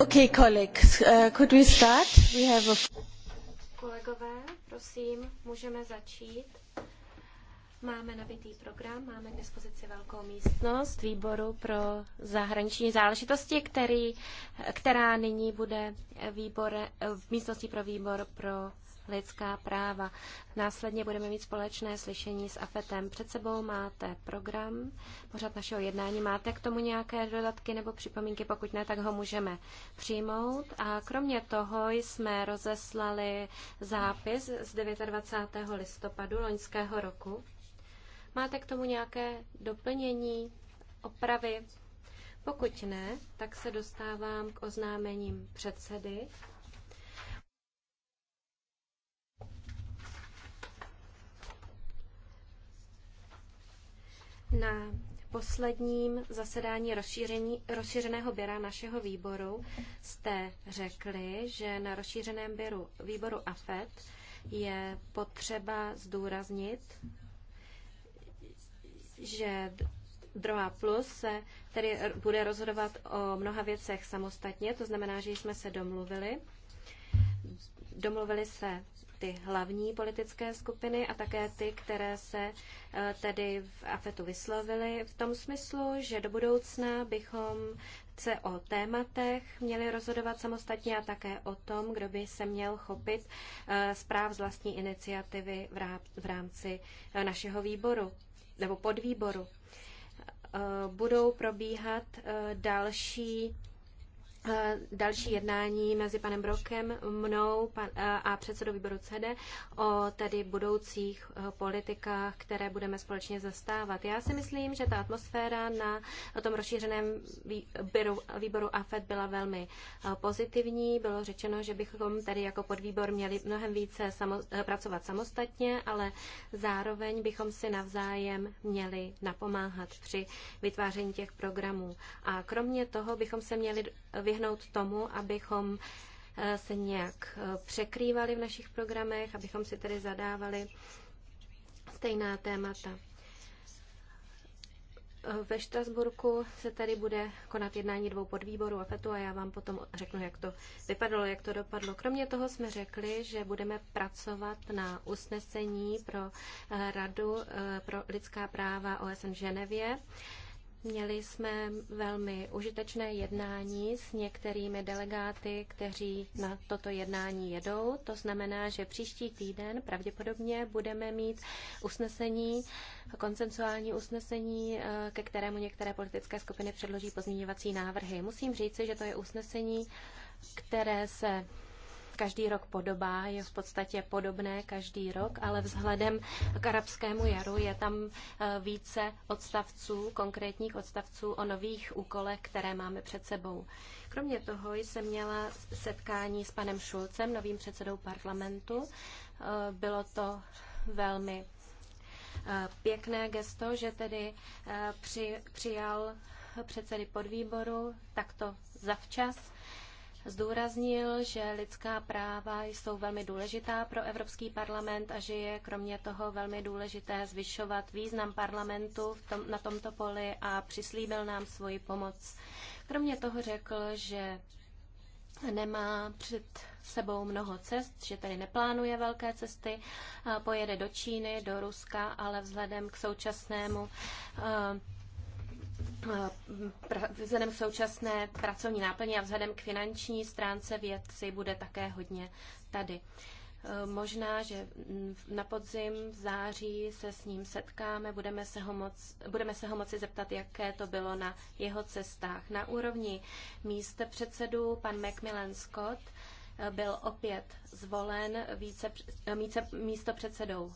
Okay, uh, could we start? Kolegové, prosím, můžeme začít. Máme nabitý program, máme k dispozici velkou místnost výboru pro zahraniční záležitosti, který, která nyní bude výbor, v místnosti pro výbor pro lidská práva. Následně budeme mít společné slyšení s AFETem. Před sebou máte program, pořád našeho jednání. Máte k tomu nějaké dodatky nebo připomínky? Pokud ne, tak ho můžeme přijmout. A kromě toho jsme rozeslali zápis z 29. listopadu loňského roku. Máte k tomu nějaké doplnění, opravy? Pokud ne, tak se dostávám k oznámením předsedy. Na posledním zasedání rozšířeného běra našeho výboru jste řekli, že na rozšířeném běru, výboru AFET je potřeba zdůraznit, že Droha Plus se tedy bude rozhodovat o mnoha věcech samostatně, to znamená, že jsme se domluvili. Domluvili se ty hlavní politické skupiny a také ty, které se eh, tedy v AFETu vyslovily v tom smyslu, že do budoucna bychom se o tématech měli rozhodovat samostatně a také o tom, kdo by se měl chopit eh, zpráv z vlastní iniciativy v rámci eh, našeho výboru nebo podvýboru. Budou probíhat další další jednání mezi panem Brokem, mnou a předsedou výboru CEDE o tedy budoucích eh, politikách, které budeme společně zastávat. Já si myslím, že ta atmosféra na tom rozšířeném výboru, výboru AFED byla velmi eh, pozitivní. Bylo řečeno, že bychom tedy jako podvýbor měli mnohem více samo, eh, pracovat samostatně, ale zároveň bychom si navzájem měli napomáhat při vytváření těch programů. A kromě toho bychom se měli vyhnout tomu, abychom eh, se nějak eh, překrývali v našich programech, abychom si tedy zadávali stejná témata. Eh, ve Štrasburku se tady bude konat jednání dvou podvýborů a FETu a já vám potom řeknu, jak to vypadalo, jak to dopadlo. Kromě toho jsme řekli, že budeme pracovat na usnesení pro Radu pro lidská práva OSN v Ženevě. Měli jsme velmi užitečné jednání s některými delegáty, kteří na toto jednání jedou. To znamená, že příští týden pravděpodobně budeme mít usnesení, konsensuální usnesení, eh, ke kterému některé politické skupiny předloží pozměňovací návrhy. Musím říci, že to je usnesení, které se každý rok podobá, je v podstatě podobné každý rok, ale vzhledem k arabskému jaru je tam eh, více odstavců, konkrétních odstavců o nových úkolech, které máme před sebou. Kromě toho jsem měla setkání s panem Šulcem, novým předsedou parlamentu. Eh, bylo to velmi eh, pěkné gesto, že tedy při, přijal předsedy podvýboru takto zavčas zdůraznil, že lidská práva jsou velmi důležitá pro Evropský parlament a že je kromě toho velmi důležité zvyšovat význam parlamentu v tom, na tomto poli a přislíbil nám svoji pomoc. Kromě toho řekl, že nemá před sebou mnoho cest, že tedy neplánuje velké cesty, pojede do Číny, do Ruska, ale vzhledem k současnému eh, vzhledem k současné pracovní náplně a vzhledem k finanční stránce věci bude také hodně tady. E, možná, že na podzim, v září se s ním setkáme, budeme se, ho moc, budeme se ho moci zeptat, jaké to bylo na jeho cestách. Na úrovni míste předsedu pan Macmillan Scott e, byl opět zvolen více, více, e, místo předsedou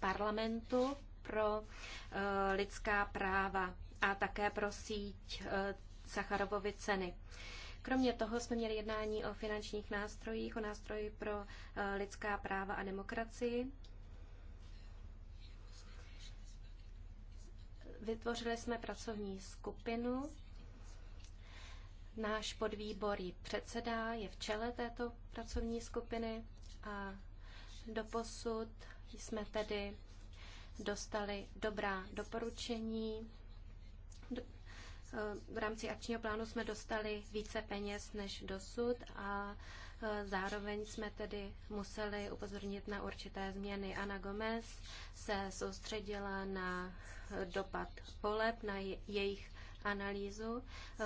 parlamentu pro uh, lidská práva a také pro síť eh, Sacharovovy ceny. Kromě toho jsme měli jednání o finančních nástrojích, o nástroji pro eh, lidská práva a demokracii. Vytvořili jsme pracovní skupinu. Náš podvýbor ji předsedá, je v čele této pracovní skupiny a doposud jsme tedy dostali dobrá doporučení Eh, v rámci akčního plánu jsme dostali více peněz než dosud a eh, zároveň jsme tedy museli upozornit na určité změny. Ana Gomez se soustředila na eh, dopad voleb, na jejich analýzu,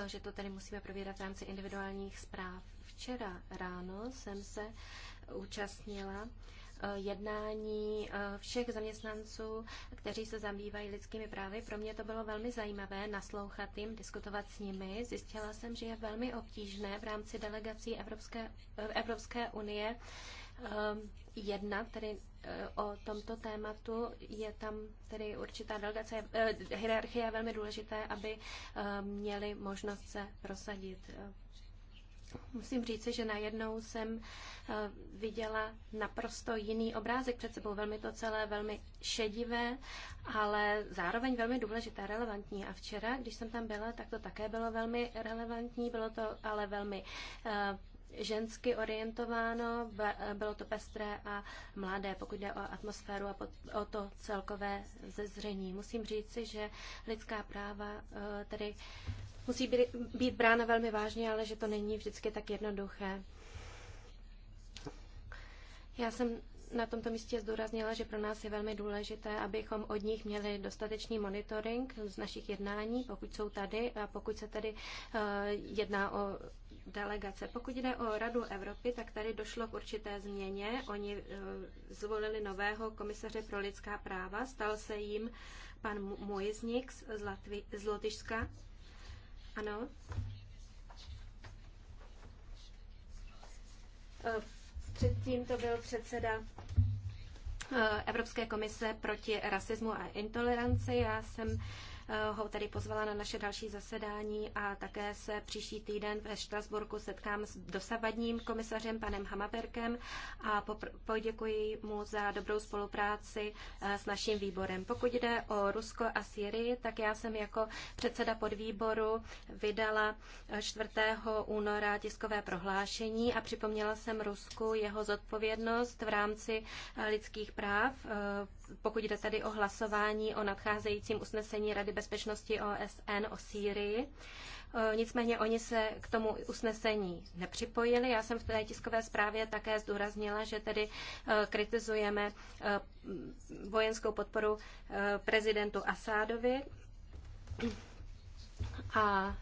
že to tedy musíme probírat v rámci individuálních zpráv. Včera ráno jsem se účastnila jednání eh, všech zaměstnanců, kteří se zabývají lidskými právy. Pro mě to bylo velmi zajímavé naslouchat jim, diskutovat s nimi. Zjistila jsem, že je velmi obtížné v rámci delegací Evropské, eh, Evropské unie eh, jednat tedy o tomto tématu. Je tam tedy určitá delegace, hierarchie je velmi důležité, aby měli možnost se prosadit musím říct, že najednou jsem eh, viděla naprosto jiný obrázek před sebou. Velmi to celé velmi šedivé, ale zároveň velmi důležité, relevantní. A včera, když jsem tam byla, tak to také bylo velmi relevantní, bylo to ale velmi eh, žensky orientováno, eh, bylo to pestré a mladé, pokud jde o atmosféru a o to celkové zezření. Musím říci, že lidská práva tedy musí být, být brána velmi vážně, ale že to není vždycky tak jednoduché. Já jsem na tomto místě zdůraznila, že pro nás je velmi důležité, abychom od nich měli dostatečný monitoring z našich jednání, pokud jsou tady a pokud se tady eh, jedná o delegace. Pokud jde o Radu Evropy, tak tady došlo k určité změně. Oni eh, zvolili nového komisaře pro lidská práva, stal se jim pan Mojznik z, Latvi- z Lotyšska ano. E, předtím to byl předseda e, Evropské komise proti rasismu a intoleranci. Já jsem Eh, ho tedy pozvala na naše další zasedání a také se příští týden ve Štrasburku setkám s dosavadním komisařem panem Hamaberkem a poděkuji mu za dobrou spolupráci eh, s naším výborem. Pokud jde o Rusko a Syrii, tak já jsem jako předseda podvýboru vydala 4. Eh, února tiskové prohlášení a připomněla jsem Rusku jeho zodpovědnost v rámci lidských práv pokud jde tedy o hlasování o nadcházejícím usnesení Rady bezpečnosti OSN o Sýrii. E, nicméně oni se k tomu usnesení nepřipojili. Já jsem v té tiskové zprávě také zdůraznila, že tedy e, kritizujeme e, vojenskou podporu prezidentu Asádovi. A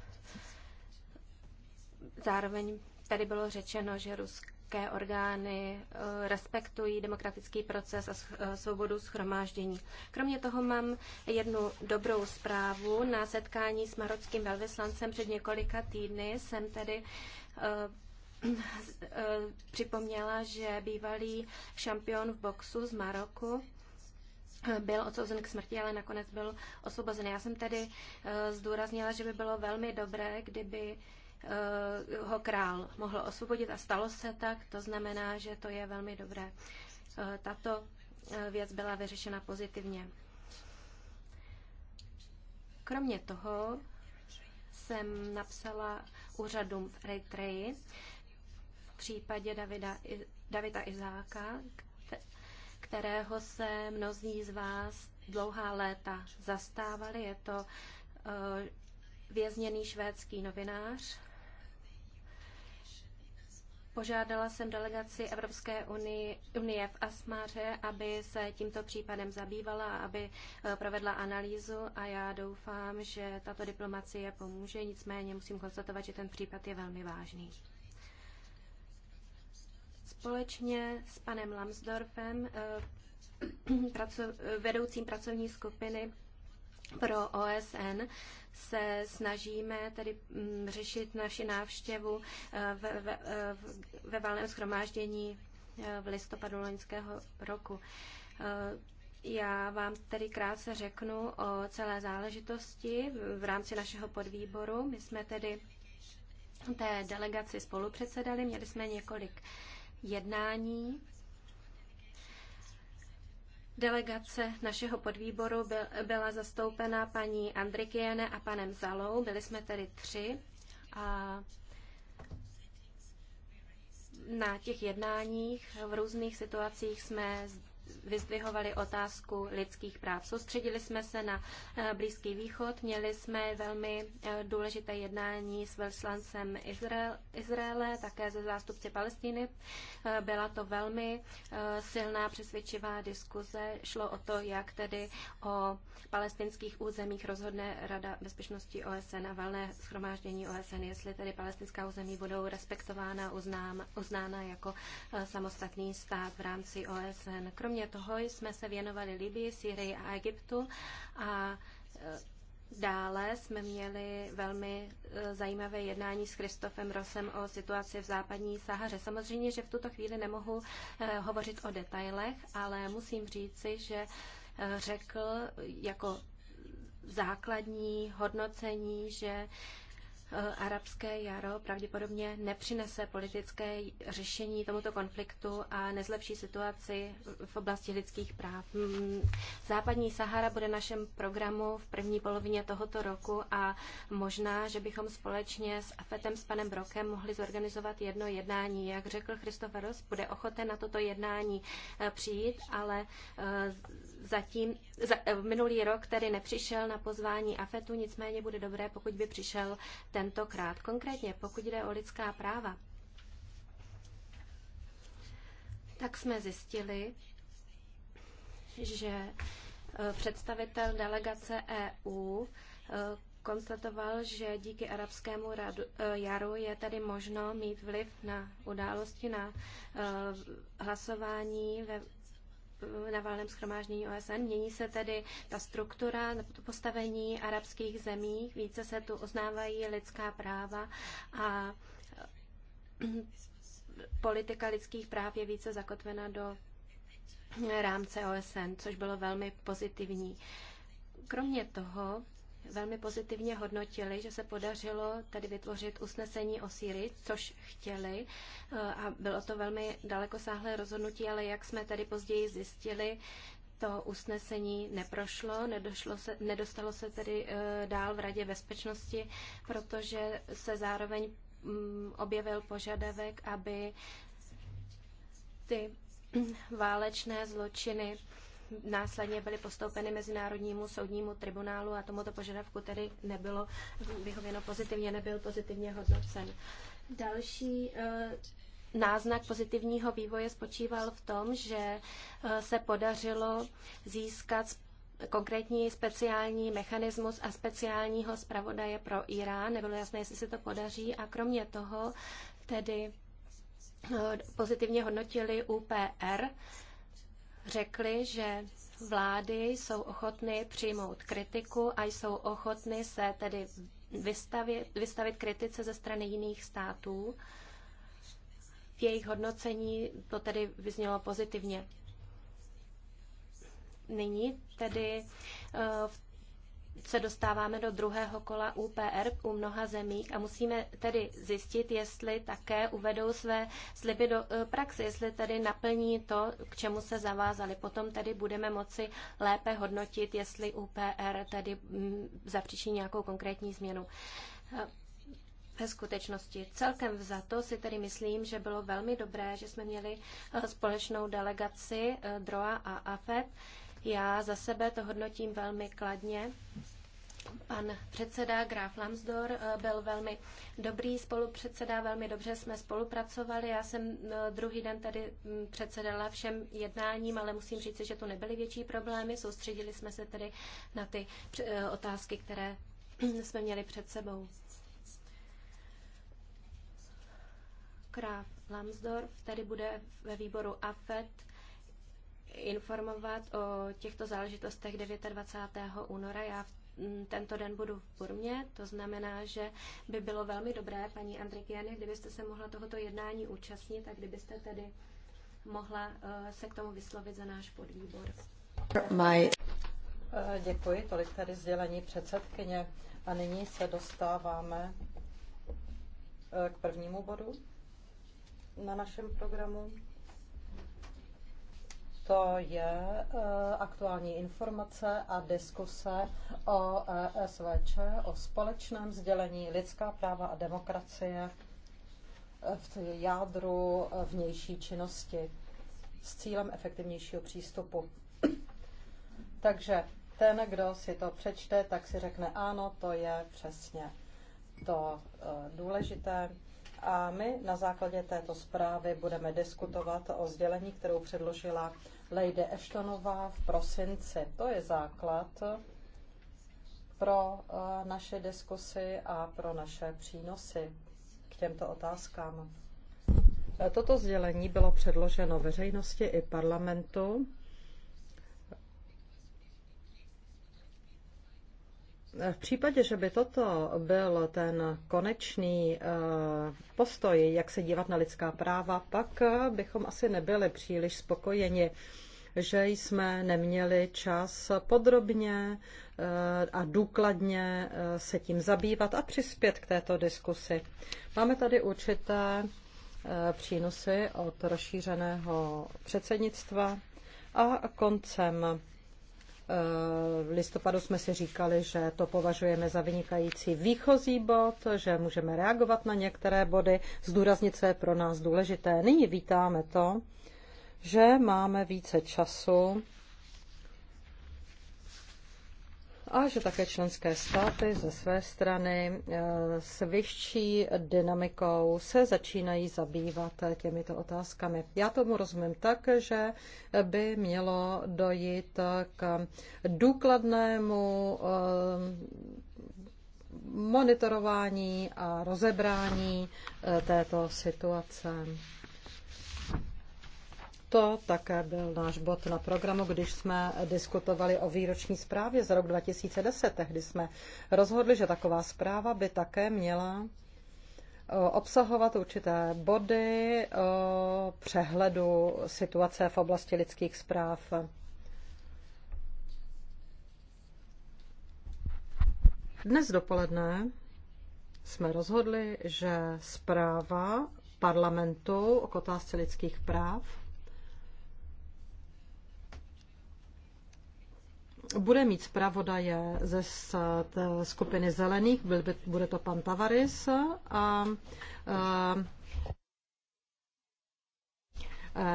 zároveň tady bylo řečeno, že Rusko irské orgány eh, respektují demokratický proces a eh, svobodu schromáždění. Kromě toho mám jednu dobrou zprávu. Na setkání s marockým velvyslancem před několika týdny jsem tedy eh, připomněla, že bývalý šampion v boxu z Maroku byl odsouzen k smrti, ale nakonec byl osvobozen. Já jsem tedy zdůraznila, že by bylo velmi dobré, kdyby Eh, ho král mohl osvobodit a stalo se tak. To znamená, že to je velmi dobré. Eh, tato eh, věc byla vyřešena pozitivně. Kromě toho jsem napsala úřadům v Eritreji v případě Davida, Davida Izáka, kterého se mnozí z vás dlouhá léta zastávali. Je to vězněný švédský novinář, Požádala jsem delegaci Evropské unie, unie v Asmáře, aby se tímto případem zabývala, aby eh, provedla analýzu a já doufám, že tato diplomacie pomůže. Nicméně musím konstatovat, že ten případ je velmi vážný. Společně s panem Lambsdorfem, eh, vedoucím pracovní skupiny pro OSN se snažíme tedy mm, řešit naši návštěvu eh, ve, ve, eh, ve valném schromáždění eh, v listopadu loňského roku. Já vám tedy krátce řeknu o celé záležitosti v rámci našeho podvýboru. My jsme tedy té delegaci spolupředsedali, měli jsme několik jednání Delegace našeho podvýboru byla zastoupena paní Andrikiene a panem Zalou. Byli jsme tedy tři. A na těch jednáních v různých situacích jsme vyzdvihovali otázku lidských práv. Soustředili jsme se na eh, Blízký východ, měli jsme velmi eh, důležité jednání s velslancem Izrael, Izraele, také ze zástupci Palestiny. Eh, byla to velmi silná přesvědčivá diskuze. Šlo o to, jak tedy o palestinských územích rozhodne Rada bezpečnosti OSN a valné schromáždění OSN, jestli tedy palestinská území budou respektována, uznám, uznána jako samostatný stát v rámci OSN. Kromě Kromě toho jsme se věnovali Libii, Syrii a Egyptu a e, Dále jsme měli velmi e, zajímavé jednání s Kristofem Rosem o situaci v západní Sahaře. Samozřejmě, že v tuto chvíli nemohu e, hovořit o detailech, ale musím říci, že řekl jako základní hodnocení, že Eh, arabské jaro pravděpodobně nepřinese politické řešení tomuto konfliktu a nezlepší situaci v oblasti lidských práv. Hmm, západní Sahara bude našem programu v první polovině tohoto roku a možná, že bychom společně s Afetem s panem Brokem mohli zorganizovat jedno jednání. Jak řekl Christopher Ross, bude ochoten na toto jednání eh, přijít, ale eh, zatím za, eh, minulý rok tedy nepřišel na pozvání AFETu, nicméně bude dobré, pokud by přišel tentokrát. Konkrétně, pokud jde o lidská práva, tak jsme zjistili, že eh, představitel delegace EU eh, konstatoval, že díky arabskému radu, jaru je tady možno mít vliv na události, na hlasování ve na válném schromáždění OSN. Mění se tedy ta struktura, to postavení arabských zemí, více se tu oznávají lidská práva a eh, politika lidských práv je více zakotvena do rámce OSN, což bylo velmi pozitivní. Kromě toho velmi pozitivně hodnotili, že se podařilo tady vytvořit usnesení o Sýrii, což chtěli eh, a bylo to velmi dalekosáhlé rozhodnutí, ale jak jsme tady později zjistili, to usnesení neprošlo, nedošlo se, nedostalo se tedy eh, dál v Radě bezpečnosti, protože se zároveň mm, objevil požadavek, aby ty hm, válečné zločiny následně byly postoupeny Mezinárodnímu soudnímu tribunálu a tomuto požadavku tedy nebylo vyhověno pozitivně, nebyl pozitivně hodnocen. Další eh, náznak pozitivního vývoje spočíval v tom, že eh, se podařilo získat konkrétní speciální mechanismus a speciálního zpravodaje pro Irán. Nebylo jasné, jestli se to podaří. A kromě toho tedy eh, pozitivně hodnotili UPR řekli, že vlády jsou ochotny přijmout kritiku a jsou ochotny se tedy vystavit, vystavit kritice ze strany jiných států. V jejich hodnocení to tedy vyznělo pozitivně. Nyní tedy eh, v se dostáváme do druhého kola UPR u mnoha zemí a musíme tedy zjistit, jestli také uvedou své sliby do eh, praxe, jestli tedy naplní to, k čemu se zavázali. Potom tedy budeme moci lépe hodnotit, jestli UPR tedy mm, zapříčí nějakou konkrétní změnu. Eh, ve skutečnosti celkem to si tedy myslím, že bylo velmi dobré, že jsme měli eh, společnou delegaci DROA a AFET. Já za sebe to hodnotím velmi kladně. Pan předseda Graf Lambsdor eh, byl velmi dobrý spolupředseda, velmi dobře jsme spolupracovali. Já jsem eh, druhý den tady mm, předsedala všem jednáním, ale musím říct, že to nebyly větší problémy. Soustředili jsme se tedy na ty eh, otázky, které jsme měli před sebou. Graf Lamsdor tady bude ve výboru AFET informovat o těchto záležitostech 29. února. Já v tento den budu v Burmě, to znamená, že by bylo velmi dobré, paní Andrikiany, kdybyste se mohla tohoto jednání účastnit a kdybyste tedy mohla eh, se k tomu vyslovit za náš podvýbor. My... Eh, děkuji, tolik tady sdělení předsedkyně. A nyní se dostáváme eh, k prvnímu bodu na našem programu to je eh, aktuální informace a diskuse o eh, SVČ, o společném sdělení lidská práva a demokracie eh, v jádru vnější činnosti s cílem efektivnějšího přístupu. Takže ten, kdo si to přečte, tak si řekne, ano, to je přesně to důležité. A my na základě této zprávy budeme diskutovat o sdělení, kterou předložila Lady Ashtonová v prosinci. To je základ pro eh, naše diskusy a pro naše přínosy k těmto otázkám. Toto sdělení bylo předloženo veřejnosti i parlamentu V případě, že by toto byl ten konečný eh, postoj, jak se dívat na lidská práva, pak eh, bychom asi nebyli příliš spokojeni, že jsme neměli čas podrobně eh, a důkladně se tím zabývat a přispět k této diskusi. Máme tady určité přínosy od rozšířeného předsednictva a koncem v listopadu jsme si říkali, že to považujeme za vynikající výchozí bod, že můžeme reagovat na některé body, zdůraznit, co je pro nás důležité. Nyní vítáme to, že máme více času a že také členské státy ze své strany eh, s vyšší dynamikou se začínají zabývat těmito otázkami. Já tomu rozumím tak, že by mělo dojít k důkladnému eh, monitorování a rozebrání eh, této situace. To také byl náš bod na programu, když jsme diskutovali o výroční zprávě za rok 2010. Tehdy jsme rozhodli, že taková zpráva by také měla eh, obsahovat určité body eh, přehledu situace v oblasti lidských zpráv. Dnes dopoledne jsme rozhodli, že zpráva parlamentu o otázce lidských práv bude mít zpravodaje ze skupiny zelených, bude to pan Tavares a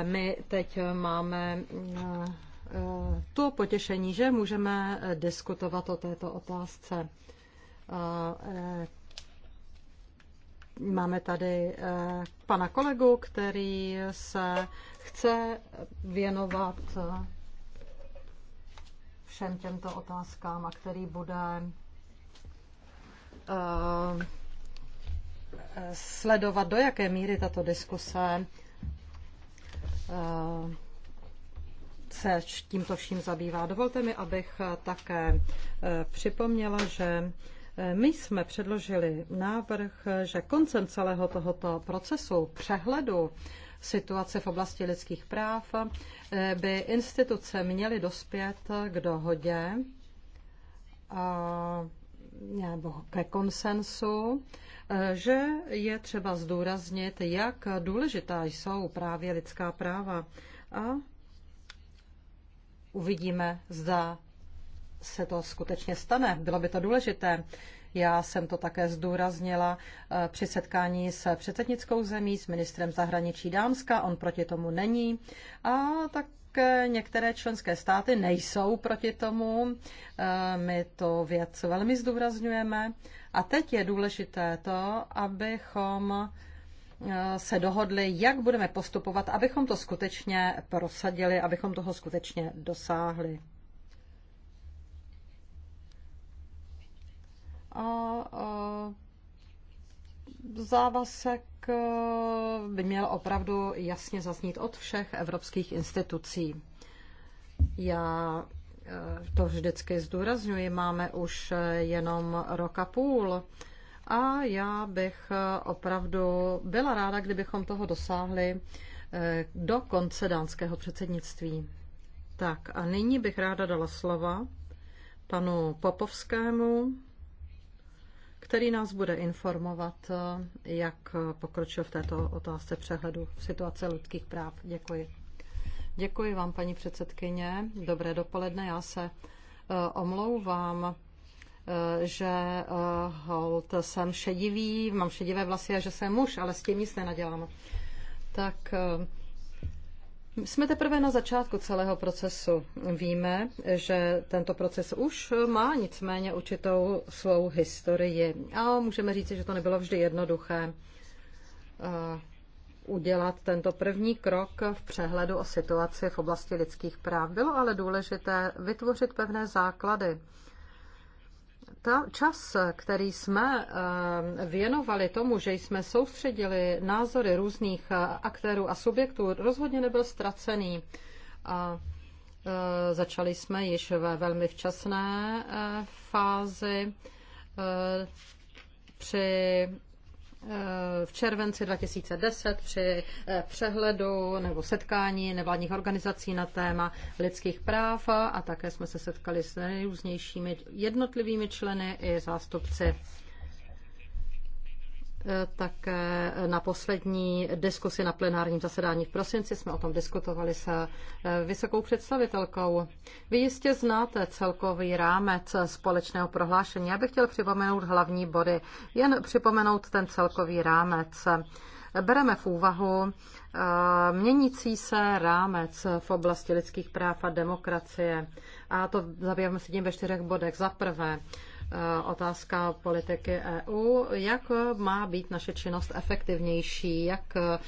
my teď máme to potěšení, že můžeme diskutovat o této otázce. E, máme tady e, pana kolegu, který se chce věnovat všem těmto otázkám a který bude eh, sledovat, do jaké míry tato diskuse eh, se tímto vším zabývá. Dovolte mi, abych eh, také připomněla, že my jsme předložili návrh, že koncem celého tohoto procesu přehledu situace v oblasti lidských práv, eh, by instituce měly dospět k dohodě a, nebo ke konsensu, eh, že je třeba zdůraznit, jak důležitá jsou právě lidská práva. A uvidíme, zda se to skutečně stane. Bylo by to důležité. Já jsem to také zdůraznila eh, při setkání s předsednickou zemí, s ministrem zahraničí Dánska, on proti tomu není. A tak některé členské státy nejsou proti tomu. Eh, my to věc velmi zdůrazňujeme. A teď je důležité to, abychom eh, se dohodli, jak budeme postupovat, abychom to skutečně prosadili, abychom toho skutečně dosáhli. a závazek e, by měl opravdu jasně zaznít od všech evropských institucí. Já e, to vždycky zdůrazňuji, máme už e, jenom rok a půl. A já bych opravdu byla ráda, kdybychom toho dosáhli do konce dánského předsednictví. Tak a nyní bych ráda dala slova panu Popovskému, který nás bude informovat, eh, jak pokročil v této otázce přehledu situace lidských práv. Děkuji. Děkuji vám, paní předsedkyně. Dobré dopoledne. Já se eh, omlouvám, eh, že hold jsem šedivý, mám šedivé vlasy a že jsem muž, ale s tím nic nenadělám. Tak jsme teprve na začátku celého procesu. Víme, že tento proces už má nicméně určitou svou historii. A můžeme říct, že to nebylo vždy jednoduché eh, udělat tento první krok v přehledu o situaci v oblasti lidských práv. Bylo ale důležité vytvořit pevné základy ta čas, který jsme eh, věnovali tomu, že jsme soustředili názory různých eh, aktérů a subjektů, rozhodně nebyl ztracený. A eh, začali jsme již ve velmi včasné fázi při v červenci 2010 při eh, přehledu nebo setkání nevládních organizací na téma lidských práv a také jsme se setkali s nejrůznějšími jednotlivými členy i zástupci také na poslední diskusi na plenárním zasedání v prosinci jsme o tom diskutovali se eh, vysokou představitelkou. Vy jistě znáte celkový rámec společného prohlášení. Já bych chtěl připomenout hlavní body, jen připomenout ten celkový rámec. Bereme v úvahu eh, měnící se rámec v oblasti lidských práv a demokracie. A to zabýváme se tím ve čtyřech bodech. Za prvé, Eh, otázka politiky EU, jak má být naše činnost efektivnější, jak eh,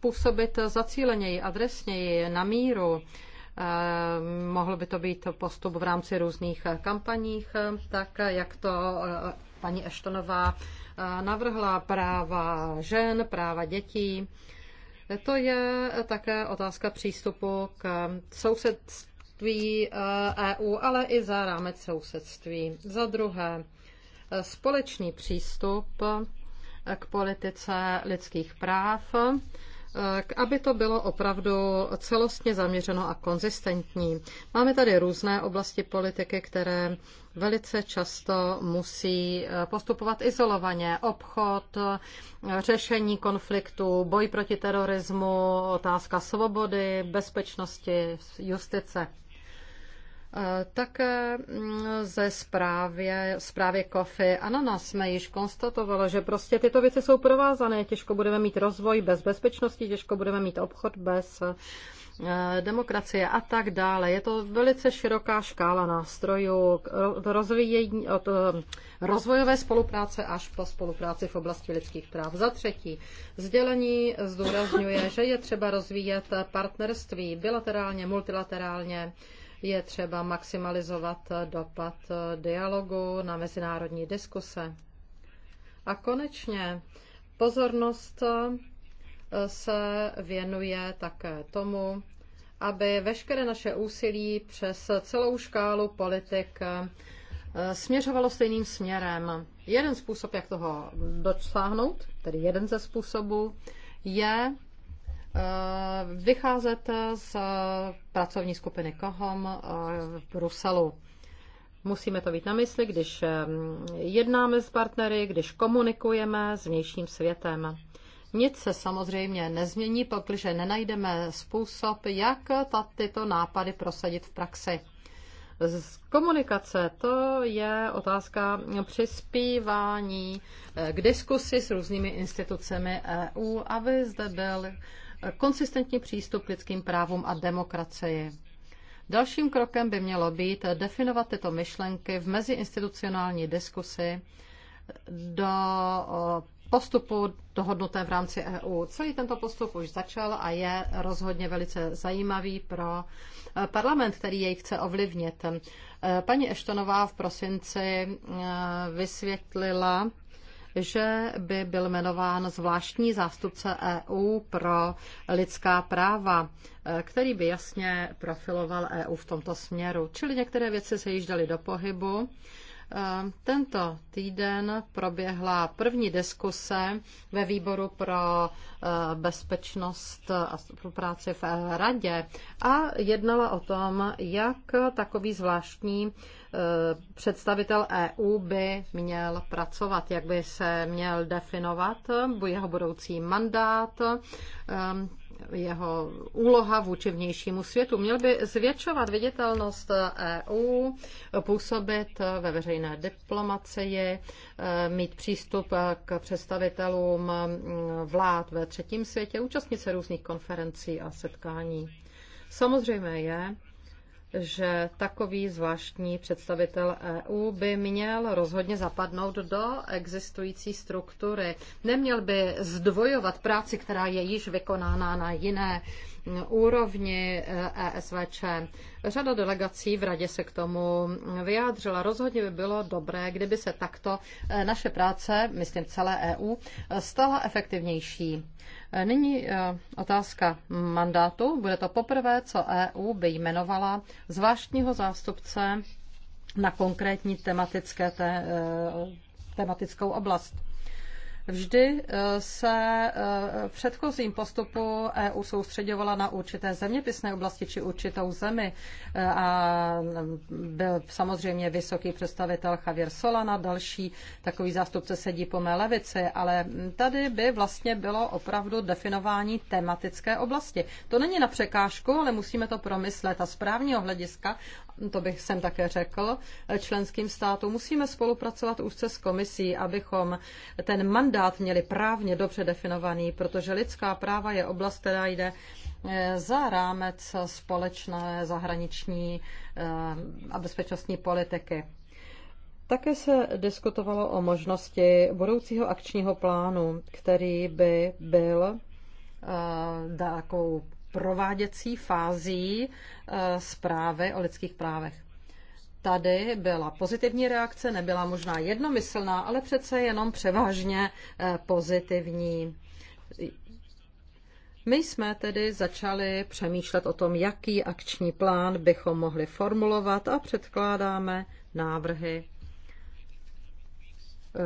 působit zacíleněji, adresněji, na míru. Eh, mohl by to být postup v rámci různých kampaních, tak jak to paní Eštonová navrhla práva žen, práva dětí. To je také otázka přístupu k sousedství sousedství EU, eh, e ale i za rámec sousedství. Za druhé, eh, společný přístup eh, k politice lidských práv, aby to bylo opravdu celostně zaměřeno a konzistentní. Máme tady různé oblasti politiky, které velice často musí postupovat izolovaně. Obchod, řešení konfliktů, boj proti terorismu, otázka svobody, bezpečnosti, justice. Také mm, ze zprávě, zprávě Kofi Anana jsme již konstatovali, že prostě tyto věci jsou provázané. Těžko budeme mít rozvoj bez bezpečnosti, těžko budeme mít obchod bez eh, demokracie a tak dále. Je to velice široká škála nástrojů od, rozvíjení, od eh, rozvojové spolupráce až po spolupráci v oblasti lidských práv. Za třetí, sdělení zdůrazňuje, že je třeba rozvíjet partnerství bilaterálně, multilaterálně, je třeba maximalizovat eh, dopad eh, dialogu na mezinárodní diskuse. A konečně pozornost eh, se věnuje také tomu, aby veškeré naše úsilí přes celou škálu politik směřovalo stejným směrem. Jeden způsob, jak toho dosáhnout, tedy jeden ze způsobů, je Eh, vycházet z eh, pracovní skupiny KOHOM eh, v Bruselu. Musíme to být na mysli, když jednáme s partnery, když komunikujeme s vnějším světem. Nic se samozřejmě nezmění, protože nenajdeme způsob, jak tyto nápady prosadit v praxi. Z komunikace to je otázka přispívání k diskusi s různými institucemi EU, aby zde byl konsistentní přístup k lidským právům a demokracii. Dalším krokem by mělo být definovat tyto myšlenky v meziinstitucionální diskusi do postupu dohodnuté v rámci EU. Celý tento postup už začal a je rozhodně velice zajímavý pro e, parlament, který jej chce ovlivnit. E, paní Eštonová v prosinci e, vysvětlila že by byl jmenován zvláštní zástupce EU pro lidská práva, eh, který by jasně profiloval EU v tomto směru. Čili některé věci se již daly do pohybu. Eh, tento týden proběhla první diskuse ve výboru pro eh, bezpečnost a spolupráci v Radě a jednala o tom, jak takový zvláštní Eh, představitel EU by měl pracovat, jak by se měl definovat jeho budoucí mandát, eh, jeho úloha vůči vnějšímu světu. Měl by zvětšovat viditelnost EU, působit ve veřejné diplomacii, eh, mít přístup k představitelům mm, vlád ve třetím světě, účastnit se různých konferencí a setkání. Samozřejmé je, že takový zvláštní představitel EU by měl rozhodně zapadnout do existující struktury. Neměl by zdvojovat práci, která je již vykonána na jiné uh, úrovni ESVČ. Eh, e Řada delegací v radě se k tomu vyjádřila. Rozhodně by bylo dobré, kdyby se takto eh, naše práce, myslím celé EU, eh, stala efektivnější. Nyní otázka mandátu. Bude to poprvé, co EU by jmenovala zvláštního zástupce na konkrétní tematické te, tematickou oblast. Vždy eh, se v eh, předchozím postupu EU soustředovala na určité zeměpisné oblasti či určitou zemi eh, a mm, byl samozřejmě vysoký představitel Javier Solana, další takový zástupce sedí po mé levici, ale tady by vlastně bylo opravdu definování tematické oblasti. To není na překážku, ale musíme to promyslet a z právního hlediska to bych sem také řekl, eh, členským státům. Musíme spolupracovat úzce s komisí, abychom ten mandát měli právně dobře definovaný, protože lidská práva je oblast, která jde eh, za rámec společné zahraniční eh, a bezpečnostní politiky. Také se diskutovalo o možnosti budoucího akčního plánu, který by byl takovou prováděcí fází eh, zprávy o lidských právech. Tady byla pozitivní reakce, nebyla možná jednomyslná, ale přece jenom převážně eh, pozitivní. My jsme tedy začali přemýšlet o tom, jaký akční plán bychom mohli formulovat a předkládáme návrhy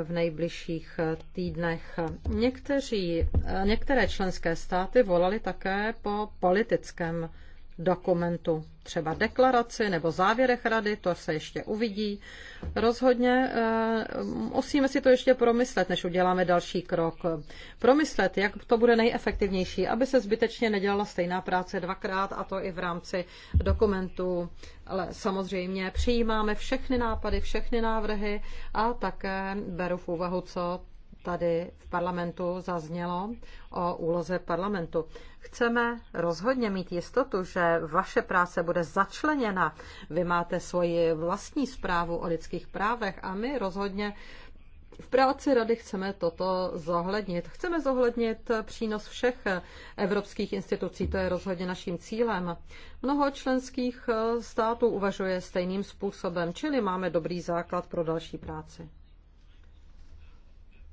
v nejbližších týdnech. Někteří, eh, některé členské státy volali také po politickém dokumentu, třeba deklaraci nebo závěrech rady, to se ještě uvidí. Rozhodně eh, musíme si to ještě promyslet, než uděláme další krok. Promyslet, jak to bude nejefektivnější, aby se zbytečně nedělala stejná práce dvakrát, a to i v rámci dokumentu. Ale samozřejmě přijímáme všechny nápady, všechny návrhy a také beru v úvahu, co tady v parlamentu zaznělo o úloze parlamentu. Chceme rozhodně mít jistotu, že vaše práce bude začleněna. Vy máte svoji vlastní zprávu o lidských právech a my rozhodně v práci rady chceme toto zohlednit. Chceme zohlednit přínos všech evropských institucí, to je rozhodně naším cílem. Mnoho členských států uvažuje stejným způsobem, čili máme dobrý základ pro další práci.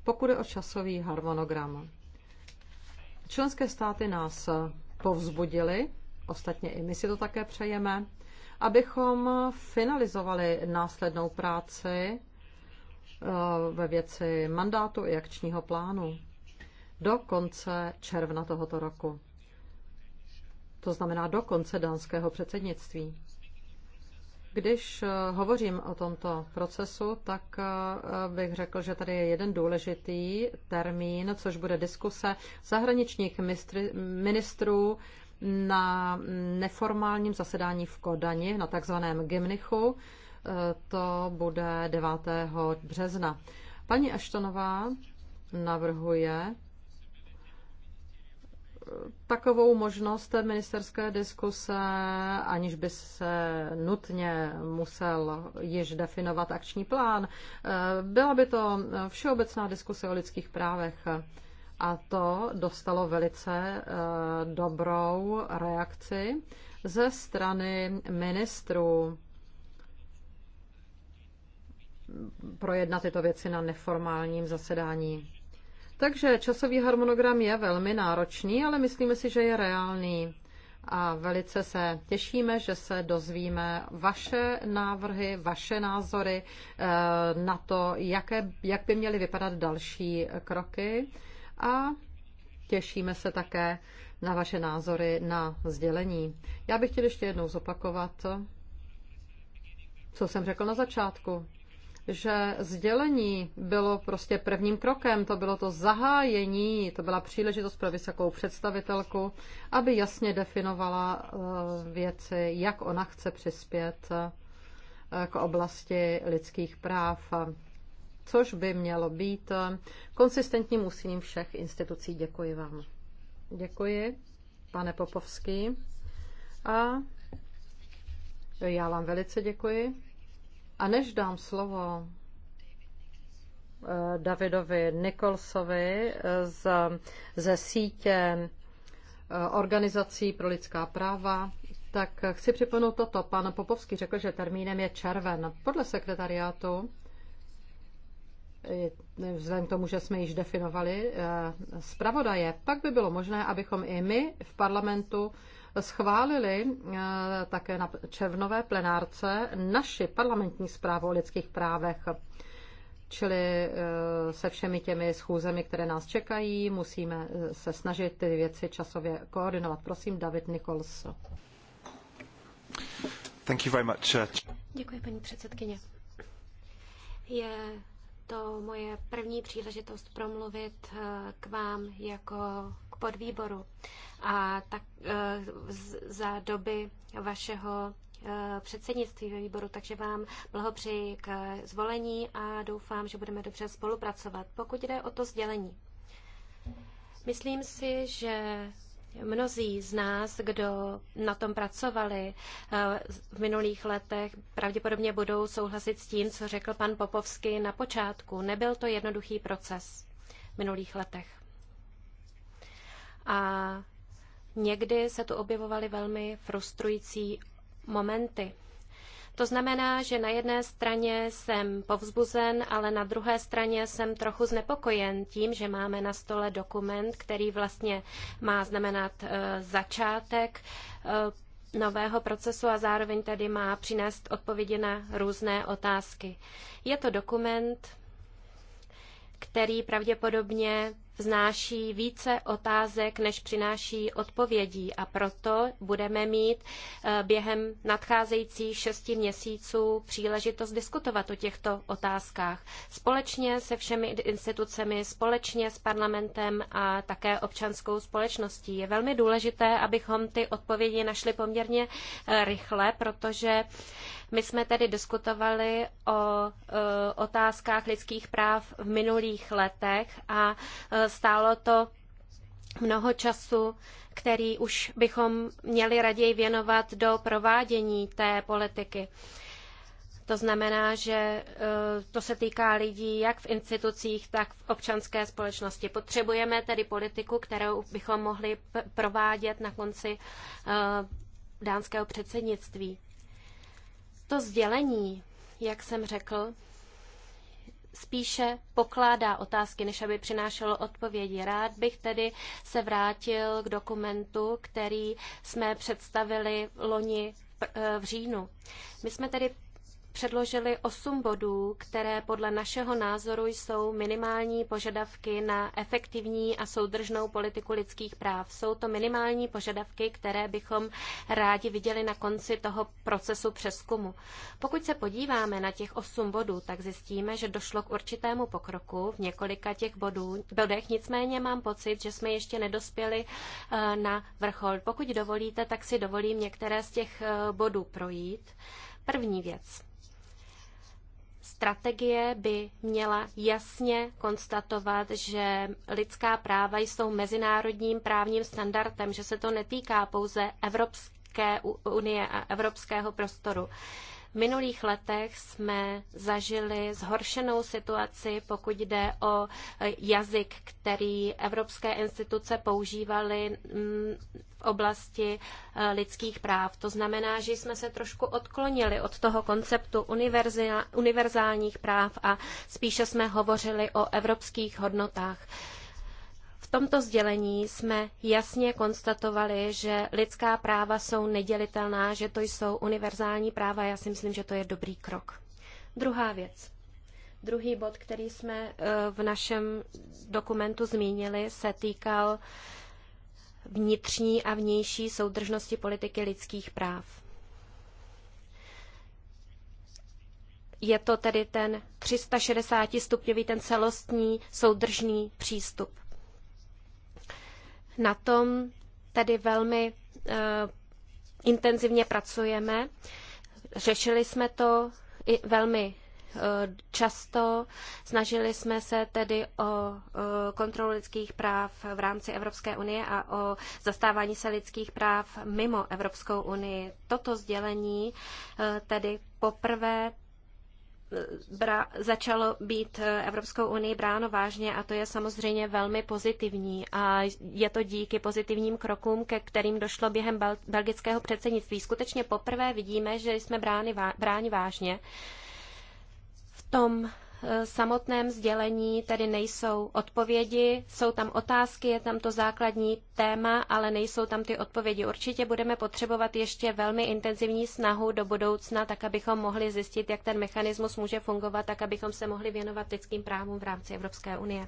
Pokud je o časový harmonogram, členské státy nás povzbudili, ostatně i my si to také přejeme, abychom finalizovali následnou práci eh, ve věci mandátu i akčního plánu do konce června tohoto roku. To znamená do konce dánského předsednictví. Když eh, hovořím o tomto procesu, tak eh, bych řekl, že tady je jeden důležitý termín, což bude diskuse zahraničních ministrů na neformálním zasedání v Kodani, na takzvaném Gymnichu. Eh, to bude 9. března. Paní Aštonová navrhuje takovou možnost ministerské diskuse, aniž by se nutně musel již definovat akční plán. Byla by to všeobecná diskuse o lidských právech a to dostalo velice eh, dobrou reakci ze strany ministrů projednat tyto věci na neformálním zasedání takže časový harmonogram je velmi náročný, ale myslíme si, že je reálný. A velice se těšíme, že se dozvíme vaše návrhy, vaše názory eh, na to, jaké, jak by měly vypadat další kroky. A těšíme se také na vaše názory na sdělení. Já bych chtěl ještě jednou zopakovat, co jsem řekl na začátku že sdělení bylo prostě prvním krokem, to bylo to zahájení, to byla příležitost pro vysokou představitelku, aby jasně definovala eh, věci, jak ona chce přispět eh, k oblasti lidských práv, což by mělo být eh, konsistentním úsilím všech institucí. Děkuji vám. Děkuji, pane Popovský. A já vám velice děkuji. A než dám slovo eh, Davidovi Nikolsovi eh, z, ze sítě eh, organizací pro lidská práva, tak chci připomenout toto. Pan Popovský řekl, že termínem je červen. Podle sekretariátu, vzhledem k tomu, že jsme již definovali zpravodaje, pak by bylo možné, abychom i my v parlamentu schválili eh, také na červnové plenárce naši parlamentní zprávu o lidských právech. Čili eh, se všemi těmi schůzemi, které nás čekají, musíme eh, se snažit ty věci časově koordinovat. Prosím, David Nichols. Thank you very much. Uh, Děkuji, paní předsedkyně. Je to moje první příležitost promluvit k vám jako podvýboru. A tak eh, za doby vašeho eh, předsednictví ve výboru, takže vám blahopřeji k zvolení a doufám, že budeme dobře spolupracovat. Pokud jde o to sdělení, myslím si, že Mnozí z nás, kdo na tom pracovali eh, v minulých letech, pravděpodobně budou souhlasit s tím, co řekl pan Popovský na počátku. Nebyl to jednoduchý proces v minulých letech a někdy se tu objevovaly velmi frustrující momenty. To znamená, že na jedné straně jsem povzbuzen, ale na druhé straně jsem trochu znepokojen tím, že máme na stole dokument, který vlastně má znamenat e, začátek e, nového procesu a zároveň tady má přinést odpovědi na různé otázky. Je to dokument, který pravděpodobně vznáší více otázek, než přináší odpovědí a proto budeme mít eh, během nadcházejících šesti měsíců příležitost diskutovat o těchto otázkách. Společně se všemi institucemi, společně s parlamentem a také občanskou společností. Je velmi důležité, abychom ty odpovědi našli poměrně eh, rychle, protože my jsme tedy diskutovali o e, otázkách lidských práv v minulých letech a e, stálo to mnoho času, který už bychom měli raději věnovat do provádění té politiky. To znamená, že e, to se týká lidí jak v institucích, tak v občanské společnosti. Potřebujeme tedy politiku, kterou bychom mohli provádět na konci dánského předsednictví. To sdělení, jak jsem řekl, spíše pokládá otázky, než aby přinášelo odpovědi. Rád bych tedy se vrátil k dokumentu, který jsme představili loni v eh, říjnu. My jsme tedy předložili osm bodů, které podle našeho názoru jsou minimální požadavky na efektivní a soudržnou politiku lidských práv. Jsou to minimální požadavky, které bychom rádi viděli na konci toho procesu přeskumu. Pokud se podíváme na těch osm bodů, tak zjistíme, že došlo k určitému pokroku v několika těch bodů, bodech, nicméně mám pocit, že jsme ještě nedospěli eh, na vrchol. Pokud dovolíte, tak si dovolím některé z těch eh, bodů projít. První věc strategie by měla jasně konstatovat, že lidská práva jsou mezinárodním právním standardem, že se to netýká pouze Evropské unie a evropského prostoru minulých letech jsme zažili zhoršenou situaci, pokud jde o jazyk, který evropské instituce používaly mm, v oblasti eh, lidských práv. To znamená, že jsme se trošku odklonili od toho konceptu univerzálních práv a spíše jsme hovořili o evropských hodnotách tomto sdělení jsme jasně konstatovali, že lidská práva jsou nedělitelná, že to jsou univerzální práva. Já si myslím, že to je dobrý krok. Druhá věc. Druhý bod, který jsme eh, v našem dokumentu zmínili, se týkal vnitřní a vnější soudržnosti politiky lidských práv. Je to tedy ten 360 stupňový, ten celostní soudržný přístup. Na tom tedy velmi eh, intenzivně pracujeme. Řešili jsme to i velmi eh, často. Snažili jsme se tedy o eh, kontrolu lidských práv v rámci Evropské unie a o zastávání se lidských práv mimo Evropskou unii. Toto sdělení tedy poprvé bra, začalo být Evropskou unii bráno vážně a to je samozřejmě velmi pozitivní a je to díky pozitivním krokům, ke kterým došlo během bel, belgického předsednictví. Skutečně poprvé vidíme, že jsme bráni, brány bráni vážně. V tom Eh, samotném sdělení tedy nejsou odpovědi, jsou tam otázky, je tam to základní téma, ale nejsou tam ty odpovědi. Určitě budeme potřebovat ještě velmi intenzivní snahu do budoucna, tak abychom mohli zjistit, jak ten mechanismus může fungovat, tak abychom se mohli věnovat lidským právům v rámci Evropské unie.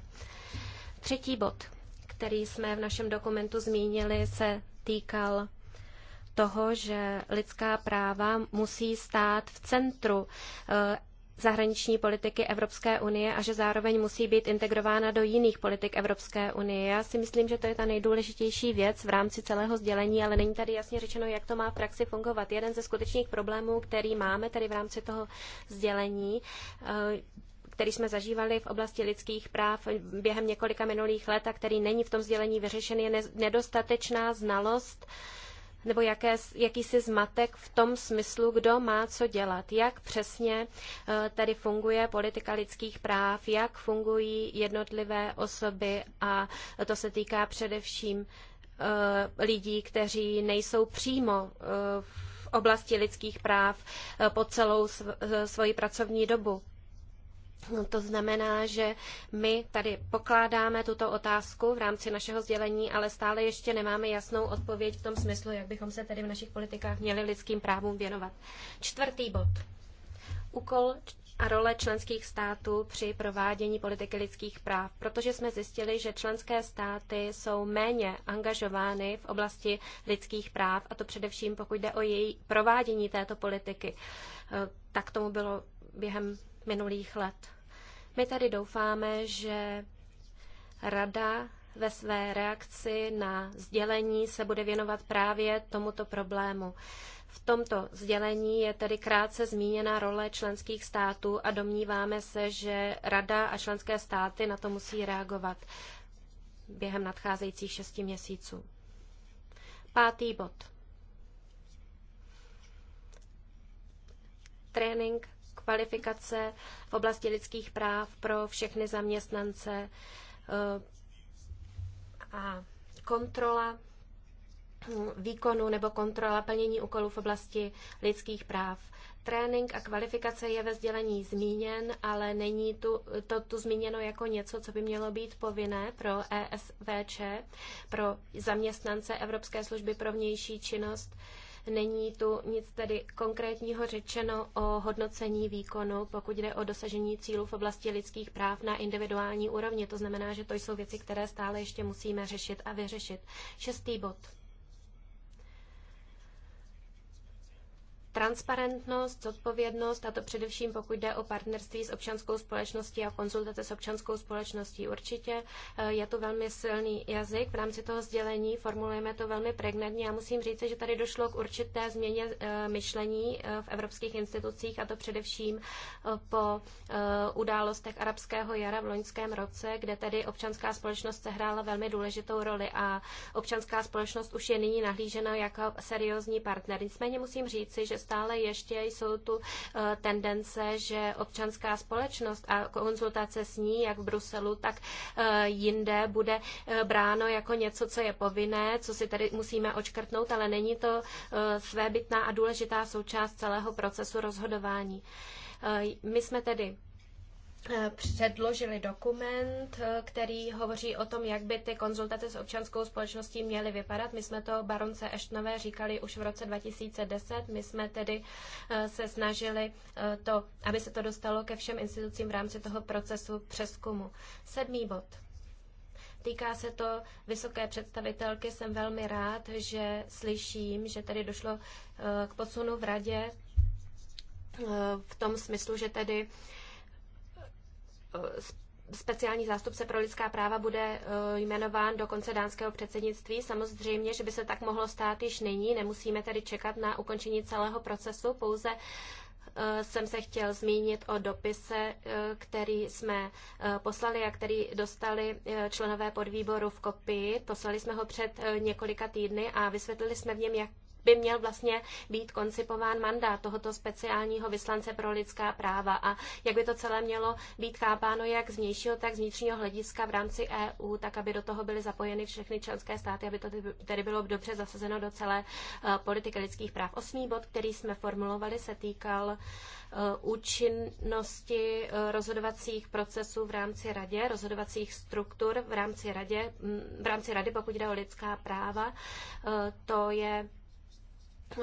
Třetí bod, který jsme v našem dokumentu zmínili, se týkal toho, že lidská práva musí stát v centru eh, zahraniční politiky Evropské unie a že zároveň musí být integrována do jiných politik Evropské unie. Já si myslím, že to je ta nejdůležitější věc v rámci celého sdělení, ale není tady jasně řečeno, jak to má v praxi fungovat. Jeden ze skutečných problémů, který máme tady v rámci toho sdělení, eh, který jsme zažívali v oblasti lidských práv během několika minulých let a který není v tom sdělení vyřešen, je nedostatečná znalost uh, nebo jaké, jakýsi zmatek v tom smyslu, kdo má co dělat, jak přesně eh, tady funguje politika lidských práv, jak fungují jednotlivé osoby a to se týká především eh, lidí, kteří nejsou přímo eh, v oblasti lidských práv po celou svoji pracovní dobu. No, to znamená, že my tady pokládáme tuto otázku v rámci našeho sdělení, ale stále ještě nemáme jasnou odpověď v tom smyslu, jak bychom se tedy v našich politikách měli lidským právům věnovat. Čtvrtý bod. Úkol a role členských států při provádění politiky lidských práv, protože jsme zjistili, že členské státy jsou méně angažovány v oblasti lidských práv, a to především pokud jde o její provádění této politiky. E, tak tomu bylo během minulých let. My tady doufáme, že Rada ve své reakci na sdělení se bude věnovat právě tomuto problému. V tomto sdělení je tedy krátce zmíněna role členských států a domníváme se, že Rada a členské státy na to musí reagovat během nadcházejících šesti měsíců. Pátý bod. Trénink kvalifikace v oblasti lidských práv pro všechny zaměstnance eh, a kontrola výkonu nebo kontrola plnění úkolů v oblasti lidských práv. Trénink a kvalifikace je ve sdělení zmíněn, ale není tu, to tu zmíněno jako něco, co by mělo být povinné pro ESVČ, pro zaměstnance Evropské služby pro vnější činnost. Uh, Není tu nic tedy konkrétního řečeno o hodnocení výkonu, pokud jde o dosažení cílů v oblasti lidských práv na individuální úrovni. To znamená, že to jsou věci, které stále ještě musíme řešit a vyřešit. Šestý bod. transparentnost, zodpovědnost, a to především pokud jde o partnerství s občanskou společností a konzultace s občanskou společností. Určitě eh, je to velmi silný jazyk v rámci toho sdělení, formulujeme to velmi pregnantně. Já musím říct, že tady došlo k určité změně eh, myšlení eh, v evropských institucích, a to především po událostech arabského jara v loňském roce, kde tedy občanská společnost sehrála velmi důležitou roli a občanská společnost už je nyní nahlížena jako seriózní partner. Nicméně musím říci, že stále ještě jsou tu eh, tendence, že občanská společnost a konzultace s ní, jak v Bruselu, tak eh, jinde, bude eh, bráno jako něco, co je povinné, co si tady musíme očkrtnout, ale není to svébytná a důležitá součást celého procesu rozhodování. My jsme tedy Eh, předložili dokument, eh, který hovoří o tom, jak by ty konzultace s občanskou společností měly vypadat. My jsme to baronce Eštnové říkali už v roce 2010. My jsme tedy eh, se snažili to, aby se to dostalo ke všem institucím v rámci toho procesu přeskumu. Sedmý bod. Týká se to vysoké představitelky. Jsem velmi rád, že slyším, že tady došlo k posunu v radě v tom smyslu, že tedy Eh, speciální zástupce pro lidská práva bude eh, jmenován do konce dánského předsednictví. Samozřejmě, že by se tak mohlo stát již nyní, nemusíme tedy čekat na ukončení celého procesu, pouze eh, jsem se chtěl zmínit o dopise, který jsme poslali a který dostali členové podvýboru v kopii. Poslali jsme ho před několika týdny a vysvětlili jsme v něm, jak by měl vlastně být koncipován mandát tohoto speciálního vyslance pro lidská práva a jak by to celé mělo být chápáno jak z vnějšího, tak z vnitřního hlediska v rámci EU, tak aby do toho byly zapojeny všechny členské státy, aby to tedy bylo dobře zasazeno do celé eh, politiky lidských práv. Osmý bod, který jsme formulovali, se týkal eh, účinnosti eh, rozhodovacích procesů v rámci radě, rozhodovacích struktur v rámci radě, mm, v rámci rady, pokud jde o lidská práva. To je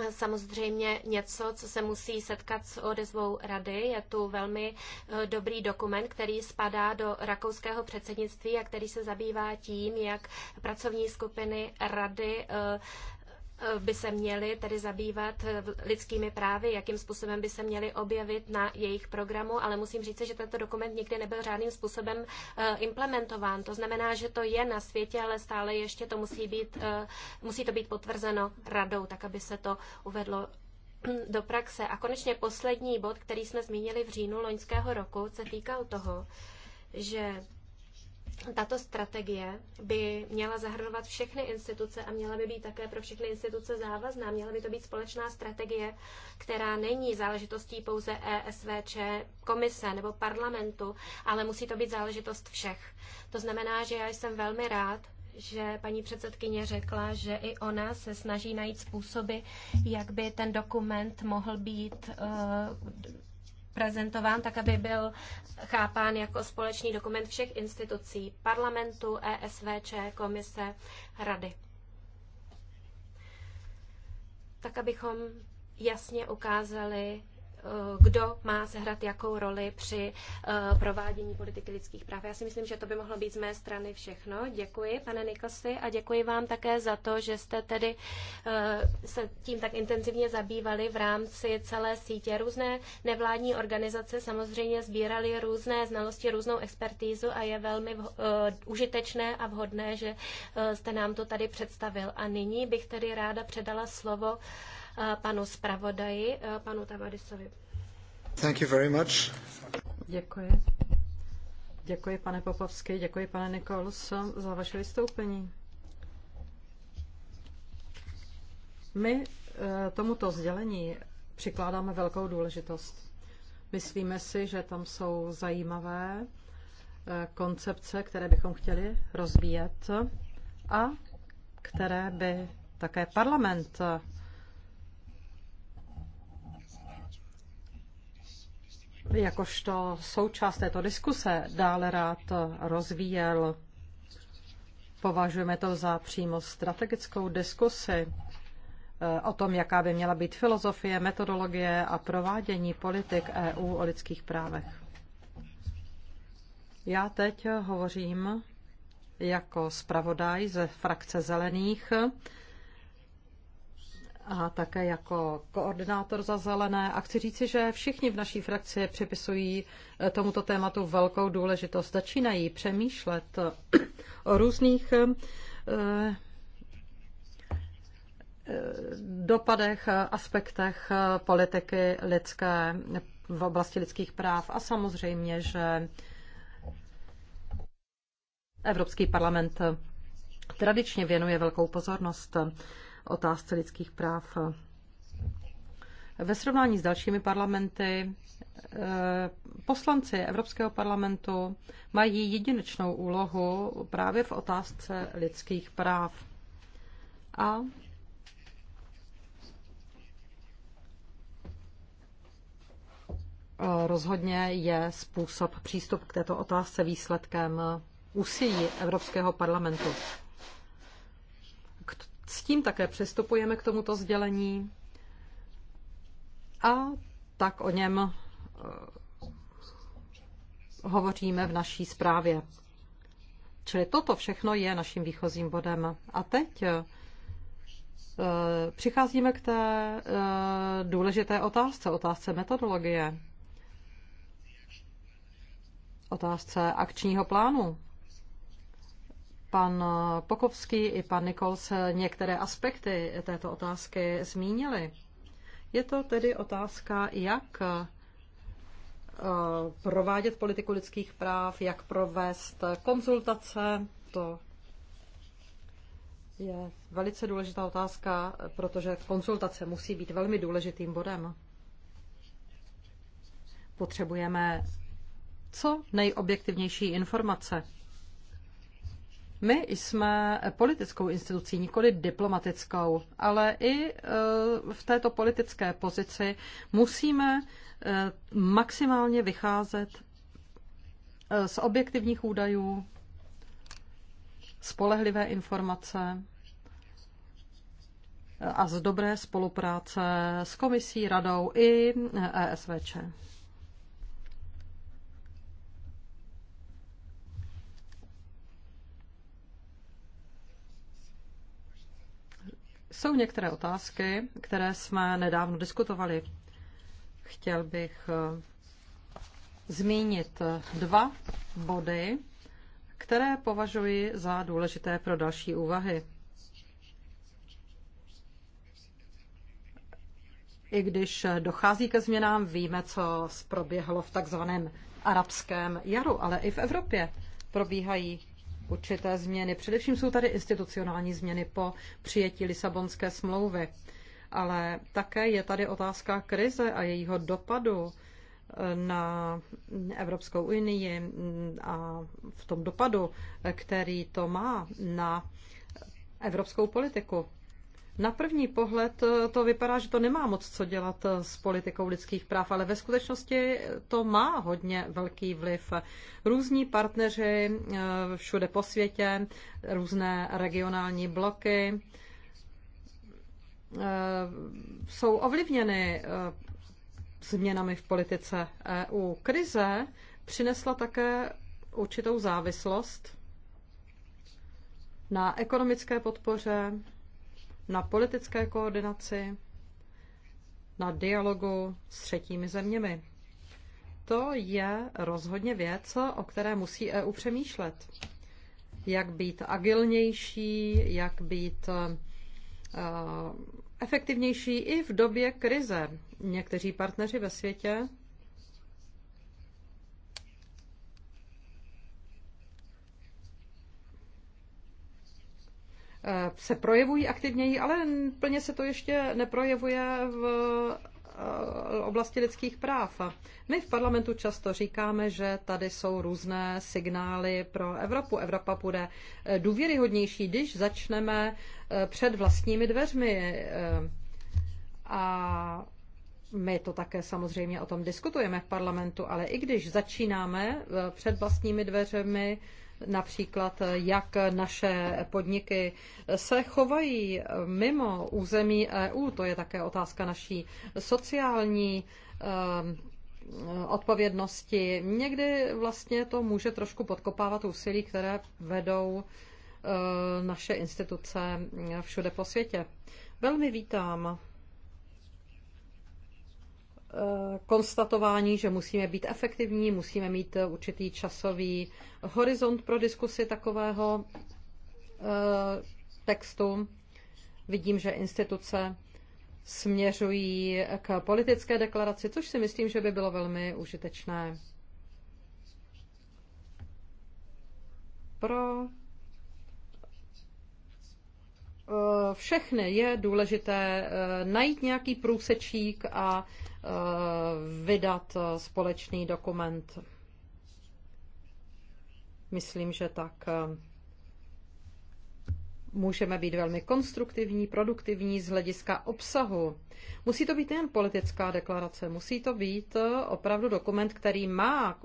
samozřejmě něco, co se musí setkat s odezvou rady. Je tu velmi eh, dobrý dokument, který spadá do rakouského předsednictví a který se zabývá tím, jak pracovní skupiny rady eh, by se měli tedy zabývat lidskými právy, jakým způsobem by se měli objevit na jejich programu, ale musím říct, že tento dokument nikdy nebyl žádným způsobem eh, implementován. To znamená, že to je na světě, ale stále ještě to musí, být, eh, musí to být potvrzeno radou, tak aby se to uvedlo do praxe. A konečně poslední bod, který jsme zmínili v říjnu loňského roku, se týkal toho, že tato strategie by měla zahrnovat všechny instituce a měla by být také pro všechny instituce závazná. Měla by to být společná strategie, která není záležitostí pouze ESVČ, komise nebo parlamentu, ale musí to být záležitost všech. To znamená, že já jsem velmi rád, že paní předsedkyně řekla, že i ona se snaží najít způsoby, jak by ten dokument mohl být uh, prezentován tak, aby byl chápán jako společný dokument všech institucí, parlamentu, ESVČ, komise, rady. Tak, abychom jasně ukázali, Eh, kdo má sehrát jakou roli při eh, provádění politiky lidských práv. Já si myslím, že to by mohlo být z mé strany všechno. Děkuji, pane Nikosy, a děkuji vám také za to, že jste tedy eh, se tím tak intenzivně zabývali v rámci celé sítě. Různé nevládní organizace samozřejmě sbírali různé znalosti, různou expertízu a je velmi užitečné a vhodné, že jste nám to tady představil. A nyní bych tedy ráda předala slovo panu zpravodaji, eh, panu Tavarisovi. Thank you very much. Děkuji. Děkuji, pane Popovský, děkuji, pane Nikols, za vaše vystoupení. My eh, tomuto sdělení přikládáme velkou důležitost. Myslíme si, že tam jsou zajímavé eh, koncepce, které bychom chtěli rozvíjet a které by také parlament jakožto součást této diskuse dále rád rozvíjel. Považujeme to za přímo strategickou diskusi eh, o tom, jaká by měla být filozofie, metodologie a provádění politik EU o lidských právech. Já teď hovořím jako zpravodaj ze frakce Zelených a také jako koordinátor za zelené. A chci říci, že všichni v naší frakci připisují eh, tomuto tématu velkou důležitost. Začínají přemýšlet o různých eh, eh, dopadech, aspektech politiky lidské v oblasti lidských práv a samozřejmě, že Evropský parlament tradičně věnuje velkou pozornost otázce lidských práv. Ve srovnání s dalšími parlamenty, eh, poslanci Evropského parlamentu mají jedinečnou úlohu právě v otázce lidských práv. A rozhodně je způsob, přístup k této otázce výsledkem úsilí Evropského parlamentu. S tím také přistupujeme k tomuto sdělení a tak o něm eh, hovoříme v naší zprávě. Čili toto všechno je naším výchozím bodem. A teď eh, přicházíme k té eh, důležité otázce, otázce metodologie, otázce akčního plánu pan Pokovský i pan Nikols některé aspekty této otázky zmínili. Je to tedy otázka, jak eh, provádět politiku lidských práv, jak provést konzultace. To je velice důležitá otázka, protože konzultace musí být velmi důležitým bodem. Potřebujeme co nejobjektivnější informace my jsme politickou institucí, nikoli diplomatickou, ale i e, v této politické pozici musíme e, maximálně vycházet e, z objektivních údajů, spolehlivé informace a z dobré spolupráce s komisí, radou i ESVČ. Jsou některé otázky, které jsme nedávno diskutovali. Chtěl bych eh, zmínit eh, dva body, které považuji za důležité pro další úvahy. I když eh, dochází ke změnám, víme, co proběhlo v takzvaném arabském jaru, ale i v Evropě probíhají určité změny. Především jsou tady institucionální změny po přijetí Lisabonské smlouvy, ale také je tady otázka krize a jejího dopadu eh, na Evropskou unii mm, a v tom dopadu, eh, který to má na evropskou politiku. Na první pohled eh, to vypadá, že to nemá moc co dělat eh, s politikou lidských práv, ale ve skutečnosti to má hodně velký vliv. Různí partneři eh, všude po světě, různé regionální bloky jsou ovlivněny změnami v politice EU. Krize přinesla také určitou závislost na ekonomické podpoře, na politické koordinaci, na dialogu s třetími zeměmi. To je rozhodně věc, o které musí EU přemýšlet. Jak být agilnější, jak být eh, efektivnější i v době krize. Někteří partneři ve světě Eh, se projevují aktivněji, ale plně se to ještě neprojevuje v eh, oblasti lidských práv. My v parlamentu často říkáme, že tady jsou různé signály pro Evropu. Evropa bude eh, důvěryhodnější, když začneme před vlastními dveřmi. A my to také samozřejmě o tom diskutujeme v parlamentu, ale i když začínáme před vlastními dveřmi, například, jak naše podniky se chovají mimo území EU. To je také otázka naší sociální ehm, odpovědnosti. Někdy vlastně to může trošku podkopávat úsilí, které vedou eh, naše instituce eh, všude po světě. Velmi vítám Eh, konstatování, že musíme být efektivní, musíme mít eh, určitý časový horizont pro diskusi takového eh, textu. Vidím, že instituce směřují k politické deklaraci, což si myslím, že by bylo velmi užitečné pro Eh, všechny je důležité eh, najít nějaký průsečík a eh, vydat společný dokument. Myslím, že tak můžeme být velmi konstruktivní, produktivní z hlediska obsahu. Musí to být nejen politická deklarace, musí to být opravdu dokument, který má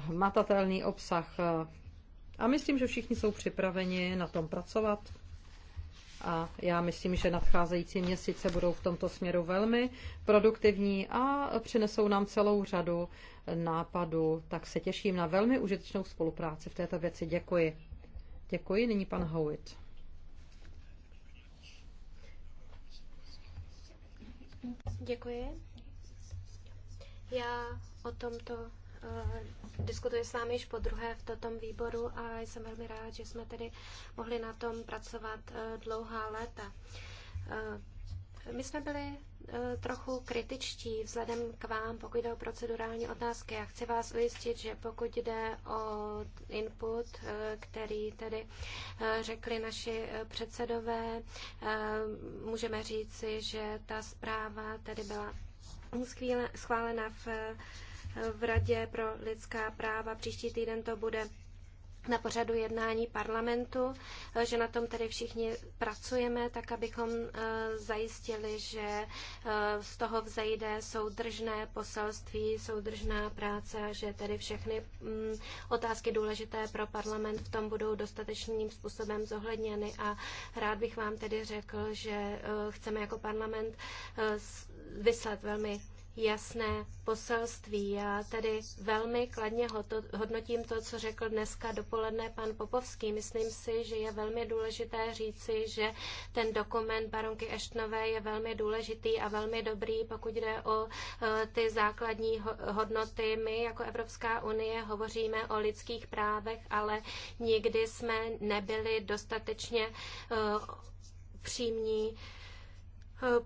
hmatatelný obsah, a myslím, že všichni jsou připraveni na tom pracovat. A já myslím, že nadcházející měsíce budou v tomto směru velmi produktivní a přinesou nám celou řadu nápadů. Tak se těším na velmi užitečnou spolupráci v této věci. Děkuji. Děkuji. Nyní pan Howitt. Děkuji. Já o tomto Eh, diskutuji s vámi již po druhé v tom výboru a jsem velmi rád, že jsme tedy mohli na tom pracovat eh, dlouhá léta. Eh, my jsme byli trochu kritičtí vzhledem k vám, pokud jde o procedurální otázky. Já chci vás ujistit, že pokud jde o input, který tedy řekli naši předsedové, můžeme říci, že ta zpráva tedy byla schválena v v Radě pro lidská práva. Příští týden to bude na pořadu jednání parlamentu, že na tom tedy všichni pracujeme, tak abychom eh, zajistili, že eh, z toho vzejde soudržné poselství, soudržná práce a že tedy všechny mm, otázky důležité pro parlament v tom budou dostatečným způsobem zohledněny. A rád bych vám tedy řekl, že eh, chceme jako parlament vyslat velmi jasné poselství. Já tedy velmi kladně hodnotím to, co řekl dneska dopoledne pan Popovský. Myslím si, že je velmi důležité říci, že ten dokument baronky Eštnové je velmi důležitý a velmi dobrý, pokud jde o e, ty základní hodnoty. My jako Evropská unie hovoříme o lidských právech, ale nikdy jsme nebyli dostatečně e, přímí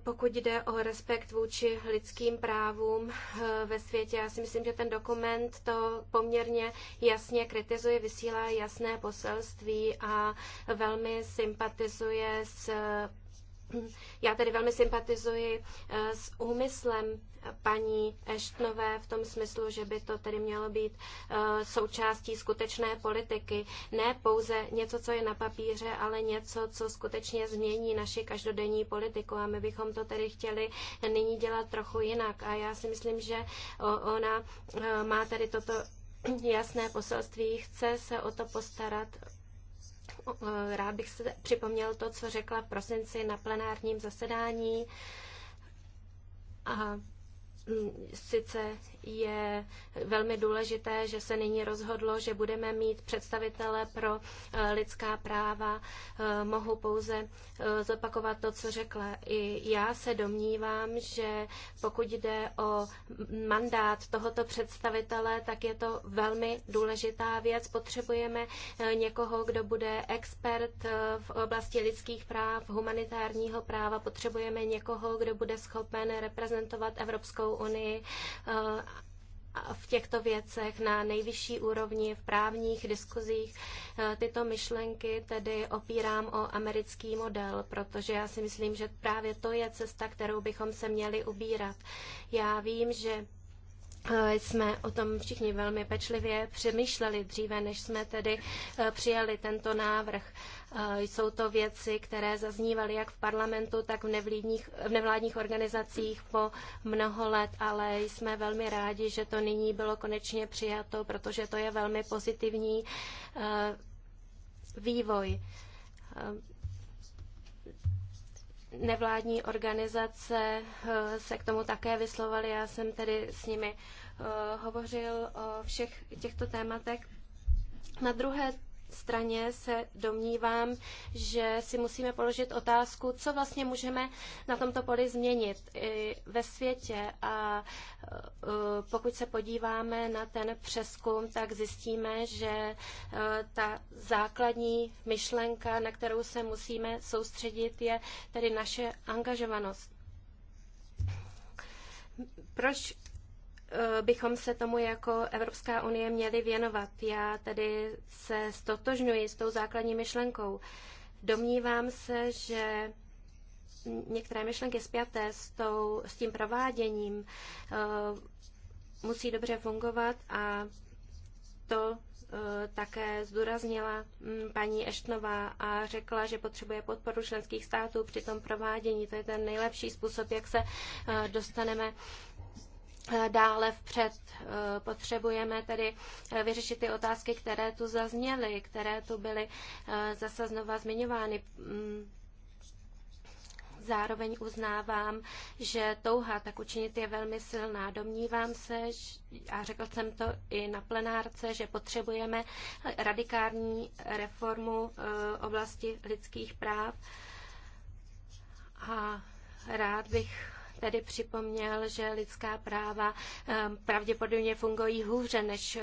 pokud jde o respekt vůči lidským právům eh, ve světě. Já si myslím, že ten dokument to poměrně jasně kritizuje, vysílá jasné poselství a velmi sympatizuje s já tady velmi sympatizuji eh, s úmyslem paní Eštnové v tom smyslu, že by to tedy mělo být eh, součástí skutečné politiky. Ne pouze něco, co je na papíře, ale něco, co skutečně změní naši každodenní politiku. A my bychom to tedy chtěli nyní dělat trochu jinak. A já si myslím, že ona eh, má tady toto jasné poselství, chce se o to postarat Eh, rád bych se připomněl to, co řekla v prosinci na plenárním zasedání. A mm, sice, je velmi důležité, že se nyní rozhodlo, že budeme mít představitele pro eh, lidská práva. Eh, mohu pouze eh, zopakovat to, co řekla. I já se domnívám, že pokud jde o mandát tohoto představitele, tak je to velmi důležitá věc. Potřebujeme někoho, kdo bude expert v oblasti lidských práv, humanitárního práva. Potřebujeme někoho, kdo bude schopen reprezentovat Evropskou unii v těchto věcech na nejvyšší úrovni v právních diskuzích. Eh, tyto myšlenky tedy opírám o americký model, protože já si myslím, že právě to je cesta, kterou bychom se měli ubírat. Já vím, že eh, jsme o tom všichni velmi pečlivě přemýšleli dříve, než jsme tedy eh, přijali tento návrh. Jsou to věci, které zaznívaly jak v parlamentu, tak v, v nevládních organizacích po mnoho let, ale jsme velmi rádi, že to nyní bylo konečně přijato, protože to je velmi pozitivní eh, vývoj eh, nevládní organizace eh, se k tomu také vyslovaly. Já jsem tedy s nimi hovořil o všech těchto tématech. Na druhé straně se domnívám, že si musíme položit otázku, co vlastně můžeme na tomto poli změnit i ve světě. A e, pokud se podíváme na ten přeskum, tak zjistíme, že e, ta základní myšlenka, na kterou se musíme soustředit, je tedy naše angažovanost. Proč Eh, bychom se tomu jako Evropská unie měli věnovat. Já tedy se stotožňuji s tou základní myšlenkou. Domnívám se, že některé myšlenky spjaté s, tou, s tím prováděním eh, musí dobře fungovat a to eh, také zdůraznila mm, paní Eštnová a řekla, že potřebuje podporu členských států při tom provádění. To je ten nejlepší způsob, jak se dostaneme Eh, dále vpřed eh, potřebujeme tedy eh, vyřešit ty otázky, které tu zazněly, které tu byly zase znova zmiňovány. Mm, zároveň uznávám, že touha tak učinit je velmi silná. Domnívám se, a řekl jsem to i na plenárce, že potřebujeme radikální reformu oblasti lidských práv. A rád bych tady připomněl, že lidská práva eh, pravděpodobně fungují hůře, než eh,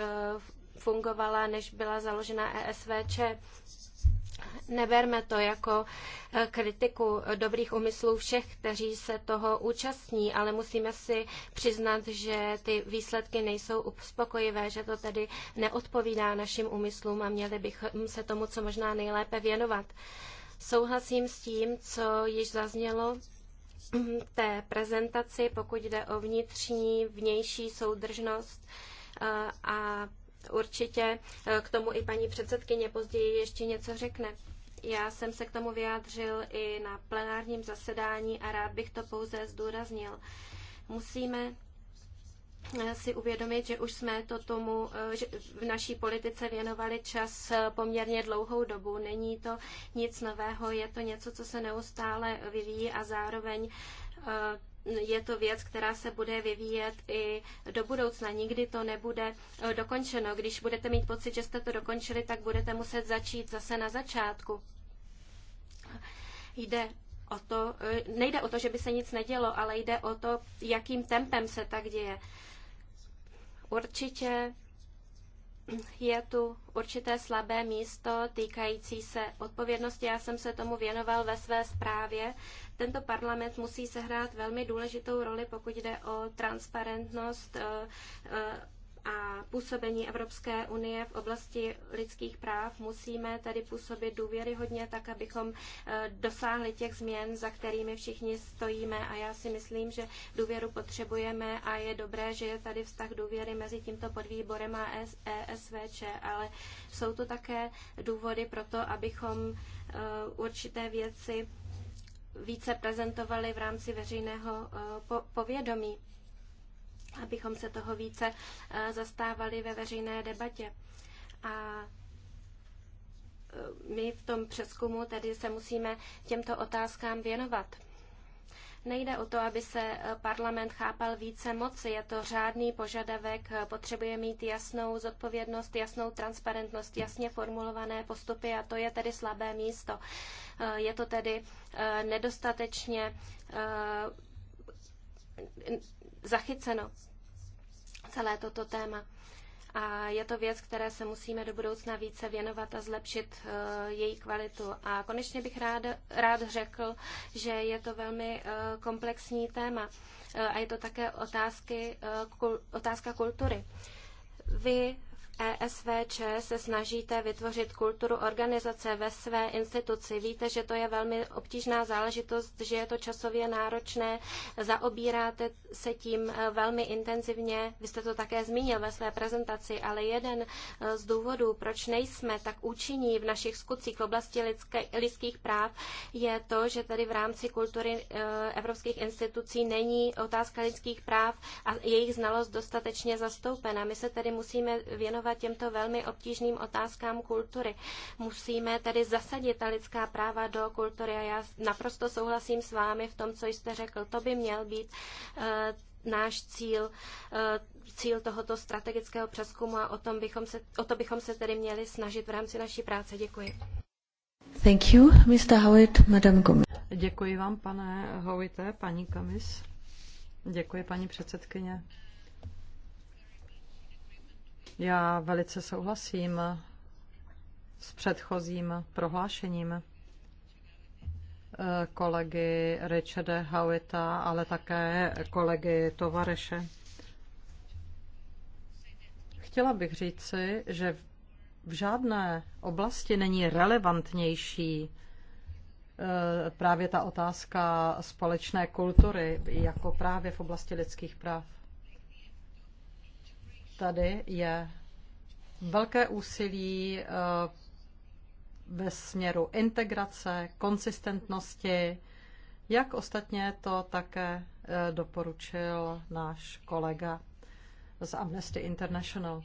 fungovala, než byla založena ESVČ. Neberme to jako eh, kritiku dobrých úmyslů všech, kteří se toho účastní, ale musíme si přiznat, že ty výsledky nejsou uspokojivé, že to tedy neodpovídá našim úmyslům a měli bychom se tomu co možná nejlépe věnovat. Souhlasím s tím, co již zaznělo té prezentaci, pokud jde o vnitřní, vnější soudržnost eh, a určitě eh, k tomu i paní předsedkyně později ještě něco řekne. Já jsem se k tomu vyjádřil i na plenárním zasedání a rád bych to pouze zdůraznil. Musíme si uvědomit, že už jsme to tomu eh, že v naší politice věnovali čas eh, poměrně dlouhou dobu. Není to nic nového, je to něco, co se neustále vyvíjí a zároveň eh, je to věc, která se bude vyvíjet i do budoucna. Nikdy to nebude dokončeno. Když budete mít pocit, že jste to dokončili, tak budete muset začít zase na začátku. Jde o to, nejde o to, že by se nic nedělo, ale jde o to, jakým tempem se tak děje. Určitě je tu určité slabé místo týkající se odpovědnosti. Já jsem se tomu věnoval ve své zprávě. Tento parlament musí sehrát velmi důležitou roli, pokud jde o transparentnost eh, eh, a působení Evropské unie v oblasti lidských práv musíme tedy působit důvěryhodně tak, abychom eh, dosáhli těch změn, za kterými všichni stojíme. A já si myslím, že důvěru potřebujeme a je dobré, že je tady vztah důvěry mezi tímto podvýborem a ESVČ, ale jsou to také důvody pro to, abychom eh, určité věci více prezentovali v rámci veřejného eh, povědomí abychom se toho více eh, zastávali ve veřejné debatě. A eh, my v tom přeskumu tedy se musíme těmto otázkám věnovat. Nejde o to, aby se eh, parlament chápal více moci. Je to řádný požadavek. Potřebuje mít jasnou zodpovědnost, jasnou transparentnost, jasně formulované postupy a to je tedy slabé místo. Je to tedy nedostatečně zachyceno celé toto téma. A je to věc, které se musíme do budoucna více věnovat a zlepšit eh, její kvalitu. A konečně bych rád, rád řekl, že je to velmi eh, komplexní téma eh, a je to také otázky, otázka kultury. Vy ESVČ se snažíte vytvořit kulturu organizace ve své instituci. Víte, že to je velmi obtížná záležitost, že je to časově náročné, zaobíráte se tím eh, velmi intenzivně. Vy jste to také zmínil ve své prezentaci, ale jeden eh, z důvodů, proč nejsme tak účinní v našich skutcích v oblasti lidské, lidských práv, je to, že tady v rámci kultury eh, evropských institucí není otázka lidských práv a jejich znalost dostatečně zastoupena. My se tedy musíme věnovat věnovat těmto velmi obtížným otázkám kultury. Musíme tedy zasadit ta lidská práva do kultury a já naprosto souhlasím s vámi v tom, co jste řekl. To by měl být eh, náš cíl, eh, cíl tohoto strategického přeskumu a o, tom bychom se, o to bychom se tedy měli snažit v rámci naší práce. Děkuji. Thank you, Mr. Howitt, Madam Gomez. Děkuji vám, pane Howitte, paní Kamis. Děkuji, paní předsedkyně. Já velice souhlasím s předchozím prohlášením eh, kolegy Richarda Howita, ale také kolegy Tovareše. Chtěla bych říci, že v žádné oblasti není relevantnější eh, právě ta otázka společné kultury, jako právě v oblasti lidských práv tady je velké úsilí eh, ve směru integrace, konsistentnosti, jak ostatně to také eh, doporučil náš kolega z Amnesty International.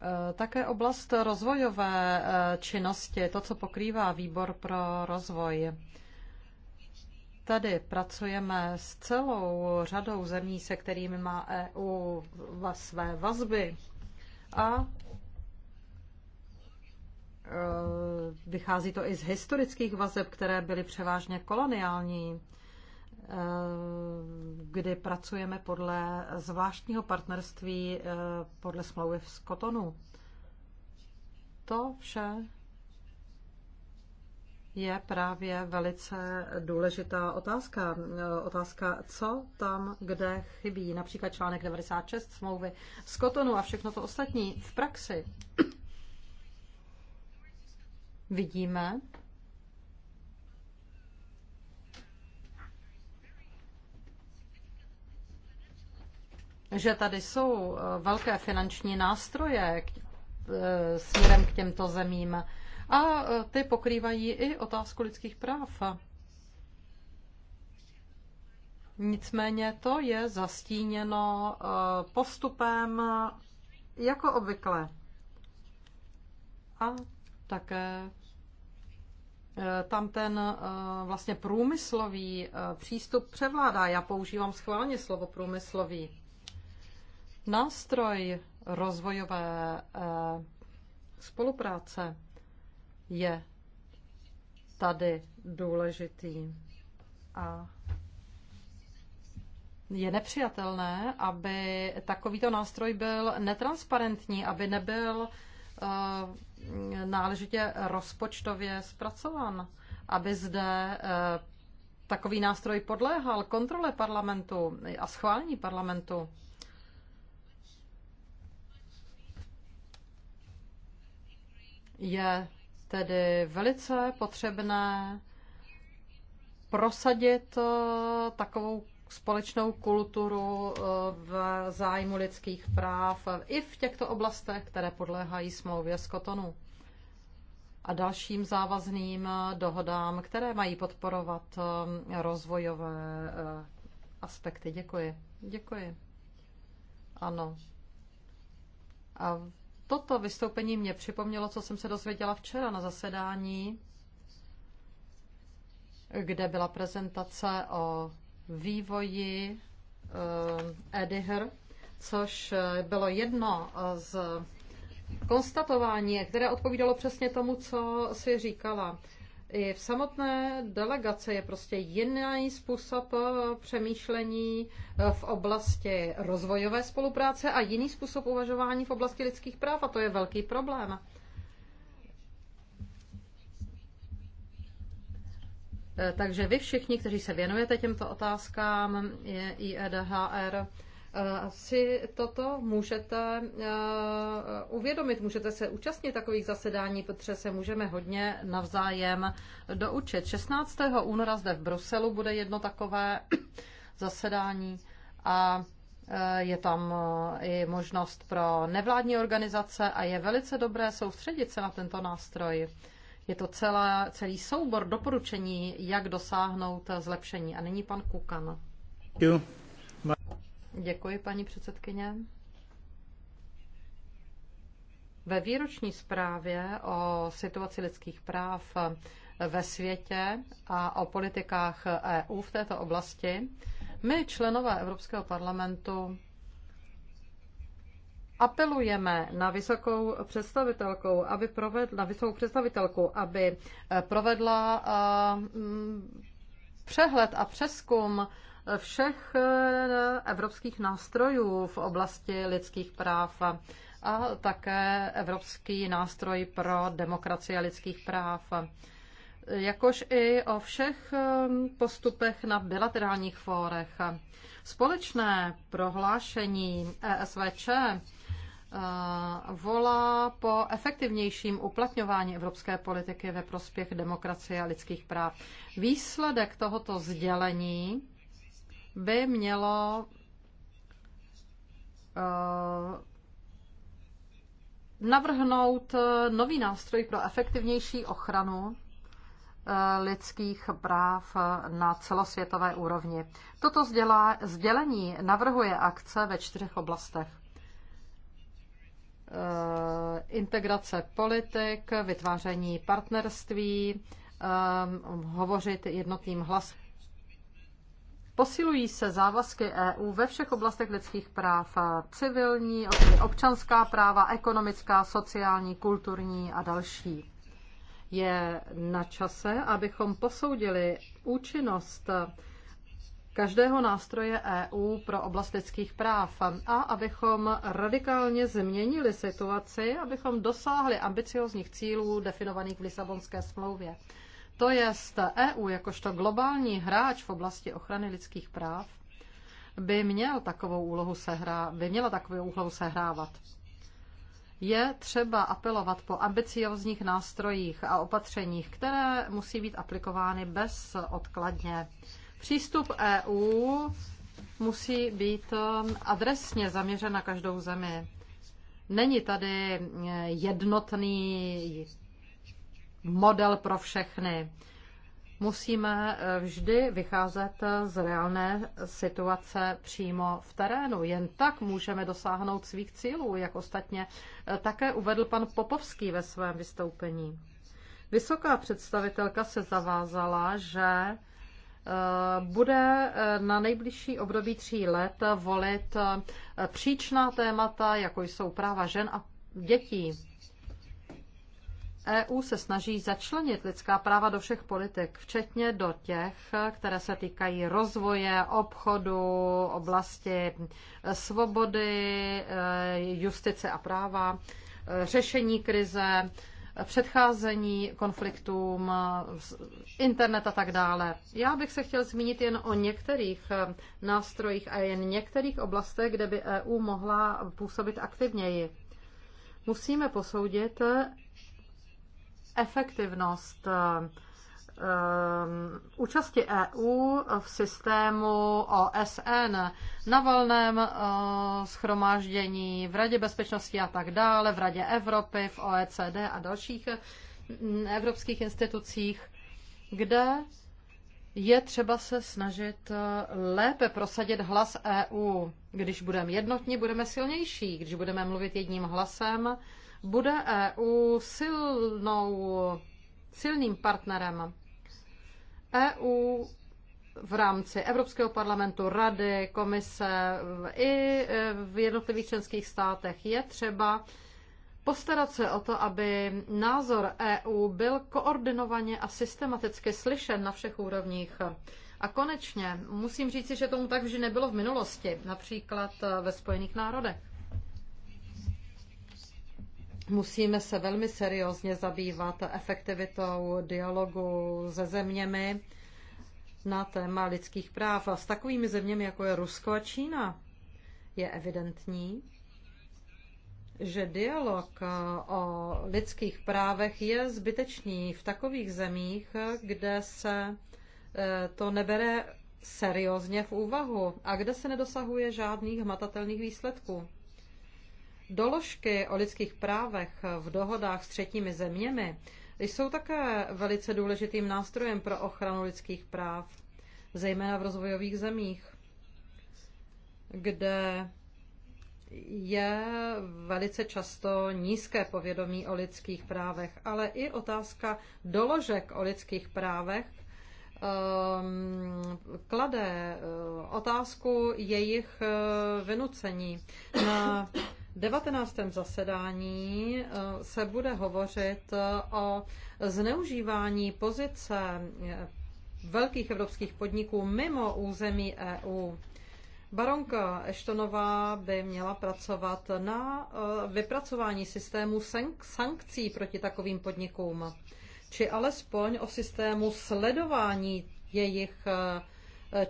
Eh, také oblast rozvojové činnosti, to, co pokrývá výbor pro rozvoj. Tady pracujeme s celou řadou zemí, se kterými má EU své vazby a e, vychází to i z historických vazeb, které byly převážně koloniální, e, kdy pracujeme podle zvláštního partnerství e, podle smlouvy z Kotonu. To vše je právě velice důležitá otázka. Otázka, co tam, kde chybí. Například článek 96 smlouvy z Kotonu a všechno to ostatní v praxi. Vidíme, že tady jsou eh, velké finanční nástroje eh, směrem k těmto zemím a e, ty pokrývají i otázku lidských práv. Nicméně to je zastíněno e, postupem jako obvykle. A také e, tam ten vlastně průmyslový přístup převládá. Já používám schválně slovo průmyslový. Nástroj rozvojové spolupráce je tady důležitý. A je nepřijatelné, aby takovýto nástroj byl netransparentní, aby nebyl eh, náležitě rozpočtově zpracován, aby zde eh, takový nástroj podléhal kontrole parlamentu a schválení parlamentu. Je tedy velice potřebné prosadit eh, takovou společnou kulturu eh, v zájmu lidských práv eh, i v těchto oblastech, které podléhají smlouvě z Kotonu a dalším závazným dohodám, které mají podporovat rozvojové aspekty. Děkuji. Děkuji. Ano. A toto vystoupení mě připomnělo, co jsem se dozvěděla včera na zasedání, kde byla prezentace o vývoji eh, EDIHR, což eh, bylo jedno z konstatování, které odpovídalo přesně tomu, co si říkala i v samotné delegaci je prostě jiný způsob eh, přemýšlení eh, v oblasti rozvojové spolupráce a jiný způsob uvažování v oblasti lidských práv a to je velký problém. Eh, takže vy všichni, kteří se věnujete těmto otázkám IEDHR, si toto můžete eh, uvědomit, můžete se účastnit takových zasedání, protože se můžeme hodně navzájem doučit. 16. února zde v Bruselu bude jedno takové zasedání a eh, je tam eh, i možnost pro nevládní organizace a je velice dobré soustředit se na tento nástroj. Je to celá, celý soubor doporučení, jak dosáhnout zlepšení. A nyní pan Kukan. Děkuji. Děkuji, paní předsedkyně. Ve výroční zprávě o situaci lidských práv ve světě a o politikách EU v této oblasti my, členové Evropského parlamentu, apelujeme na vysokou představitelku, aby provedla, na vysokou představitelku, aby provedla eh, přehled a přeskum všech eh, evropských nástrojů v oblasti lidských práv a také Evropský nástroj pro demokracii a lidských práv, jakož i o všech eh, postupech na bilaterálních fórech. Společné prohlášení ESVČ eh, volá po efektivnějším uplatňování evropské politiky ve prospěch demokracie a lidských práv. Výsledek tohoto sdělení by mělo eh, navrhnout eh, nový nástroj pro efektivnější ochranu eh, lidských práv na celosvětové úrovni. Toto sdělá, sdělení navrhuje akce ve čtyřech oblastech. Integrace politik, vytváření partnerství, hovořit jednotným hlasem. Posilují se závazky EU ve všech oblastech lidských práv, civilní, občanská práva, ekonomická, sociální, kulturní a další. Je na čase, abychom posoudili účinnost každého nástroje EU pro oblast lidských práv a abychom radikálně změnili situaci, abychom dosáhli ambiciozních cílů definovaných v Lisabonské smlouvě. To jest EU jakožto globální hráč v oblasti ochrany lidských práv by měl takovou úlohu sehrá, by měla takovou úlohu sehrávat. Je třeba apelovat po ambiciozních nástrojích a opatřeních, které musí být aplikovány bezodkladně. Přístup EU musí být um, adresně zaměřen na každou zemi. Není tady eh, jednotný model pro všechny. Musíme eh, vždy vycházet eh, z reálné situace přímo v terénu. Jen tak můžeme dosáhnout svých cílů, jak ostatně eh, také uvedl pan Popovský ve svém vystoupení. Vysoká představitelka se zavázala, že bude na nejbližší období tří let volit příčná témata, jako jsou práva žen a dětí. EU se snaží začlenit lidská práva do všech politik, včetně do těch, které se týkají rozvoje, obchodu, oblasti e, svobody, e, justice a práva, e, řešení krize, předcházení konfliktům, internet a tak dále. Já bych se chtěl zmínit jen o některých nástrojích a jen některých oblastech, kde by EU mohla působit aktivněji. Musíme posoudit efektivnost ehm, účasti EU v systému OSN na valném eh, schromáždění, v Radě bezpečnosti a tak dále, v Radě Evropy, v OECD a dalších mm, evropských institucích, kde je třeba se snažit eh, lépe prosadit hlas EU. Když budeme jednotní, budeme silnější. Když budeme mluvit jedním hlasem, bude EU silnou, silným partnerem. EU v rámci Evropského parlamentu, Rady, Komise i v jednotlivých členských státech je třeba postarat se o to, aby názor EU byl koordinovaně a systematicky slyšen na všech úrovních. A konečně musím říci, že tomu tak vždy nebylo v minulosti, například ve Spojených národech. Musíme se velmi seriózně zabývat efektivitou dialogu se zeměmi na téma lidských práv. A s takovými zeměmi, jako je Rusko a Čína, je evidentní, že dialog o lidských právech je zbytečný v takových zemích, kde se eh, to nebere seriózně v úvahu a kde se nedosahuje žádných hmatatelných výsledků. Doložky o lidských právech v dohodách s třetími zeměmi jsou také velice důležitým nástrojem pro ochranu lidských práv, zejména v rozvojových zemích, kde je velice často nízké povědomí o lidských právech, ale i otázka doložek o lidských právech ehm, klade eh, otázku jejich eh, vynucení. Na 19. zasedání eh, se bude hovořit eh, o zneužívání pozice eh, velkých evropských podniků mimo území EU. Baronka Eštonová by měla pracovat na vypracování systému sankcí proti takovým podnikům, či alespoň o systému sledování jejich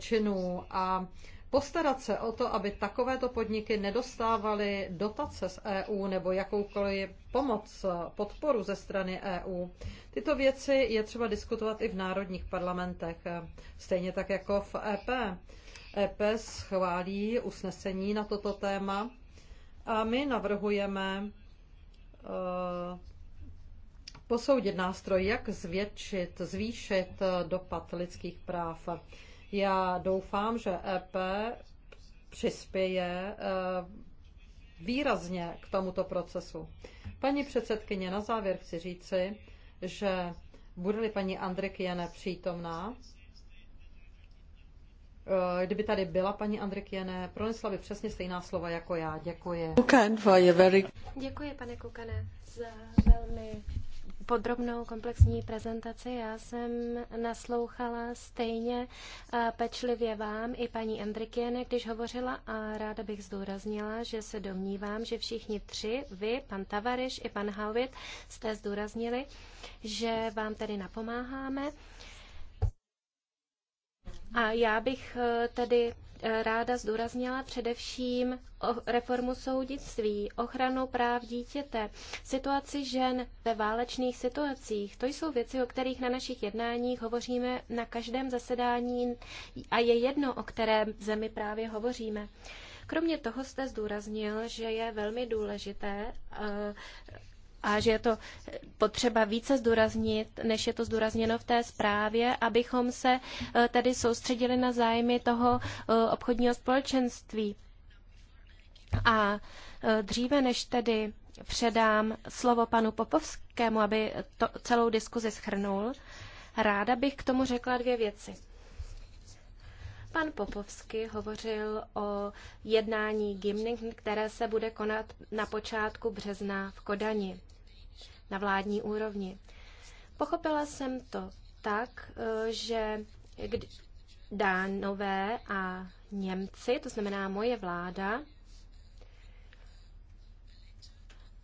činů a postarat se o to, aby takovéto podniky nedostávaly dotace z EU nebo jakoukoliv pomoc, podporu ze strany EU. Tyto věci je třeba diskutovat i v národních parlamentech, stejně tak jako v EP. EP schválí usnesení na toto téma a my navrhujeme eh, posoudit nástroj, jak zvětšit, zvýšit eh, dopad lidských práv. Já doufám, že EP přispěje eh, výrazně k tomuto procesu. Paní předsedkyně, na závěr chci říci, že bude-li paní Andrikiene přítomná, eh, kdyby tady byla paní Andrikiene, pronesla by přesně stejná slova jako já. Děkuji. Děkuji, pane Kukane, za velmi podrobnou komplexní prezentaci. Já jsem naslouchala stejně eh, pečlivě vám i paní Andrikiene, když hovořila a ráda bych zdůraznila, že se domnívám, že všichni tři, vy, pan Tavariš i pan Hauvit, jste zdůraznili, že vám tedy napomáháme. A já bych eh, tedy ráda zdůraznila především reformu soudnictví, ochranu práv dítěte, situaci žen ve válečných situacích. To jsou věci, o kterých na našich jednáních hovoříme na každém zasedání a je jedno, o které zemi právě hovoříme. Kromě toho jste zdůraznil, že je velmi důležité eh, a že je to potřeba více zdůraznit, než je to zdůrazněno v té zprávě, abychom se e, tedy soustředili na zájmy toho e, obchodního společenství. A e, dříve než tedy předám slovo panu Popovskému, aby to, celou diskuzi schrnul, ráda bych k tomu řekla dvě věci. Pan Popovsky hovořil o jednání Gimning, které se bude konat na počátku března v Kodani na vládní úrovni. Pochopila jsem to tak, eh, že Dánové a Němci, to znamená moje vláda,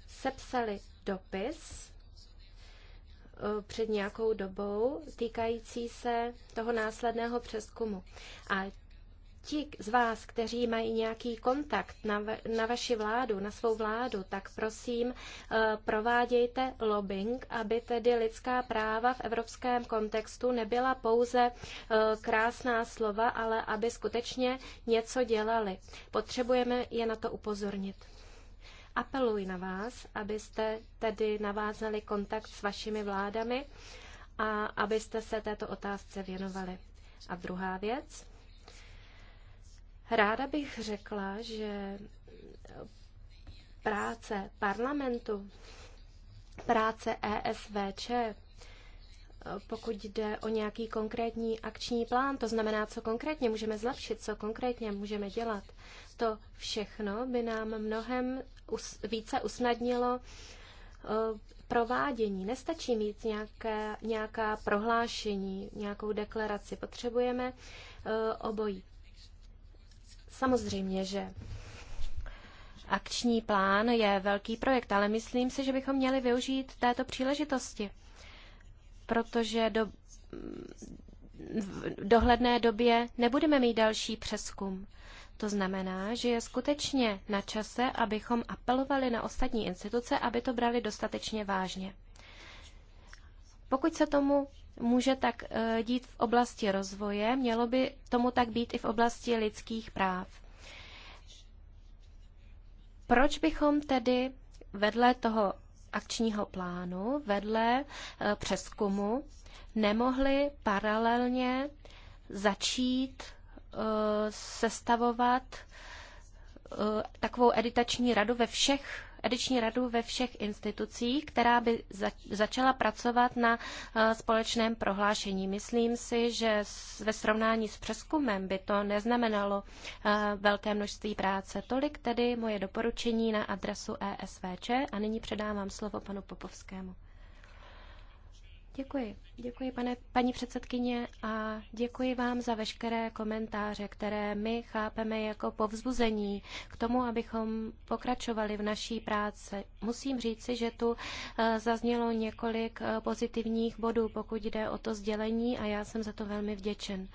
sepsali dopis eh, před nějakou dobou týkající se toho následného přeskumu. A ti z vás, kteří mají nějaký kontakt na, na vaši vládu, na svou vládu, tak prosím, eh, provádějte lobbying, aby tedy lidská práva v evropském kontextu nebyla pouze eh, krásná slova, ale aby skutečně něco dělali. Potřebujeme je na to upozornit apeluji na vás, abyste tedy navázali kontakt s vašimi vládami a abyste se této otázce věnovali. A druhá věc, Ráda bych řekla, že práce parlamentu, práce ESVČ, pokud jde o nějaký konkrétní akční plán, to znamená, co konkrétně můžeme zlepšit, co konkrétně můžeme dělat, to všechno by nám mnohem více usnadnilo eh, provádění. Nestačí mít nějaké, nějaká prohlášení, nějakou deklaraci. Potřebujeme eh, obojí. Samozřejmě, že akční plán je velký projekt, ale myslím si, že bychom měli využít této příležitosti, protože do, v dohledné době nebudeme mít další přeskum. To znamená, že je skutečně na čase, abychom apelovali na ostatní instituce, aby to brali dostatečně vážně. Pokud se tomu může tak eh, dít v oblasti rozvoje, mělo by tomu tak být i v oblasti lidských práv. Proč bychom tedy vedle toho akčního plánu, vedle eh, přeskumu, nemohli paralelně začít eh, sestavovat takovou editační radu ve všech ediční radu ve všech institucích, která by začala pracovat na eh, společném prohlášení. Myslím si, že ve srovnání s přeskumem by to neznamenalo eh, velké množství práce. Tolik tedy moje doporučení na adresu ESVČ a nyní předávám slovo panu Popovskému. Děkuji. Děkuji, pane, paní předsedkyně, a děkuji vám za veškeré komentáře, které my chápeme jako povzbuzení k tomu, abychom pokračovali v naší práci. Musím říci, že tu eh, zaznělo několik eh, pozitivních bodů, pokud jde o to sdělení, a já jsem za to velmi vděčen.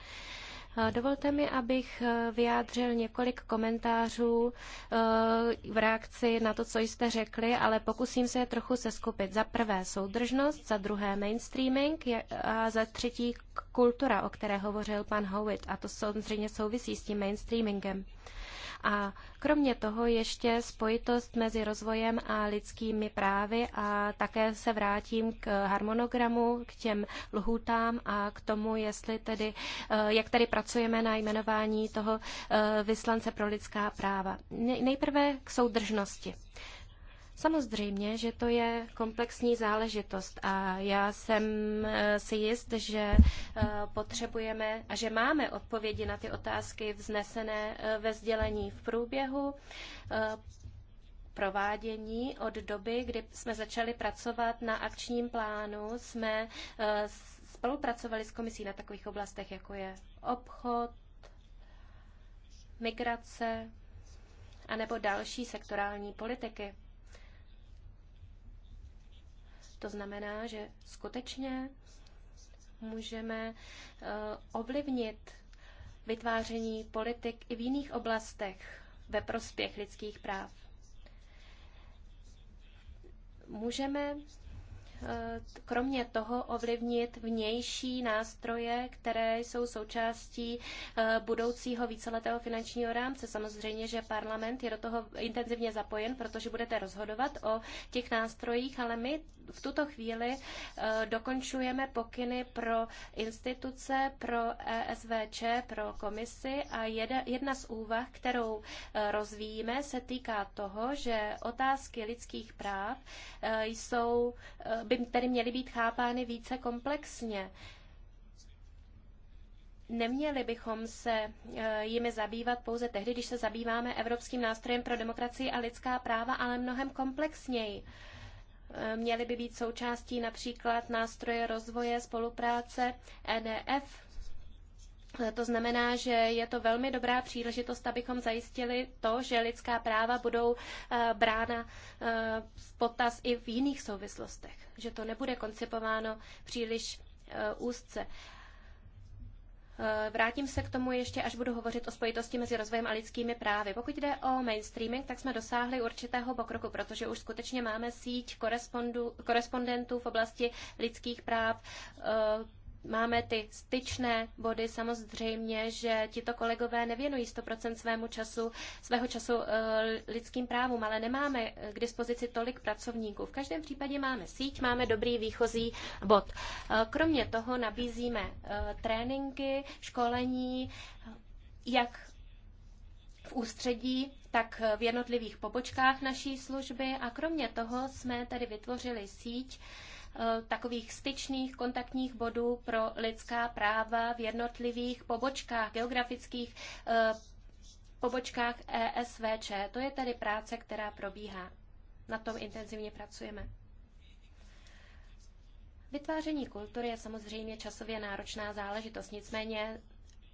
Dovolte mi, abych eh, vyjádřil několik komentářů eh, v reakci na to, co jste řekli, ale pokusím se je trochu seskupit. Za prvé soudržnost, za druhé mainstreaming a za třetí kultura, o které hovořil pan Howitt. A to samozřejmě souvisí s tím mainstreamingem. A kromě toho ještě spojitost mezi rozvojem a lidskými právy a také se vrátím k harmonogramu, k těm lhůtám a k tomu, jestli tedy, eh, jak tady pracujeme na jmenování toho eh, vyslance pro lidská práva. Nejprve k soudržnosti. Samozřejmě, že to je komplexní záležitost a já jsem eh, si jist, že eh, potřebujeme a že máme odpovědi na ty otázky vznesené eh, ve sdělení v průběhu provádění od doby, kdy jsme začali pracovat na akčním plánu, jsme spolupracovali s komisí na takových oblastech, jako je obchod, migrace a nebo další sektorální politiky. To znamená, že skutečně můžeme eh, ovlivnit vytváření politik i v jiných oblastech ve prospěch lidských práv. Můžeme eh, kromě toho ovlivnit vnější nástroje, které jsou součástí eh, budoucího víceletého finančního rámce. Samozřejmě, že parlament je do toho intenzivně zapojen, protože budete rozhodovat o těch nástrojích, ale my v tuto chvíli eh, dokončujeme pokyny pro instituce, pro ESVČ, pro komisi a jedna z úvah, kterou eh, rozvíjíme, se týká toho, že otázky lidských práv eh, jsou, by tedy měly být chápány více komplexně. Neměli bychom se jimi zabývat pouze tehdy, když se zabýváme Evropským nástrojem pro demokracii a lidská práva, ale mnohem komplexněji. Eh, měly by být součástí například nástroje rozvoje spolupráce EDF. Eh, to znamená, že je to velmi dobrá příležitost, abychom zajistili to, že lidská práva budou eh, brána v potaz i v jiných souvislostech, že to nebude koncipováno příliš úzce. Eh, vrátím se k tomu ještě, až budu hovořit o spojitosti mezi rozvojem a lidskými právy. Pokud jde o mainstreaming, tak jsme dosáhli určitého pokroku, protože už skutečně máme síť korespondentů v oblasti lidských práv, eh, máme ty styčné body. Samozřejmě, že tito kolegové nevěnují 100% svému času, svého času eh, lidským právům, ale nemáme eh, k dispozici tolik pracovníků. V každém případě máme síť, máme dobrý výchozí bod. Eh, kromě toho nabízíme tréninky, školení, jak v ústředí, tak v jednotlivých pobočkách naší služby a kromě toho jsme tady vytvořili síť, Eh, takových styčných kontaktních bodů pro lidská práva v jednotlivých pobočkách, geografických eh, pobočkách ESVČ. To je tedy práce, která probíhá. Na tom intenzivně pracujeme. Vytváření kultury je samozřejmě časově náročná záležitost, nicméně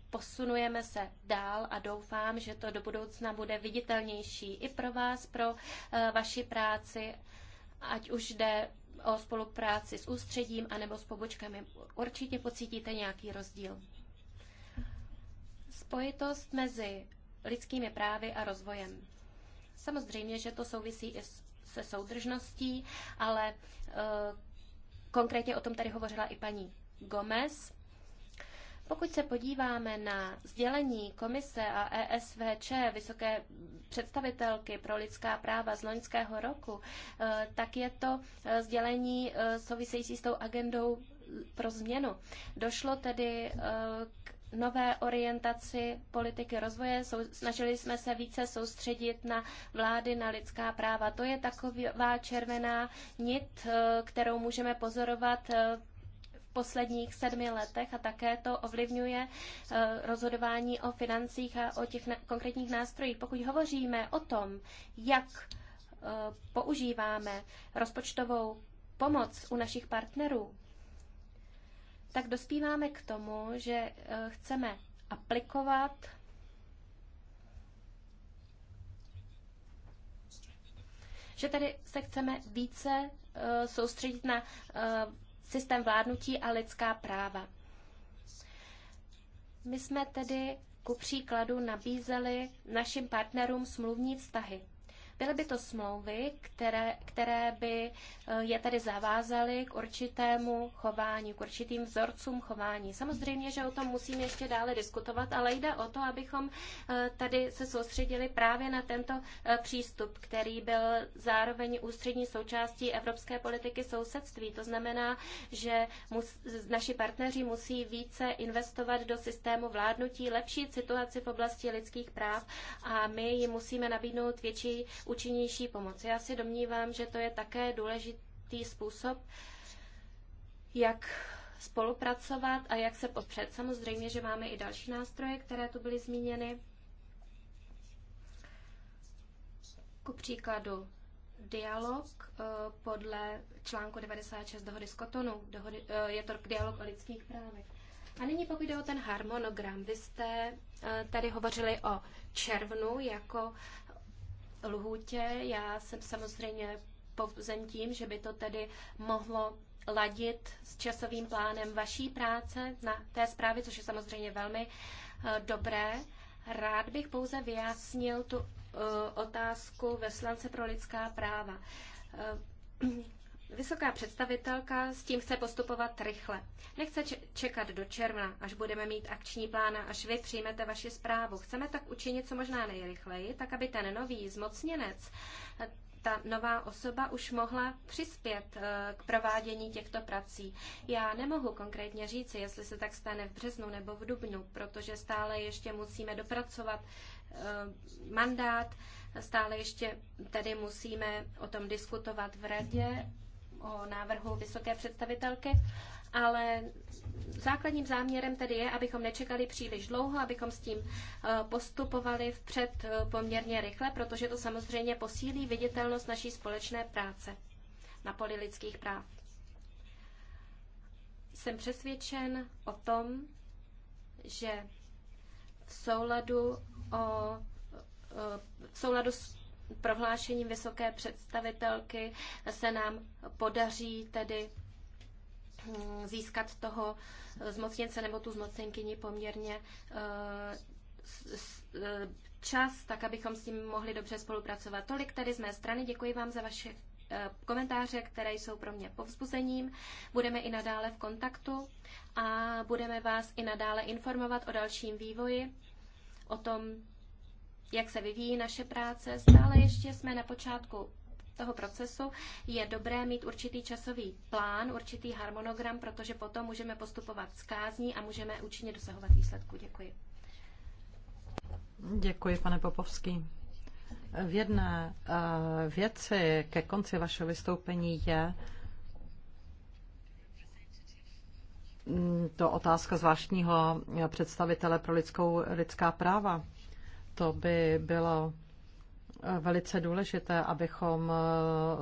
posunujeme se dál a doufám, že to do budoucna bude viditelnější i pro vás, pro eh, vaši práci, ať už jde o spolupráci s ústředím anebo s pobočkami, určitě pocítíte nějaký rozdíl. Spojitost mezi lidskými právy a rozvojem. Samozřejmě, že to souvisí i se soudržností, ale e, konkrétně o tom tady hovořila i paní Gomez. Pokud se podíváme na sdělení Komise a ESVČ, Vysoké představitelky pro lidská práva z loňského roku, eh, tak je to eh, sdělení eh, související s tou agendou pro změnu. Došlo tedy k nové orientaci politiky rozvoje. Snažili jsme se více soustředit na vlády, na lidská práva. To je taková červená nit, kterou můžeme pozorovat posledních sedmi letech a také to ovlivňuje eh, rozhodování o financích a o těch konkrétních nástrojích. Pokud hovoříme o tom, jak eh, používáme rozpočtovou pomoc u našich partnerů, tak dospíváme k tomu, že eh, chceme aplikovat že tady se chceme více soustředit na systém vládnutí a lidská práva. My jsme tedy ku příkladu nabízeli našim partnerům smluvní vztahy. Byly by to smlouvy, které, které by eh, je tady zavázaly k určitému chování, k určitým vzorcům chování. Samozřejmě, že o tom musíme ještě dále diskutovat, ale jde o to, abychom eh, tady se soustředili právě na tento eh, přístup, který byl zároveň ústřední součástí evropské politiky sousedství. To znamená, že mus, naši partneři musí více investovat do systému vládnutí, lepší situaci v oblasti lidských práv a my jim musíme nabídnout větší účinnější pomoc. Já si domnívám, že to je také důležitý způsob, jak spolupracovat a jak se popřed. Samozřejmě, že máme i další nástroje, které tu byly zmíněny. Ku příkladu dialog eh, podle článku 96 dohody z Kotonu. Dohody, eh, je to dialog o lidských právech. A nyní pokud jde o ten harmonogram, vy jste eh, tady hovořili o červnu jako lhůtě. Já jsem samozřejmě povzen tím, že by to tedy mohlo ladit s časovým plánem vaší práce na té zprávě, což je samozřejmě velmi eh, dobré. Rád bych pouze vyjasnil tu eh, otázku veslance pro lidská práva. Eh, Vysoká představitelka s tím chce postupovat rychle. Nechce čekat do června, až budeme mít akční plán a až vy přijmete vaši zprávu. Chceme tak učinit co možná nejrychleji, tak aby ten nový zmocněnec, ta nová osoba už mohla přispět eh, k provádění těchto prací. Já nemohu konkrétně říci, jestli se tak stane v březnu nebo v dubnu, protože stále ještě musíme dopracovat eh, mandát, stále ještě tedy musíme o tom diskutovat v radě o návrhu vysoké představitelky, ale základním záměrem tedy je, abychom nečekali příliš dlouho, abychom s tím eh, postupovali vpřed eh, poměrně rychle, protože to samozřejmě posílí viditelnost naší společné práce na poli lidských práv. Jsem přesvědčen o tom, že v souladu, o, eh, v souladu s prohlášením vysoké představitelky se nám podaří tedy hm, získat toho zmocněnce nebo tu zmocněnkyni poměrně eh, eh, čas, tak abychom s ním mohli dobře spolupracovat. Tolik tedy z mé strany. Děkuji vám za vaše eh, komentáře, které jsou pro mě povzbuzením. Budeme i nadále v kontaktu a budeme vás i nadále informovat o dalším vývoji, o tom, jak se vyvíjí naše práce. Stále ještě jsme na počátku toho procesu je dobré mít určitý časový plán, určitý harmonogram, protože potom můžeme postupovat skázní a můžeme účinně dosahovat výsledku. Děkuji. Děkuji, pane Popovský. V jedné eh, věci ke konci vašeho vystoupení je mm, to otázka zvláštního představitele pro lidskou, lidská práva. To by bylo eh, velice důležité, abychom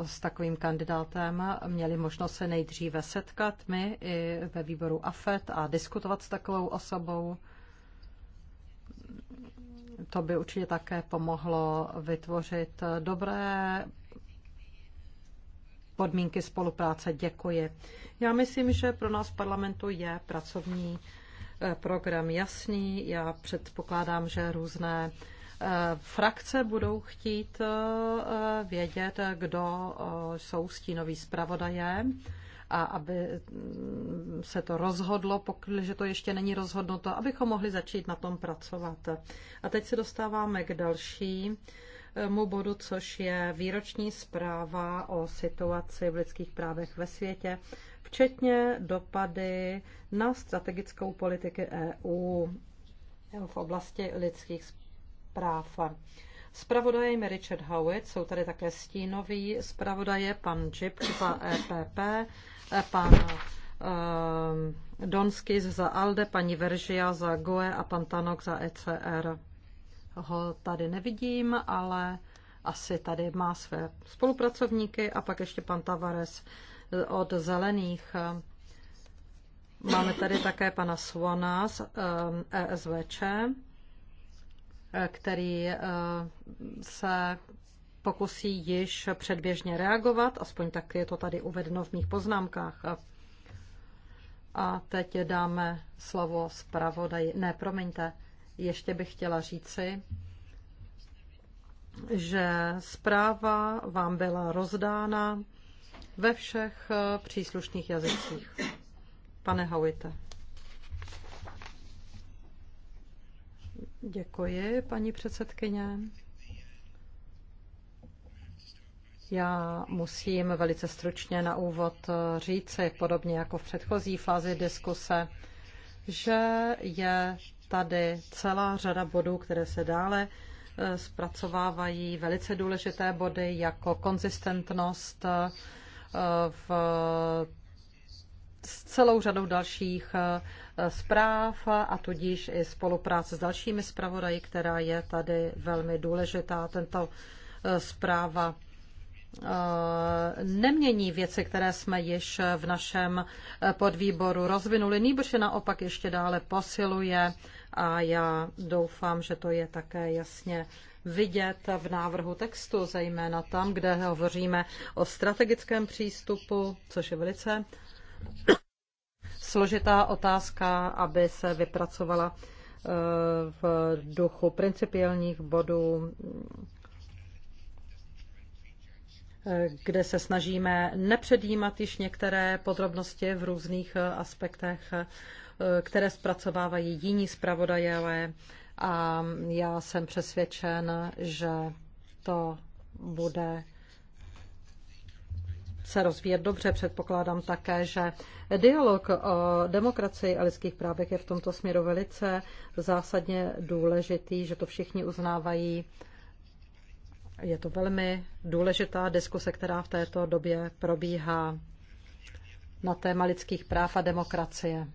eh, s takovým kandidátem měli možnost se nejdříve setkat my i ve výboru AFET a diskutovat s takovou osobou. To by určitě také pomohlo vytvořit eh, dobré podmínky spolupráce. Děkuji. Já myslím, že pro nás v parlamentu je pracovní Eh, program jasný. Já předpokládám, že různé eh, frakce budou chtít eh, vědět, kdo jsou stínoví zpravodaje a aby mm, se to rozhodlo, pokud že to ještě není rozhodnuto, abychom mohli začít na tom pracovat. A teď se dostáváme k dalšímu bodu, což je výroční zpráva o situaci v lidských právech ve světě včetně dopady na strategickou politiky EU v oblasti lidských práv. Spravodajem Richard Howitt, jsou tady také stínoví zpravodaje, pan Jip e pan EPP, pan uh, Donskis za ALDE, paní Veržia za GOE a pan Tanok za ECR. Ho tady nevidím, ale asi tady má své spolupracovníky a pak ještě pan Tavares od zelených. Máme tady také pana Swana z ESVČ, eh, e eh, který eh, se pokusí již předběžně reagovat, aspoň tak je to tady uvedeno v mých poznámkách. A teď dáme slovo zpravodaji. Ne, promiňte, ještě bych chtěla říci, že zpráva vám byla rozdána ve všech eh, příslušných jazycích. Pane Hauite. Děkuji, paní předsedkyně. Já musím velice stručně na úvod eh, říci, podobně jako v předchozí fázi diskuse, že je tady celá řada bodů, které se dále eh, zpracovávají, velice důležité body jako konzistentnost v, s celou řadou dalších eh, zpráv a tudíž i spolupráce s dalšími zpravodaji, která je tady velmi důležitá. Tento eh, zpráva eh, nemění věci, které jsme již v našem podvýboru rozvinuli, nýbrž je naopak ještě dále posiluje a já doufám, že to je také jasně vidět v návrhu textu, zejména tam, kde hovoříme o strategickém přístupu, což je velice složitá otázka, aby se vypracovala eh, v duchu principiálních bodů, eh, kde se snažíme nepředjímat již některé podrobnosti v různých eh, aspektech, které zpracovávají jiní zpravodajové a já jsem přesvědčen, že to bude se rozvíjet dobře. Předpokládám také, že dialog o demokracii a lidských právech je v tomto směru velice zásadně důležitý, že to všichni uznávají. Je to velmi důležitá diskuse, která v této době probíhá na téma lidských práv a demokracie.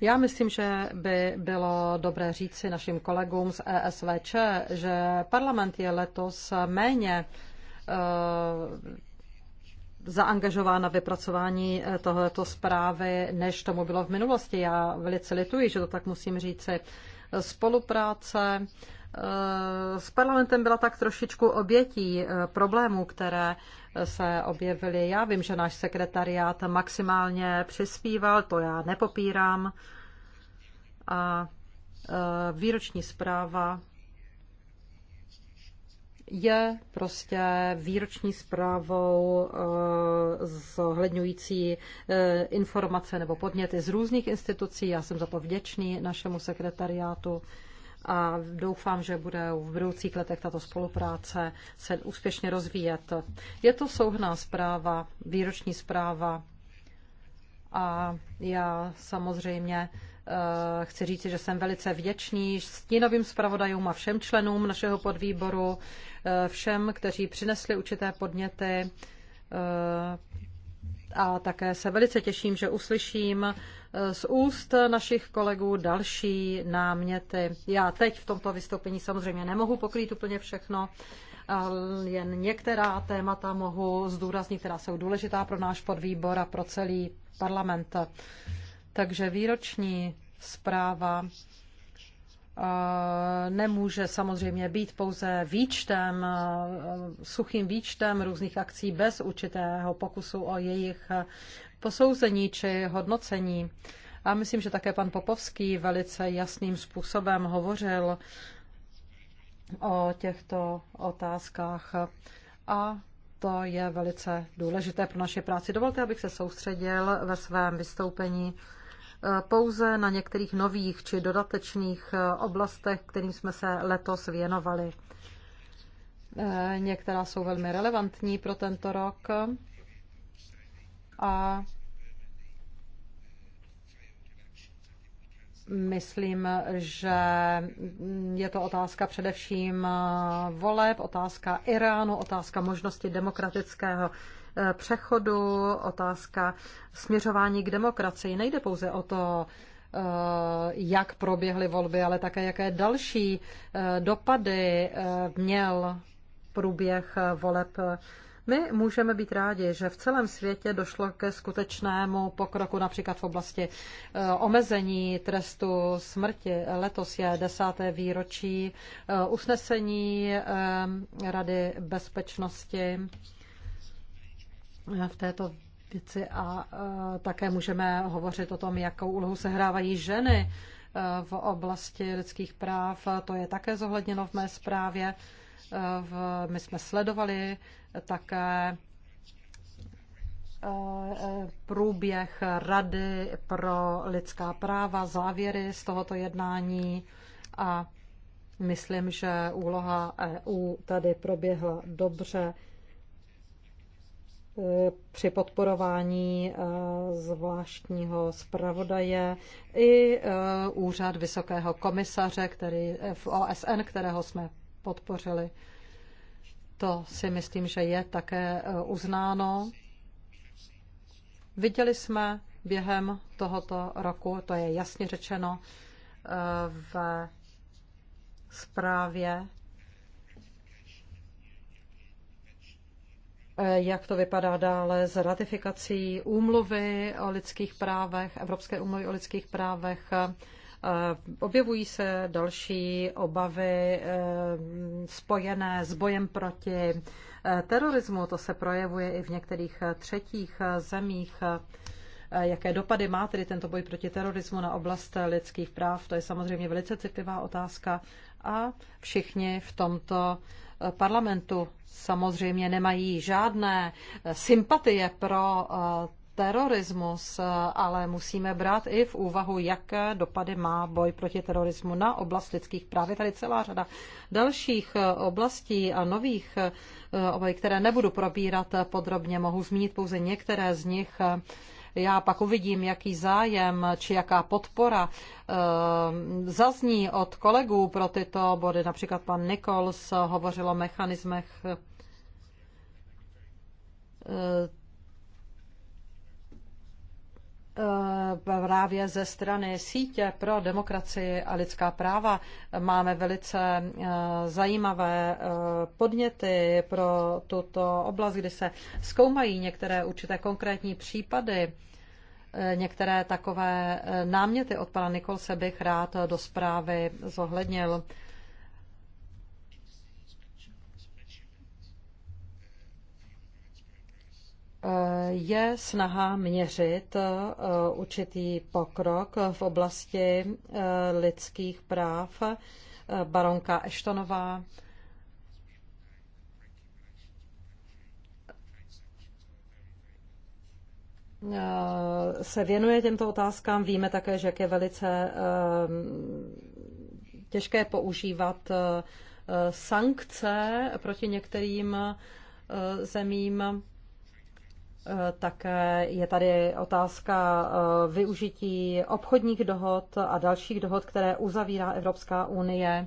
Já myslím, že by bylo dobré říci našim kolegům z ESVČ, že parlament je letos méně eh, zaangažován na vypracování eh, tohoto zprávy, než tomu bylo v minulosti. Já velice lituji, že to tak musím říci. Spolupráce Eh, s parlamentem byla tak trošičku obětí eh, problémů, které eh, se objevily. Já vím, že náš sekretariát maximálně přispíval, to já nepopírám. A výroční zpráva je prostě výroční zprávou zohledňující informace nebo podněty z různých institucí. Já jsem za to vděčný našemu sekretariátu a doufám, že bude v budoucích letech tato spolupráce se úspěšně rozvíjet. Je to souhná zpráva, výroční zpráva a já samozřejmě eh, chci říct, že jsem velice vděčný stínovým zpravodajům a všem členům našeho podvýboru, eh, všem, kteří přinesli určité podněty eh, a také se velice těším, že uslyším eh, z úst našich kolegů další náměty. Já teď v tomto vystoupení samozřejmě nemohu pokrýt úplně všechno, jen některá témata mohu zdůraznit, která jsou důležitá pro náš podvýbor a pro celý parlament. Takže výroční zpráva Eh, nemůže samozřejmě být pouze výčtem, eh, suchým výčtem různých akcí bez určitého pokusu o jejich eh, posouzení či hodnocení. A myslím, že také pan Popovský velice jasným způsobem hovořil o těchto otázkách. A to je velice důležité pro naše práci. Dovolte, abych se soustředil ve svém vystoupení Eh, pouze na některých nových či dodatečných eh, oblastech, kterým jsme se letos věnovali. Eh, některá jsou velmi relevantní pro tento rok a Myslím, že je to otázka především voleb, otázka Iránu, otázka možnosti demokratického Eh, přechodu, otázka směřování k demokracii. Nejde pouze o to, eh, jak proběhly volby, ale také jaké další eh, dopady měl průběh voleb. My můžeme být rádi, že v celém světě došlo ke skutečnému pokroku například v oblasti omezení trestu smrti. Letos je desáté výročí usnesení Rady bezpečnosti v této věci a e, také můžeme hovořit o tom, jakou úlohu sehrávají ženy e, v oblasti lidských práv. To je také zohledněno v mé zprávě. E, my jsme sledovali také průběh Rady pro lidská práva, závěry z tohoto jednání a myslím, že úloha EU tady proběhla dobře při podporování eh, zvláštního zpravodaje i eh, úřad vysokého komisaře, který eh, v OSN, kterého jsme podpořili. To si myslím, že je také uznáno. Viděli jsme během tohoto roku, to je jasně řečeno, v zprávě Eh, jak to vypadá dále s ratifikací úmluvy o lidských právech, Evropské úmluvy o lidských právech. Eh, objevují se další obavy eh, spojené s bojem proti terorismu. To se projevuje i v některých třetích zemích. Jaké dopady má tedy tento boj proti terorismu na oblast lidských práv? To je samozřejmě velice citlivá otázka a všichni v tomto parlamentu samozřejmě nemají žádné eh, sympatie pro eh, terorismus, eh, ale musíme brát i v úvahu, jaké dopady má boj proti terorismu na oblast lidských práv. Je tady celá řada dalších oblastí a nových, které nebudu probírat podrobně, mohu zmínit pouze některé z nich já pak uvidím, jaký zájem či jaká podpora eh, zazní od kolegů pro tyto body. Například pan Nichols hovořil o mechanismech eh, eh, právě ze strany sítě pro demokracii a lidská práva máme velice zajímavé podněty pro tuto oblast, kdy se zkoumají některé určité konkrétní případy Eh, některé takové eh, náměty od pana Nikolse bych rád do zprávy zohlednil. Eh, je snaha měřit určitý pokrok v oblasti lidských práv. Baronka Eštonová Eh, se věnuje těmto otázkám. Víme také, že jak je velice eh, těžké používat eh, sankce proti některým zemím. Také je tady otázka využití obchodních dohod a dalších dohod, které uzavírá Evropská unie,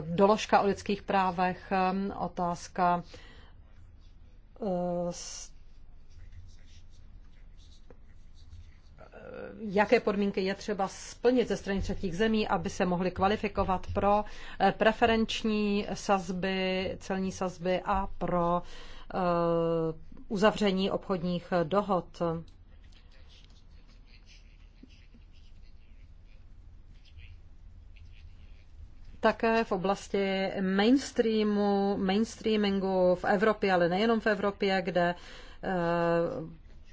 doložka o lidských právech, otázka jaké podmínky je třeba splnit ze strany třetích zemí, aby se mohly kvalifikovat pro eh, preferenční sazby, celní sazby a pro eh, uzavření obchodních dohod. také v oblasti mainstreamu, mainstreamingu v Evropě, ale nejenom v Evropě, kde eh,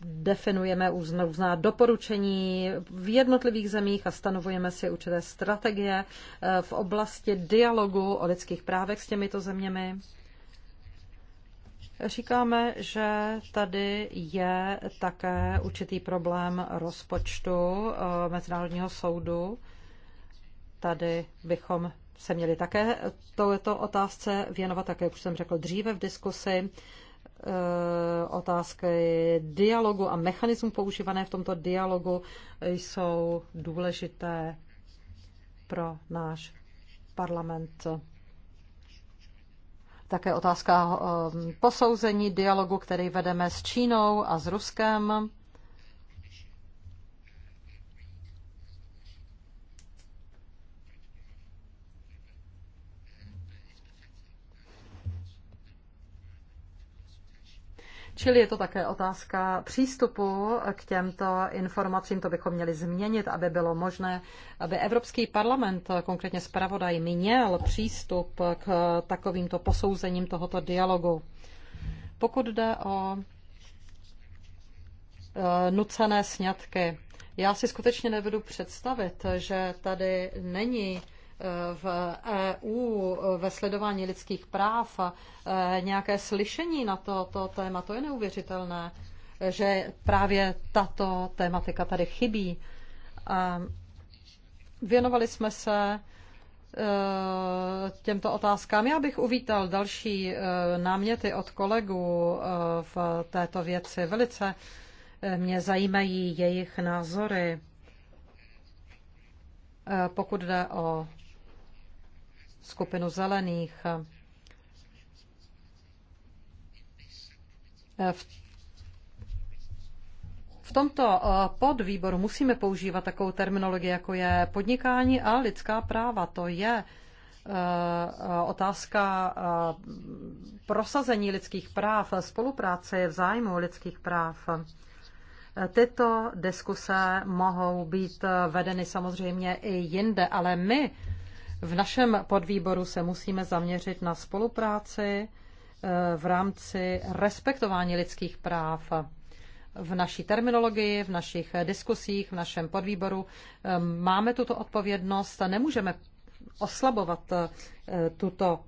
definujeme různá doporučení v jednotlivých zemích a stanovujeme si určité strategie eh, v oblasti dialogu o lidských právech s těmito zeměmi. Říkáme, že tady je také určitý problém rozpočtu eh, Mezinárodního soudu. Tady bychom se měli také touto otázce věnovat, také, už jsem řekl dříve v diskusi. Eh, otázky dialogu a mechanismů používané v tomto dialogu jsou důležité pro náš parlament. Také otázka eh, posouzení dialogu, který vedeme s Čínou a s Ruskem. Čili je to také otázka přístupu k těmto informacím. To bychom měli změnit, aby bylo možné, aby Evropský parlament, konkrétně zpravodaj, měl přístup k takovýmto posouzením tohoto dialogu. Pokud jde o e, nucené sňatky, já si skutečně nevedu představit, že tady není v EU ve sledování lidských práv e, nějaké slyšení na to, to téma, to je neuvěřitelné, že právě tato tématika tady chybí. A věnovali jsme se e, těmto otázkám. Já bych uvítal další e, náměty od kolegů v této věci. Velice mě zajímají jejich názory, pokud jde o skupinu zelených. V, v tomto eh, podvýboru musíme používat takovou terminologii, jako je podnikání a lidská práva. To je eh, eh, otázka prosazení lidských práv, spolupráce v zájmu lidských práv. Tyto diskuse mohou být vedeny samozřejmě i jinde, ale my v našem podvýboru se musíme zaměřit na spolupráci eh, v rámci respektování lidských práv. V naší terminologii, v našich diskusích, v našem podvýboru eh, máme tuto odpovědnost a nemůžeme oslabovat eh, tuto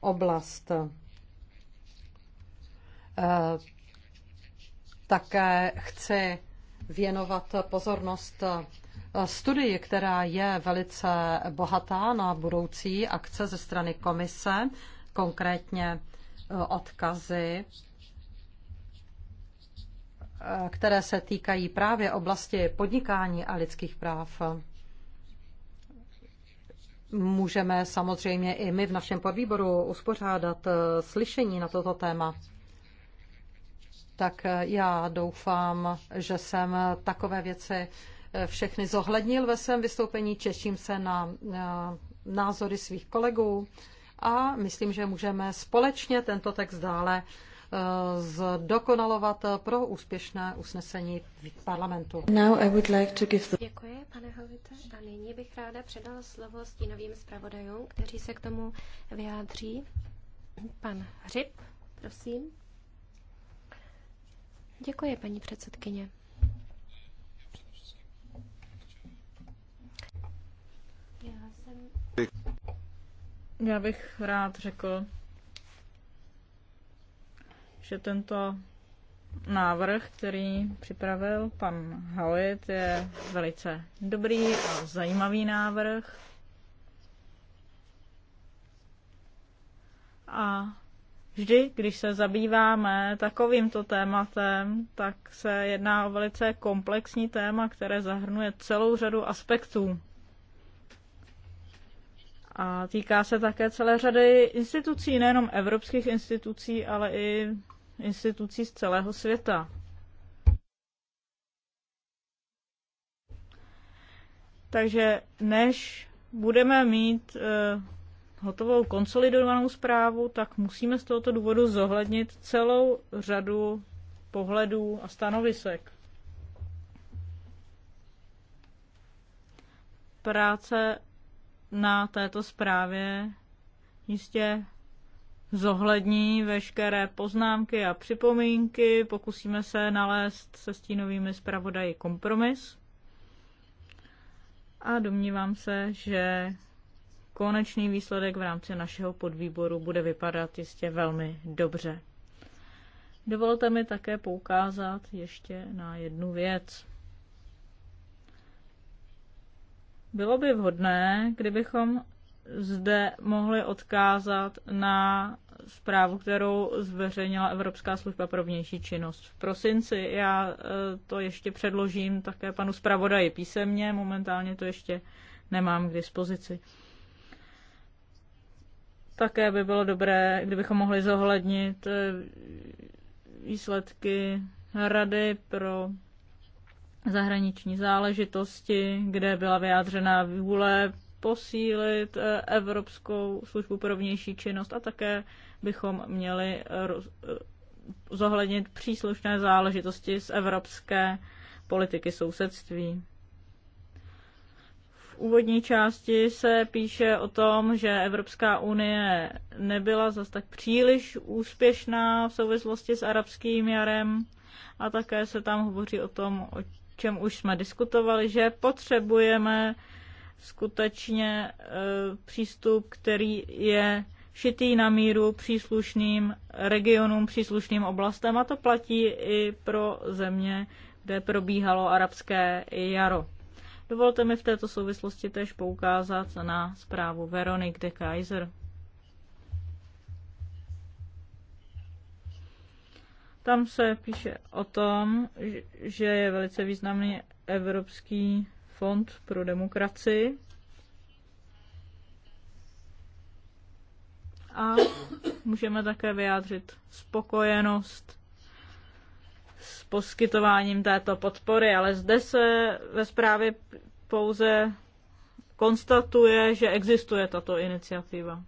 oblast. Také chci věnovat pozornost studii, která je velice bohatá na budoucí akce ze strany komise, konkrétně eh, odkazy eh, které se týkají právě oblasti podnikání a lidských práv. Můžeme samozřejmě i my v našem podvýboru uspořádat eh, slyšení na toto téma. Tak já doufám, že jsem takové věci všechny zohlednil ve svém vystoupení. Češím se na názory svých kolegů a myslím, že můžeme společně tento text dále eh, zdokonalovat pro úspěšné usnesení parlamentu. like the... Děkuji, pane Hovite. A nyní bych ráda předala slovo stínovým zpravodajům, kteří se k tomu vyjádří. Pan Hřib, prosím. Děkuji, paní předsedkyně. Já bych rád řekl, že tento návrh, který připravil pan Howitt, je velice dobrý a zajímavý návrh. A vždy, když se zabýváme takovýmto tématem, tak se jedná o velice komplexní téma, které zahrnuje celou řadu aspektů. A týká se také celé řady institucí, nejenom evropských institucí, ale i institucí z celého světa. Takže než budeme mít e, hotovou konsolidovanou zprávu, tak musíme z tohoto důvodu zohlednit celou řadu pohledů a stanovisek. Práce na této zprávě jistě zohlední veškeré poznámky a připomínky. Pokusíme se nalézt se stínovými zpravodaji kompromis. A domnívám se, že konečný výsledek v rámci našeho podvýboru bude vypadat jistě velmi dobře. Dovolte mi také poukázat ještě na jednu věc. Bylo by vhodné, kdybychom zde mohli odkázat na zprávu, kterou zveřejnila Evropská služba pro vnější činnost. V prosinci já e, to ještě předložím také panu zpravodaji písemně, momentálně to ještě nemám k dispozici. Také by bylo dobré, kdybychom mohli zohlednit e, výsledky Rady pro zahraniční záležitosti, kde byla vyjádřena vůle posílit eh, Evropskou službu pro vnější činnost a také bychom měli eh, zohlednit příslušné záležitosti z evropské politiky sousedství. V úvodní části se píše o tom, že Evropská unie nebyla zas tak příliš úspěšná v souvislosti s arabským jarem a také se tam hovoří o tom, o čem už jsme diskutovali, že potřebujeme skutečně e, přístup, který je šitý na míru příslušným regionům, příslušným oblastem a to platí i pro země, kde probíhalo arabské jaro. Dovolte mi v této souvislosti tež poukázat na zprávu Veronik de Kaiser. Tam se píše o tom, že je velice významný Evropský fond pro demokracii. A můžeme také vyjádřit spokojenost s poskytováním této podpory, ale zde se ve zprávě pouze konstatuje, že existuje tato iniciativa.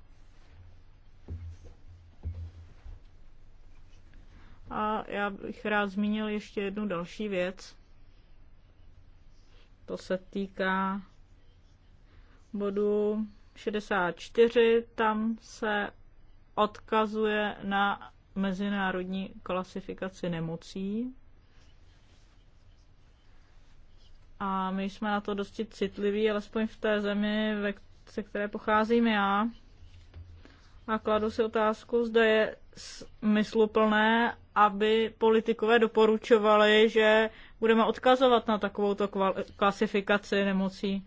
A já bych rád zmínil ještě jednu další věc. To se týká bodu 64. Tam se odkazuje na mezinárodní klasifikaci nemocí. A my jsme na to dosti citliví, alespoň v té zemi, ve, se které pocházím já. A kladu si otázku, zda je smysluplné, aby politikové doporučovali, že budeme odkazovat na takovou klasifikaci nemocí.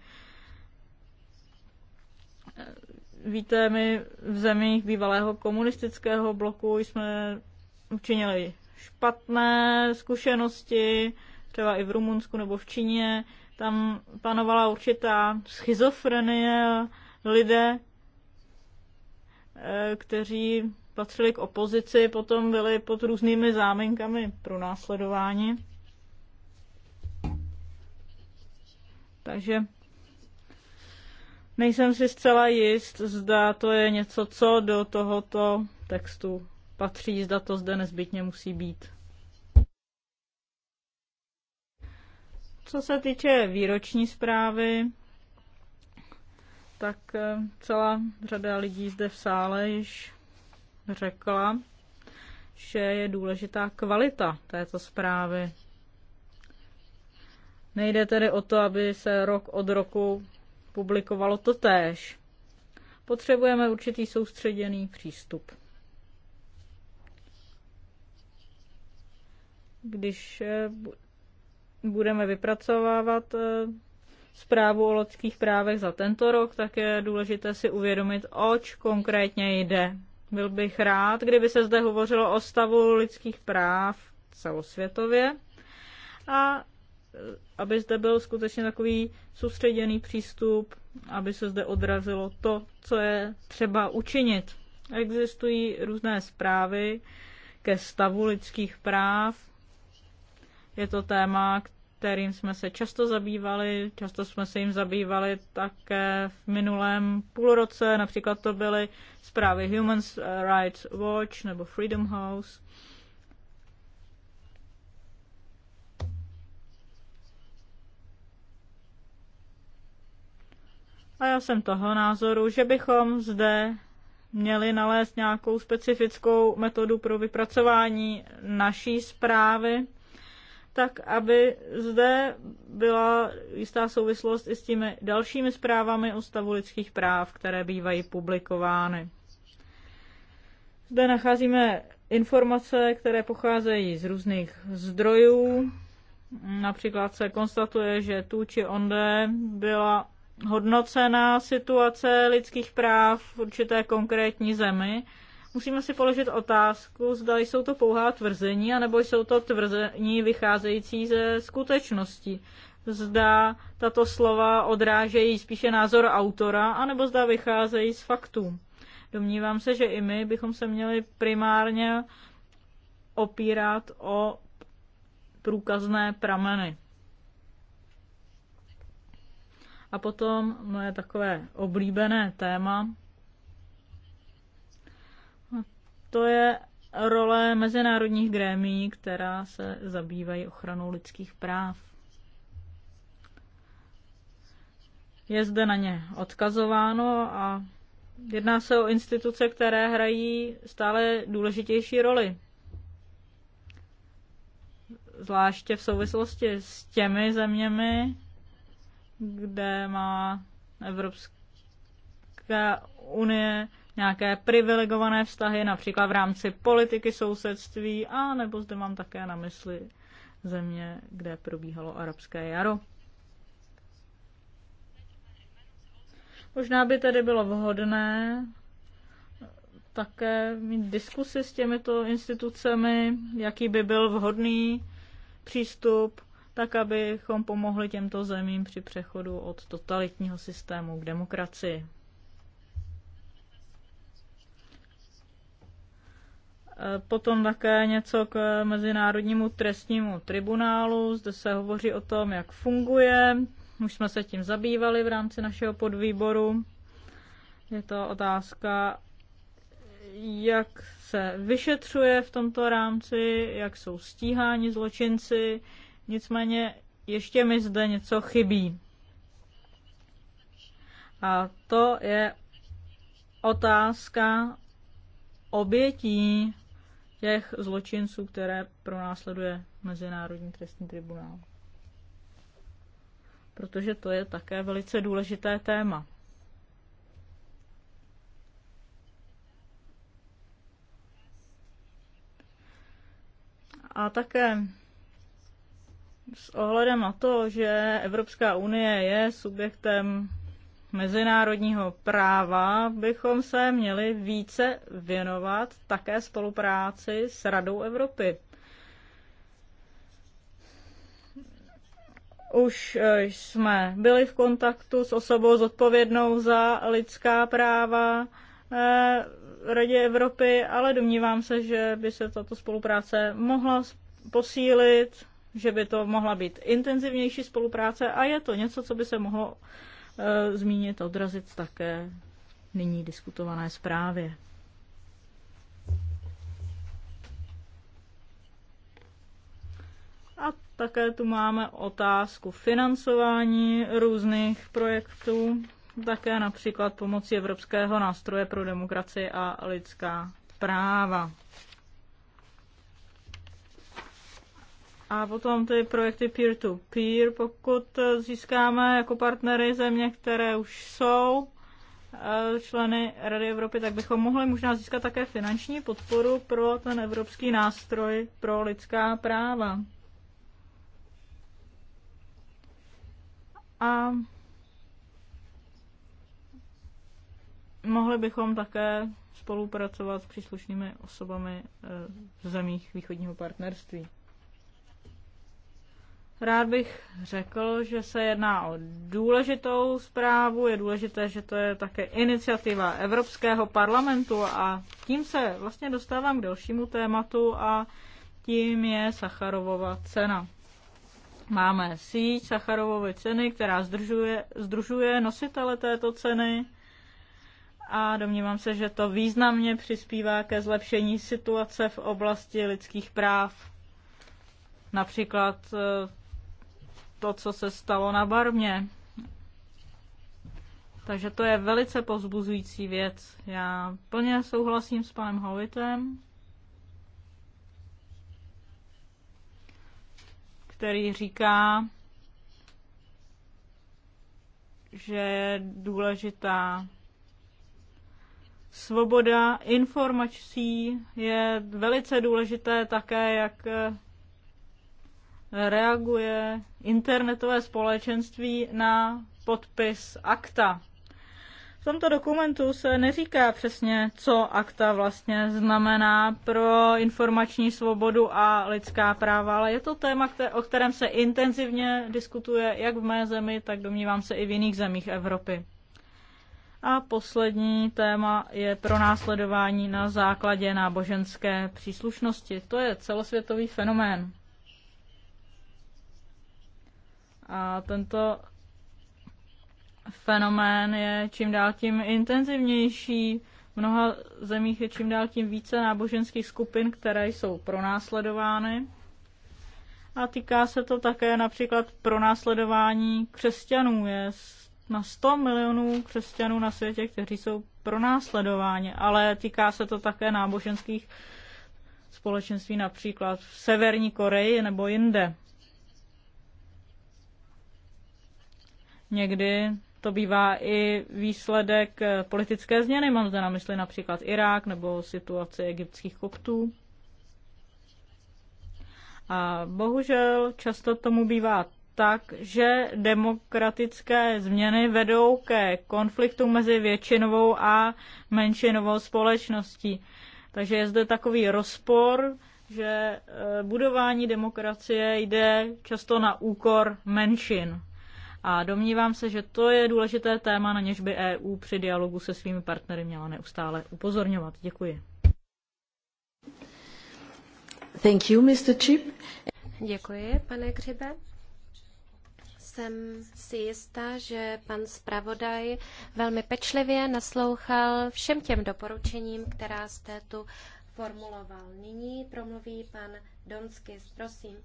Víte, my v zemích bývalého komunistického bloku jsme učinili špatné zkušenosti, třeba i v Rumunsku nebo v Číně. Tam panovala určitá schizofrenie lidé, eh, kteří patřili k opozici, potom byli pod různými záminkami pro následování. Takže nejsem si zcela jist, zda to je něco, co do tohoto textu patří, zda to zde nezbytně musí být. Co se týče výroční zprávy, tak eh, celá řada lidí zde v sále již řekla, že je důležitá kvalita této zprávy. Nejde tedy o to, aby se rok od roku publikovalo to též. Potřebujeme určitý soustředěný přístup. Když eh, budeme vypracovávat eh, zprávu o lidských právech za tento rok, tak je důležité si uvědomit, oč konkrétně jde byl bych rád, kdyby se zde hovořilo o stavu lidských práv celosvětově a eh, aby zde byl skutečně takový soustředěný přístup, aby se zde odrazilo to, co je třeba učinit. Existují různé zprávy ke stavu lidských práv. Je to téma, kterým jsme se často zabývali. Často jsme se jim zabývali také v minulém půlroce. Například to byly zprávy Human Rights Watch nebo Freedom House. A já jsem toho názoru, že bychom zde měli nalézt nějakou specifickou metodu pro vypracování naší zprávy tak aby zde byla jistá souvislost i s těmi dalšími zprávami o stavu lidských práv, které bývají publikovány. Zde nacházíme informace, které pocházejí z různých zdrojů. Například se konstatuje, že tu či onde byla hodnocená situace lidských práv v určité konkrétní zemi Musíme si položit otázku, zda jsou to pouhá tvrzení, anebo jsou to tvrzení vycházející ze skutečnosti, Zda tato slova odrážejí spíše názor autora, anebo zda vycházejí z faktů. Domnívám se, že i my bychom se měli primárně opírat o průkazné prameny. A potom moje takové oblíbené téma, To je role mezinárodních grémí, která se zabývají ochranou lidských práv. Je zde na ně odkazováno a jedná se o instituce, které hrají stále důležitější roli. Zvláště v souvislosti s těmi zeměmi, kde má Evropská unie nějaké privilegované vztahy, například v rámci politiky sousedství, a nebo zde mám také na mysli země, kde probíhalo arabské jaro. Možná by tedy bylo vhodné také mít diskusy s těmito institucemi, jaký by byl vhodný přístup, tak abychom pomohli těmto zemím při přechodu od totalitního systému k demokracii. Potom také něco k Mezinárodnímu trestnímu tribunálu. Zde se hovoří o tom, jak funguje. Už jsme se tím zabývali v rámci našeho podvýboru. Je to otázka, jak se vyšetřuje v tomto rámci, jak jsou stíháni zločinci. Nicméně ještě mi zde něco chybí. A to je otázka obětí těch zločinců, které pronásleduje Mezinárodní trestní tribunál. Protože to je také velice důležité téma. A také s ohledem na to, že Evropská unie je subjektem mezinárodního práva bychom se měli více věnovat také spolupráci s Radou Evropy. Už eh, jsme byli v kontaktu s osobou zodpovědnou za lidská práva v eh, Radě Evropy, ale domnívám se, že by se tato spolupráce mohla posílit, že by to mohla být intenzivnější spolupráce a je to něco, co by se mohlo Eh, zmínit, odrazit také nyní diskutované zprávě. A také tu máme otázku financování různých projektů, také například pomocí Evropského nástroje pro demokracii a lidská práva. A potom ty projekty peer-to-peer, -peer, pokud získáme jako partnery země, které už jsou e, členy Rady Evropy, tak bychom mohli možná získat také finanční podporu pro ten evropský nástroj pro lidská práva. A mohli bychom také spolupracovat s příslušnými osobami e, v zemích východního partnerství. Rád bych řekl, že se jedná o důležitou zprávu. Je důležité, že to je také iniciativa Evropského parlamentu a tím se vlastně dostávám k dalšímu tématu a tím je Sacharovova cena. Máme síť Sacharovovy ceny, která združuje, združuje nositele této ceny a domnívám se, že to významně přispívá ke zlepšení situace v oblasti lidských práv. Například eh, to, co se stalo na Barmě. Takže to je velice pozbuzující věc. Já plně souhlasím s panem Hovitem, který říká, že je důležitá svoboda informací je velice důležité také, jak reaguje internetové společenství na podpis akta. V tomto dokumentu se neříká přesně, co akta vlastně znamená pro informační svobodu a lidská práva, ale je to téma, o kterém se intenzivně diskutuje jak v mé zemi, tak domnívám se i v jiných zemích Evropy. A poslední téma je pro následování na základě náboženské příslušnosti. To je celosvětový fenomén. A tento fenomén je čím dál tím intenzivnější. V mnoha zemích je čím dál tím více náboženských skupin, které jsou pronásledovány. A týká se to také například pronásledování křesťanů. Je na 100 milionů křesťanů na světě, kteří jsou pronásledováni, ale týká se to také náboženských společenství například v Severní Koreji nebo jinde. Někdy to bývá i výsledek eh, politické změny. Mám zde na mysli například Irák nebo situaci egyptských koptů. A bohužel často tomu bývá tak, že demokratické změny vedou ke konfliktu mezi většinovou a menšinovou společností. Takže je zde takový rozpor, že eh, budování demokracie jde často na úkor menšin. A domnívám se, že to je důležité téma, na něž by EU při dialogu se svými partnery měla neustále upozorňovat. Děkuji. Thank you, Mr. Chip. Děkuji, pane Křibe jsem si jistá, že pan zpravodaj velmi pečlivě naslouchal všem těm doporučením, která jste tu formuloval. Nyní promluví pan Donskis. Prosím.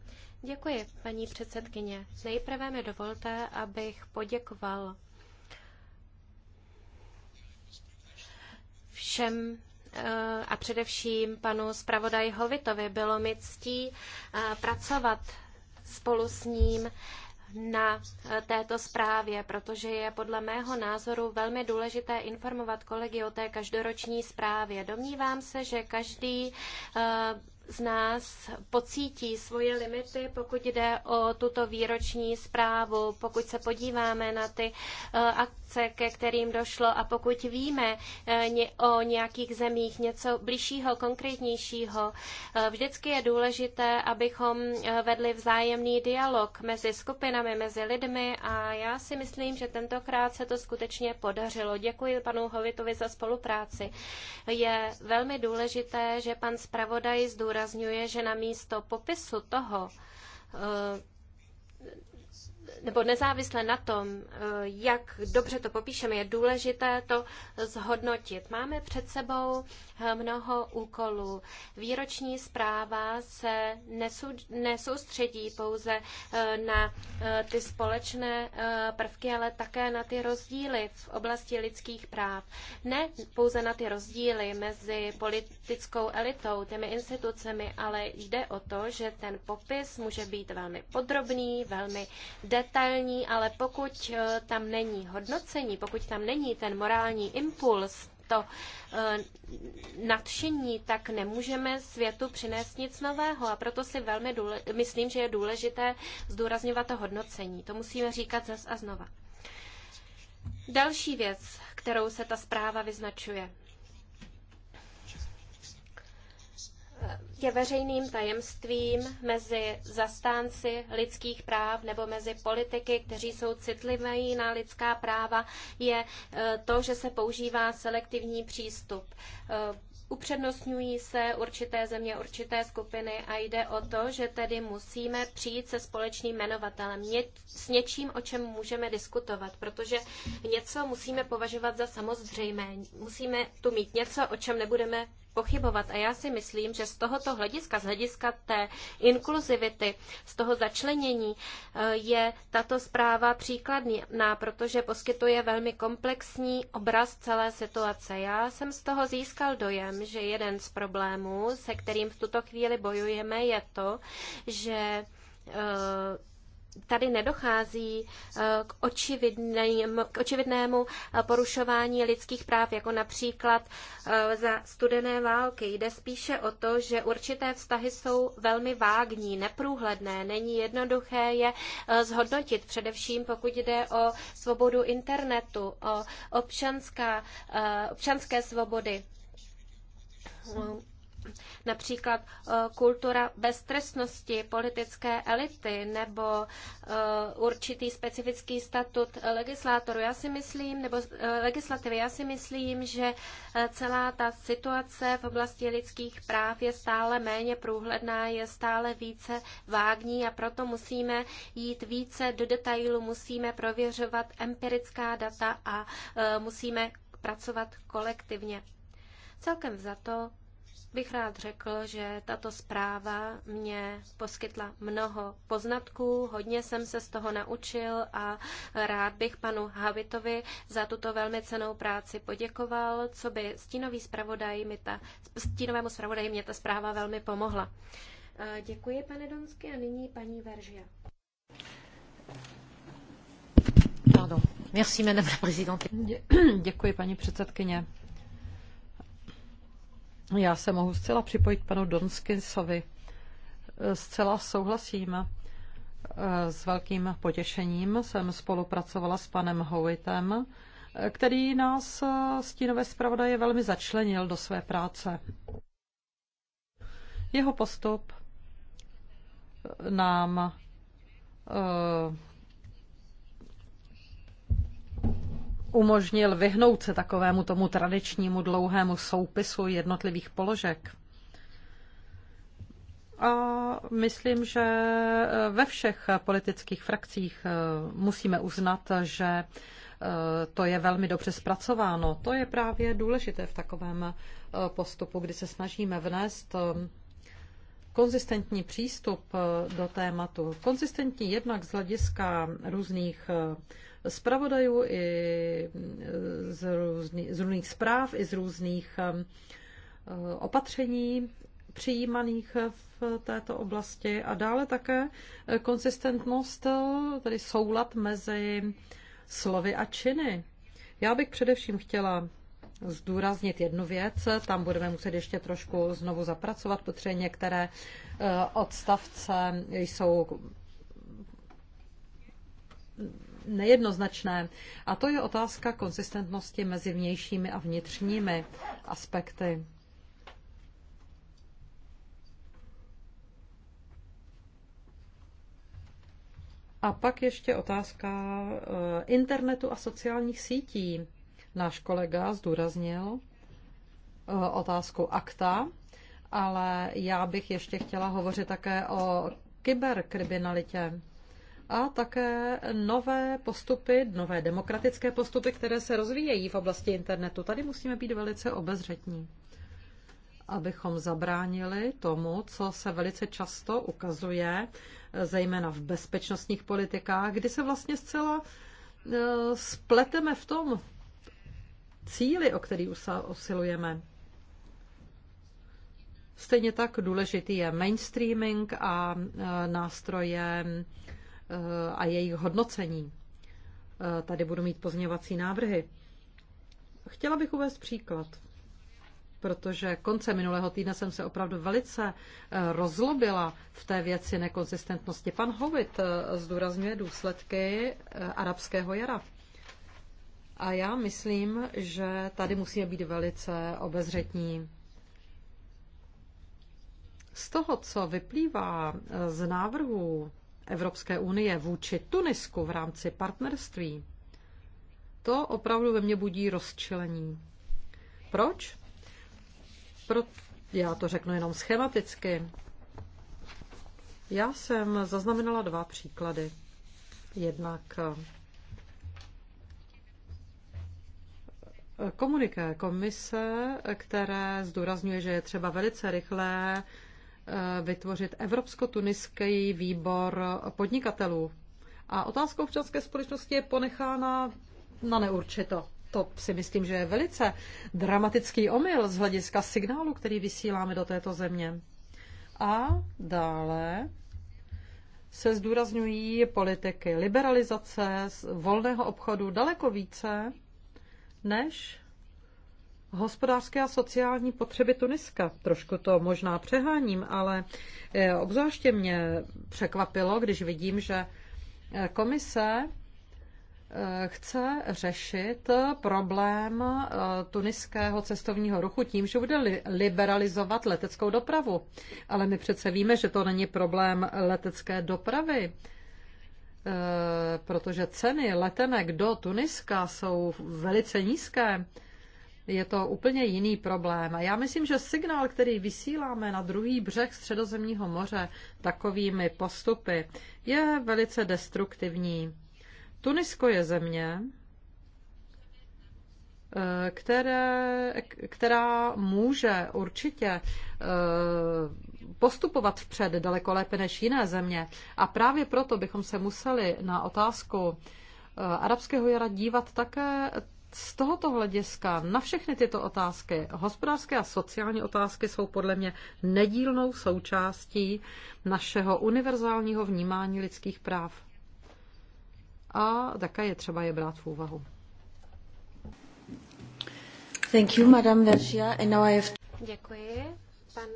Děkuji, paní předsedkyně. Nejprve mi dovolte, abych poděkoval všem eh, a především panu zpravodaji Hovitovi. Bylo mi ctí eh, pracovat spolu s ním na eh, této zprávě, protože je podle mého názoru velmi důležité informovat kolegy o té každoroční zprávě. Domnívám se, že každý eh, z nás pocítí svoje limity, pokud jde o tuto výroční zprávu, pokud se podíváme na ty eh, akce, ke kterým došlo a pokud víme eh, o nějakých zemích něco bližšího, konkrétnějšího, eh, vždycky je důležité, abychom vedli vzájemný dialog mezi skupinami, mezi lidmi a já si myslím, že tentokrát se to skutečně podařilo. Děkuji panu Hovitovi za spolupráci. Je velmi důležité, že pan zpravodaj zdůraznil, zdůrazňuje, že na místo popisu toho, eh, nebo nezávisle na tom, eh, jak dobře to popíšeme, je důležité to zhodnotit. Máme před sebou eh, mnoho úkolů. Výroční zpráva se nesou, nesoustředí pouze eh, na ty společné prvky, ale také na ty rozdíly v oblasti lidských práv. Ne pouze na ty rozdíly mezi politickou elitou, těmi institucemi, ale jde o to, že ten popis může být velmi podrobný, velmi detailní detailní, ale pokud eh, tam není hodnocení, pokud tam není ten morální impuls, to eh, nadšení, tak nemůžeme světu přinést nic nového. A proto si velmi důle, myslím, že je důležité zdůrazňovat to hodnocení. To musíme říkat zas a znova. Další věc, kterou se ta zpráva vyznačuje. je veřejným tajemstvím mezi zastánci lidských práv nebo mezi politiky, kteří jsou citliví na lidská práva, je eh, to, že se používá selektivní přístup eh, upřednostňují se určité země, určité skupiny a jde o to, že tedy musíme přijít se společným jmenovatelem, ně, s něčím, o čem můžeme diskutovat, protože něco musíme považovat za samozřejmé. Musíme tu mít něco, o čem nebudeme pochybovat. A já si myslím, že z tohoto hlediska, z hlediska té inkluzivity, z toho začlenění, eh, je tato zpráva příkladná, protože poskytuje velmi komplexní obraz celé situace. Já jsem z toho získal dojem, že jeden z problémů, se kterým v tuto chvíli bojujeme, je to, že eh, tady nedochází eh, k, očividném, k očividnému eh, porušování lidských práv, jako například eh, za studené války. Jde spíše o to, že určité vztahy jsou velmi vágní, neprůhledné, není jednoduché je zhodnotit, především pokud jde o svobodu internetu, o občanská, občanské svobody například eh, kultura beztrestnosti politické elity nebo eh, určitý specifický statut legislátoru. Já si myslím, nebo eh, legislativy, já si myslím, že celá ta situace v oblasti lidských práv je stále méně průhledná, je stále více vágní a proto musíme jít více do detailu, musíme prověřovat empirická data a musíme pracovat kolektivně. Celkem za to bych rád řekl, že tato zpráva mě poskytla mnoho poznatků, hodně jsem se z toho naučil a rád bych panu Havitovi za tuto velmi cenou práci poděkoval, co by stínový zpravodaj mi ta, stínovému zpravodaji mě ta zpráva velmi pomohla. Eh, děkuji, pane Donsky, a nyní paní Veržia. Pardon. Merci, madame la présidente. Děkuji, paní předsedkyně. Já se mohu zcela připojit panu Donskinsovi. Zcela souhlasím. Eh, s velkým potěšením jsem spolupracovala s panem Howitem, eh, který nás eh, stínové zpravodaje velmi začlenil do své práce. Jeho postup nám umožnil vyhnout se takovému tomu tradičnímu dlouhému soupisu jednotlivých položek. A myslím, že ve všech politických frakcích eh, musíme uznat, že eh, to je velmi dobře zpracováno. To je právě důležité v takovém eh, postupu, kdy se snažíme vnést konzistentní přístup do tématu. Konzistentní jednak z hlediska různých zpravodajů, i z, různý, z různých zpráv, i z různých um, eh, opatření přijímaných v této oblasti a dále také eh, konsistentnost, eh, tedy soulad mezi slovy a činy. Já bych především chtěla zdůraznit jednu věc. Tam budeme muset ještě trošku znovu zapracovat, protože některé odstavce jsou nejednoznačné. A to je otázka konzistentnosti mezi vnějšími a vnitřními aspekty. A pak ještě otázka eh, internetu a sociálních sítí. Náš kolega zdůraznil eh, otázku akta, ale já bych ještě chtěla hovořit také o kyberkriminalitě a také nové postupy, nové demokratické postupy, které se rozvíjejí v oblasti internetu. Tady musíme být velice obezřetní, abychom zabránili tomu, co se velice často ukazuje, zejména v bezpečnostních politikách, kdy se vlastně zcela e, spleteme v tom cíli, o který usilujeme. Stejně tak důležitý je mainstreaming a e, nástroje Eh, a jejich hodnocení. Eh, tady budu mít pozměňovací návrhy. Chtěla bych uvést příklad, protože konce minulého týdne jsem se opravdu velice eh, rozlobila v té věci nekonsistentnosti. Pan Hovit zdůrazňuje důsledky arabského jara. A já myslím, že tady musíme být velice obezřetní. Z toho, co vyplývá z návrhu Evropské unie vůči Tunisku v rámci partnerství, to opravdu ve mně budí rozčilení. Proč? Pro, já to řeknu jenom schematicky. Já jsem zaznamenala dva příklady. Jednak eh, komuniké komise, které zdůrazňuje, že je třeba velice rychle Eh, vytvořit Evropsko-tuniský výbor podnikatelů. A otázka občanské společnosti je ponechána na neurčito. To si myslím, že je velice dramatický omyl z hlediska signálu, který vysíláme do této země. A dále se zdůrazňují politiky liberalizace, volného obchodu daleko více než hospodářské a sociální potřeby Tuniska. Trošku to možná přeháním, ale eh, obzvláště mě překvapilo, když vidím, že eh, komise eh, chce řešit problém tuniského cestovního ruchu tím, že bude liberalizovat leteckou dopravu. Ale my přece víme, že to není problém letecké dopravy protože ceny letenek do Tuniska jsou velice nízké je to úplně jiný problém. a Já myslím, že signál, který vysíláme na druhý břeh Středozemního moře takovými postupy, je velice destruktivní. Tunisko je země, eh, které, která může určitě eh, postupovat vpřed daleko lépe než jiné země. A právě proto bychom se museli na otázku eh, arabského jara dívat také z tohoto hlediska na všechny tyto otázky, hospodářské a sociální otázky, jsou podle mě nedílnou součástí našeho univerzálního vnímání lidských práv. A také je třeba je brát v úvahu. Thank you, Madame Vergia. And now I have... Děkuji, pan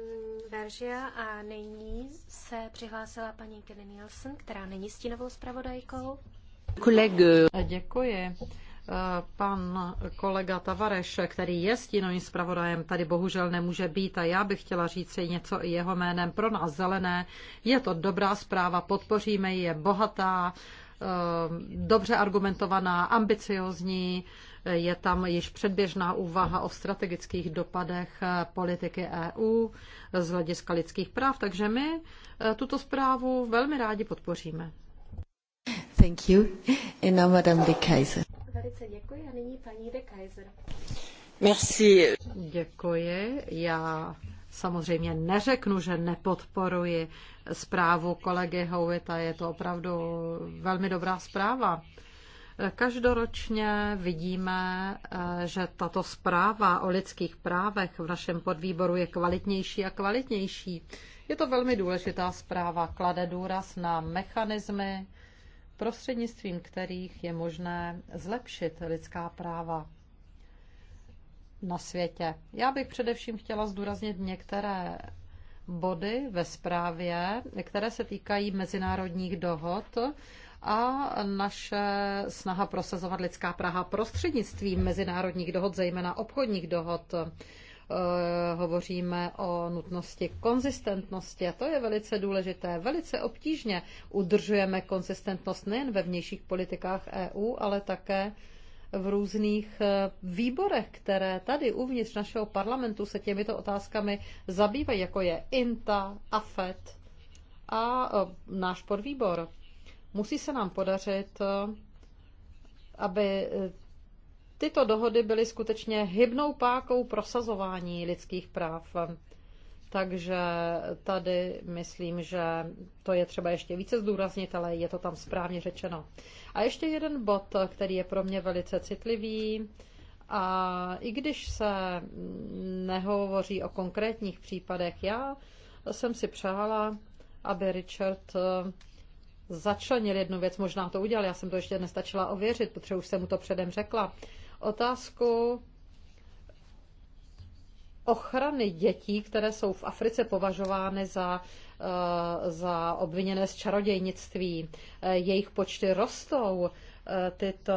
Veržia. A nyní se přihlásila paní Kelly Nielsen, která není stínovou zpravodajkou. Kolego. Děkuji. Pan kolega Tavareš, který je stínovým zpravodajem, tady bohužel nemůže být a já bych chtěla říct si něco i jeho jménem. Pro nás zelené je to dobrá zpráva, podpoříme ji, je bohatá, eh, dobře argumentovaná, ambiciozní, je tam již předběžná úvaha o strategických dopadech politiky EU z hlediska lidských práv, takže my eh, tuto zprávu velmi rádi podpoříme. Thank you. And now Madame de Kaiser. Velice děkuji a nyní paní de Kaiser. Merci. Děkuji. Já samozřejmě neřeknu, že nepodporuji zprávu kolegy Howita. Je to opravdu velmi dobrá zpráva. Každoročně vidíme, eh, že tato zpráva o lidských právech v našem podvýboru je kvalitnější a kvalitnější. Je to velmi důležitá zpráva, klade důraz na mechanismy, prostřednictvím kterých je možné zlepšit lidská práva na světě. Já bych především chtěla zdůraznit některé body ve zprávě, které se týkají mezinárodních dohod a naše snaha prosazovat lidská práva prostřednictvím mezinárodních dohod, zejména obchodních dohod. Eh, hovoříme o nutnosti konzistentnosti a to je velice důležité. Velice obtížně udržujeme konzistentnost nejen ve vnějších politikách EU, ale také v různých eh, výborech, které tady uvnitř našeho parlamentu se těmito otázkami zabývají, jako je INTA, AFET a eh, náš podvýbor. Musí se nám podařit aby Tyto dohody byly skutečně hybnou pákou prosazování lidských práv. Takže tady myslím, že to je třeba ještě více zdůraznit, ale je to tam správně řečeno. A ještě jeden bod, který je pro mě velice citlivý. A i když se nehovoří o konkrétních případech, já jsem si přála, aby Richard eh, začlenil jednu věc, možná to udělal, já jsem to ještě nestačila ověřit, protože už jsem mu to předem řekla otázku ochrany dětí, které jsou v Africe považovány za, eh, za obviněné z čarodějnictví. Eh, jejich počty rostou. Eh, tyto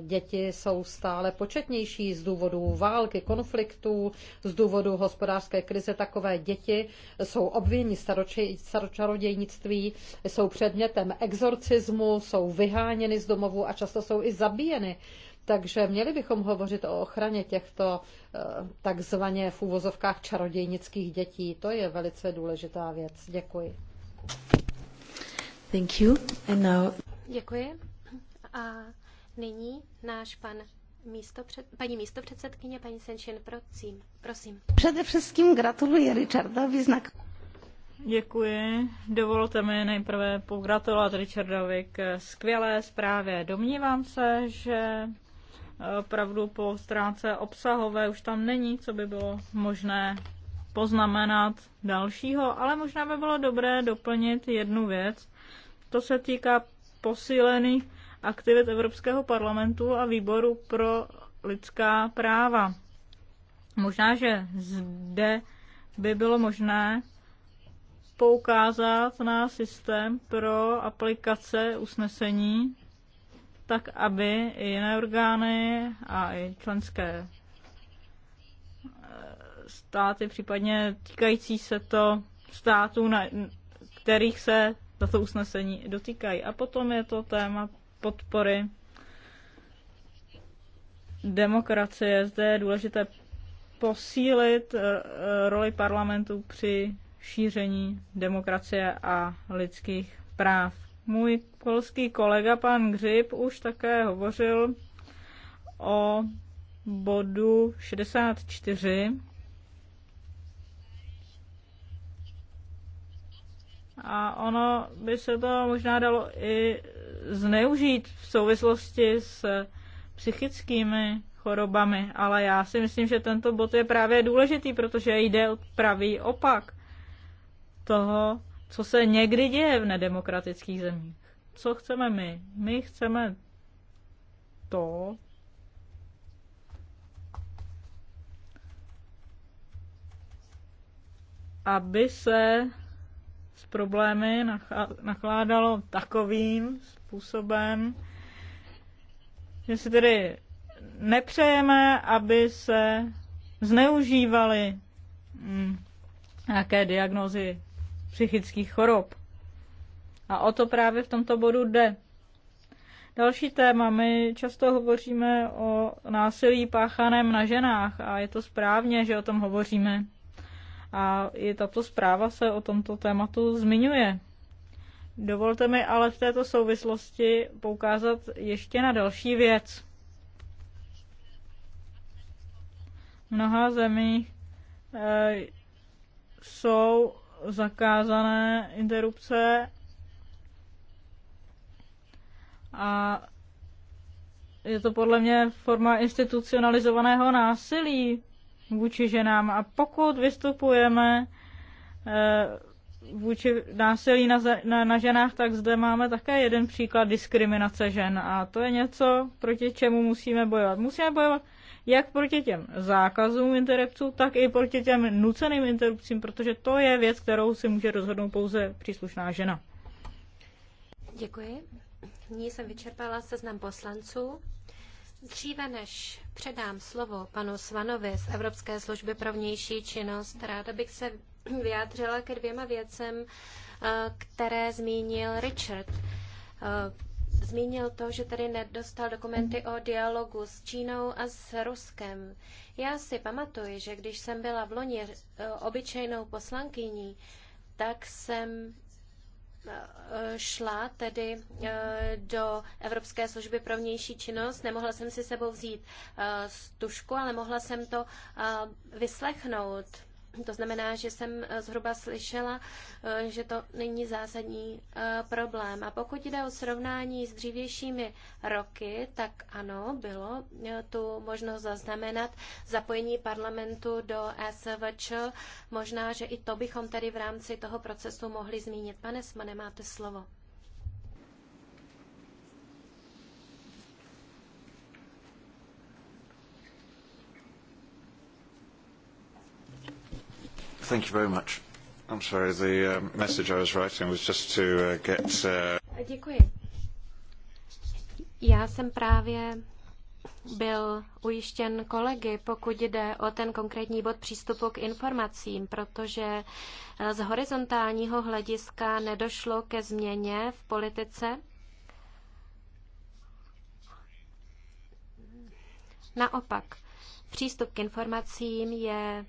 děti jsou stále početnější z důvodu války, konfliktů, z důvodu hospodářské krize. Takové děti jsou obviněny staročarodějnictví, jsou předmětem exorcismu, jsou vyháněny z domovů a často jsou i zabíjeny. Takže měli bychom hovořit o ochraně těchto eh, takzvaně v úvozovkách čarodějnických dětí. To je velice důležitá věc. Děkuji. Thank you. And now... Děkuji. A nyní náš pan místo před, paní místopředsedkyně, paní Senšin, prosím. prosím. Především gratuluji Richardovi znak. Děkuji. Dovolte mi nejprve pogratulovat Richardovi k skvělé zprávě. Domnívám se, že opravdu po stránce obsahové už tam není, co by bylo možné poznamenat dalšího, ale možná by bylo dobré doplnit jednu věc. To se týká posílených aktivit Evropského parlamentu a výboru pro lidská práva. Možná, že zde by bylo možné poukázat na systém pro aplikace usnesení tak aby i jiné orgány a i členské eh, státy, případně týkající se to států, na kterých se tato usnesení dotýkají. A potom je to téma podpory demokracie. Zde je důležité posílit eh, eh, roli parlamentu při šíření demokracie a lidských práv. Můj polský kolega pan Gřib už také hovořil o bodu 64. A ono by se to možná dalo i zneužít v souvislosti s psychickými chorobami, ale já si myslím, že tento bod je právě důležitý, protože jde o pravý opak toho, co se někdy děje v nedemokratických zemích. Co chceme my? My chceme to, aby se s problémy nakládalo takovým způsobem, že si tedy nepřejeme, aby se zneužívaly mm, nějaké diagnozy psychických chorob. A o to právě v tomto bodu jde. Další téma. My často hovoříme o násilí páchaném na ženách a je to správně, že o tom hovoříme. A i tato zpráva se o tomto tématu zmiňuje. Dovolte mi ale v této souvislosti poukázat ještě na další věc. V mnoha zemích e, jsou zakázané interrupce a je to podle mě forma institucionalizovaného násilí vůči ženám. A pokud vystupujeme eh, vůči násilí na, na, na ženách, tak zde máme také jeden příklad diskriminace žen. A to je něco, proti čemu musíme bojovat. Musíme bojovat jak proti těm zákazům interrupců, tak i proti těm nuceným interrupcím, protože to je věc, kterou si může rozhodnout pouze příslušná žena. Děkuji. Nyní jsem vyčerpala seznam poslanců. Dříve než předám slovo panu Svanovi z Evropské služby pro vnější činnost, ráda bych se vyjádřila ke dvěma věcem, eh, které zmínil Richard. Eh, zmínil to, že tady nedostal dokumenty o dialogu s Čínou a s Ruskem. Já si pamatuji, že když jsem byla v loni eh, obyčejnou poslankyní, tak jsem eh, šla tedy eh, do Evropské služby pro vnější činnost. Nemohla jsem si sebou vzít tušku, ale mohla jsem to vyslechnout to znamená, že jsem eh, zhruba slyšela, eh, že to není zásadní eh, problém. A pokud jde o srovnání s dřívějšími roky, tak ano, bylo tu možnost zaznamenat zapojení parlamentu do SVČ. Možná, že i to bychom tedy v rámci toho procesu mohli zmínit. Pane Smane, máte slovo. thank you very much. I'm sorry, the uh, message I was writing was just to uh, get... Uh... Děkuji. Já jsem právě byl ujištěn kolegy, pokud jde o ten konkrétní bod přístupu k informacím, protože eh, z horizontálního hlediska nedošlo ke změně v politice. Naopak, přístup k informacím je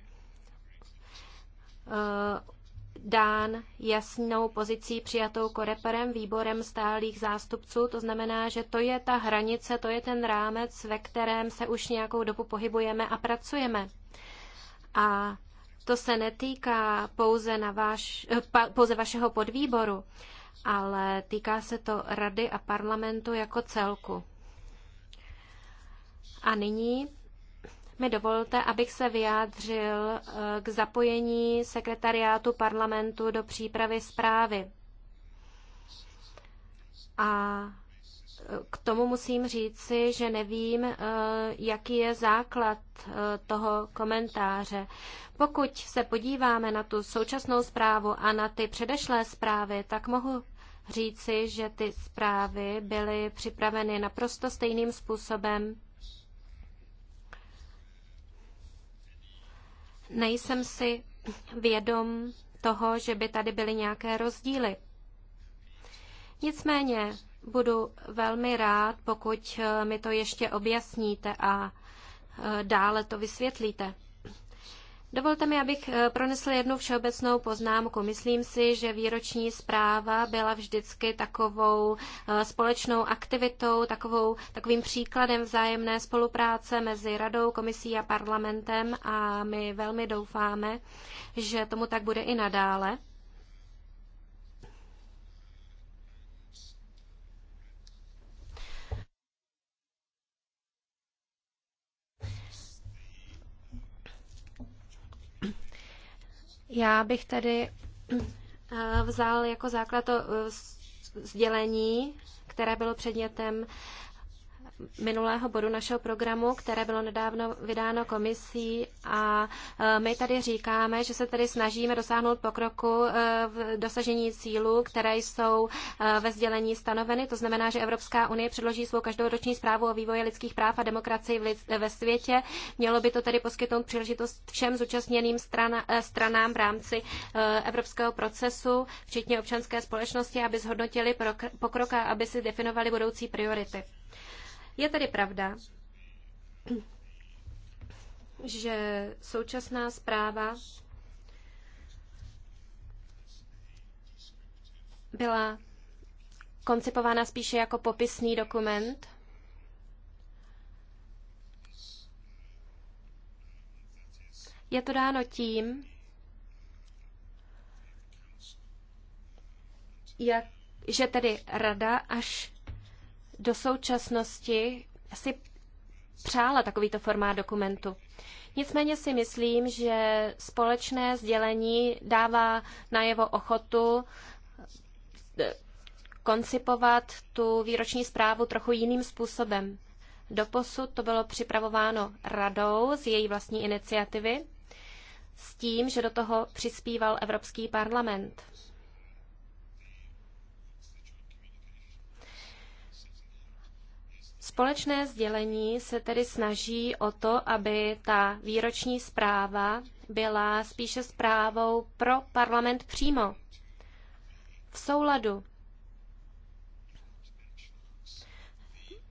Eh, dán jasnou pozicí přijatou koreperem, výborem stálých zástupců. To znamená, že to je ta hranice, to je ten rámec, ve kterém se už nějakou dobu pohybujeme a pracujeme. A to se netýká pouze, na váš, eh, pouze vašeho podvýboru, ale týká se to rady a parlamentu jako celku. A nyní mi dovolte, abych se vyjádřil eh, k zapojení sekretariátu parlamentu do přípravy zprávy. A eh, k tomu musím říci, že nevím, eh, jaký je základ toho komentáře. Pokud se podíváme na tu současnou zprávu a na ty předešlé zprávy, tak mohu říci, že ty zprávy byly připraveny naprosto stejným způsobem nejsem si vědom toho, že by tady byly nějaké rozdíly. Nicméně budu velmi rád, pokud mi to ještě objasníte a e, dále to vysvětlíte. Dovolte mi, abych eh, pronesl jednu všeobecnou poznámku. Myslím si, že výroční zpráva byla vždycky takovou eh, společnou aktivitou, takovou, takovým příkladem vzájemné spolupráce mezi radou, komisí a parlamentem a my velmi doufáme, že tomu tak bude i nadále. Já bych tady eh, vzal jako základ to eh, sdělení, které bylo předmětem minulého bodu našeho programu, které bylo nedávno vydáno komisí a e, my tady říkáme, že se tady snažíme dosáhnout pokroku e, v dosažení cílů, které jsou e, ve sdělení stanoveny. To znamená, že Evropská unie předloží svou každoroční zprávu o vývoji lidských práv a demokracii ve světě. Mělo by to tedy poskytnout příležitost všem zúčastněným strana, stranám v rámci evropského procesu, včetně občanské společnosti, aby zhodnotili pokrok a aby si definovali budoucí priority. Je tedy pravda, že současná zpráva byla koncipována spíše jako popisný dokument. Je to dáno tím, jak, že tedy rada až do současnosti si přála takovýto formát dokumentu. Nicméně si myslím, že společné sdělení dává najevo ochotu eh, koncipovat tu výroční zprávu trochu jiným způsobem. Doposud to bylo připravováno radou z její vlastní iniciativy s tím, že do toho přispíval Evropský parlament. Společné sdělení se tedy snaží o to, aby ta výroční zpráva byla spíše zprávou pro parlament přímo, v souladu.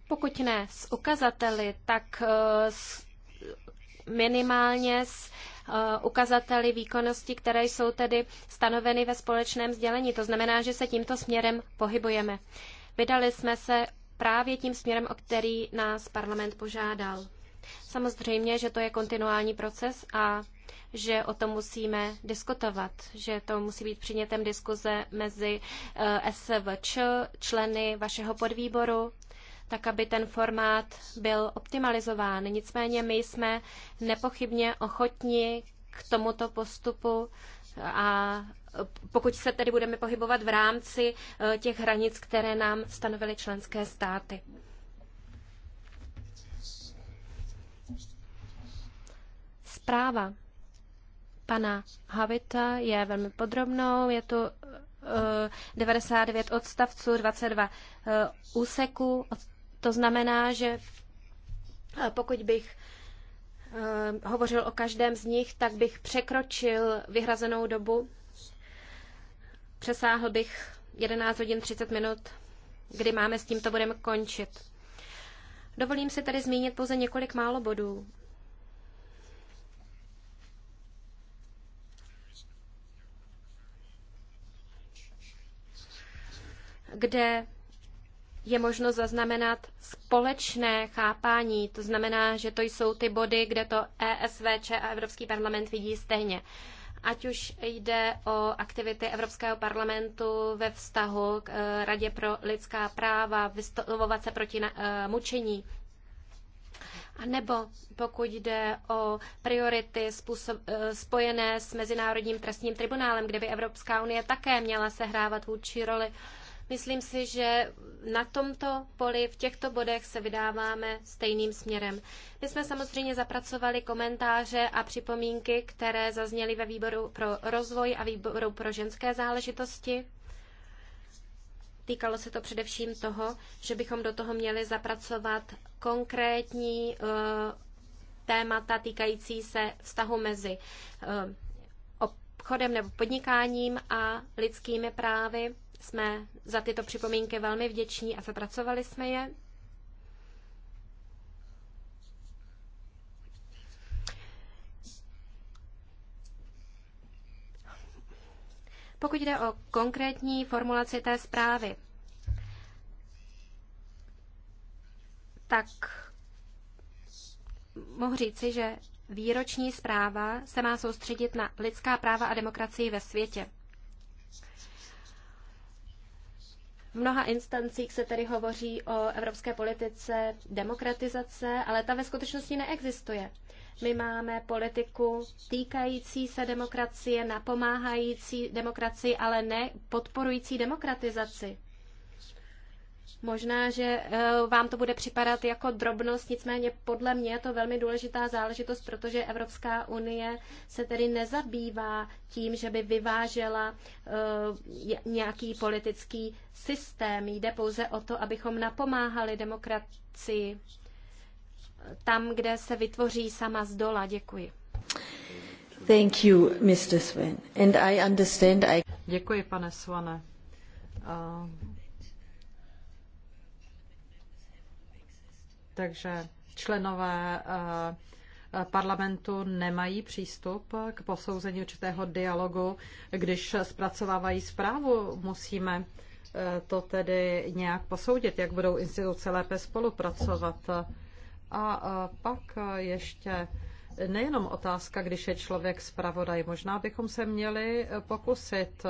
Pokud ne s ukazateli, tak eh, s minimálně s eh, ukazateli výkonnosti, které jsou tedy stanoveny ve společném sdělení. To znamená, že se tímto směrem pohybujeme. Vydali jsme se právě tím směrem, o který nás parlament požádal. Samozřejmě, že to je kontinuální proces a že o tom musíme diskutovat, že to musí být přinětem diskuze mezi eh, SVČ, členy vašeho podvýboru, tak aby ten formát byl optimalizován. Nicméně my jsme nepochybně ochotni k tomuto postupu a pokud se tedy budeme pohybovat v rámci eh, těch hranic, které nám stanovily členské státy. Zpráva pana Havita je velmi podrobnou, je to 99 eh, odstavců, 22 eh, úseků. To znamená, že pokud bych hovořil o každém z nich, tak bych překročil vyhrazenou dobu Přesáhl bych 11 hodin 30 minut, kdy máme s tímto budeme končit. Dovolím si tady zmínit pouze několik málo bodů. kde je možno zaznamenat společné chápání. To znamená, že to jsou ty body, kde to ESVČ a Evropský parlament vidí stejně. Uh, ať už jde o aktivity Evropského parlamentu ve vztahu k eh, Radě pro lidská práva, vystavovat se proti eh, mučení, a nebo pokud jde o priority způsob, eh, spojené s Mezinárodním trestním tribunálem, kde by Evropská unie také měla sehrávat vůči roli, Myslím si, že na tomto poli, v těchto bodech se vydáváme stejným směrem. My jsme samozřejmě zapracovali komentáře a připomínky, které zazněly ve výboru pro rozvoj a výboru pro ženské záležitosti. Týkalo se to především toho, že bychom do toho měli zapracovat konkrétní uh, témata týkající se vztahu mezi uh, obchodem nebo podnikáním a lidskými právy. Jsme za tyto připomínky velmi vděční a zapracovali jsme je. Pokud jde o konkrétní formulaci té zprávy, tak mohu říci, že výroční zpráva se má soustředit na lidská práva a demokracii ve světě. V mnoha instancích se tedy hovoří o evropské politice demokratizace, ale ta ve skutečnosti neexistuje. My máme politiku týkající se demokracie, napomáhající demokracii, ale ne podporující demokratizaci. Možná, že eh, vám to bude připadat jako drobnost, nicméně podle mě je to velmi důležitá záležitost, protože Evropská unie se tedy nezabývá tím, že by vyvážela eh, nějaký politický systém. Jde pouze o to, abychom napomáhali demokracii tam, kde se vytvoří sama z dola. Děkuji. Thank you, Mr. Sven. And I understand I... Děkuji, pane Svane. Uh Takže členové eh, parlamentu nemají přístup k posouzení určitého dialogu. Když zpracovávají zprávu, musíme eh, to tedy nějak posoudit, jak budou instituce lépe spolupracovat. A eh, pak ještě nejenom otázka, když je člověk zpravodaj. Možná bychom se měli pokusit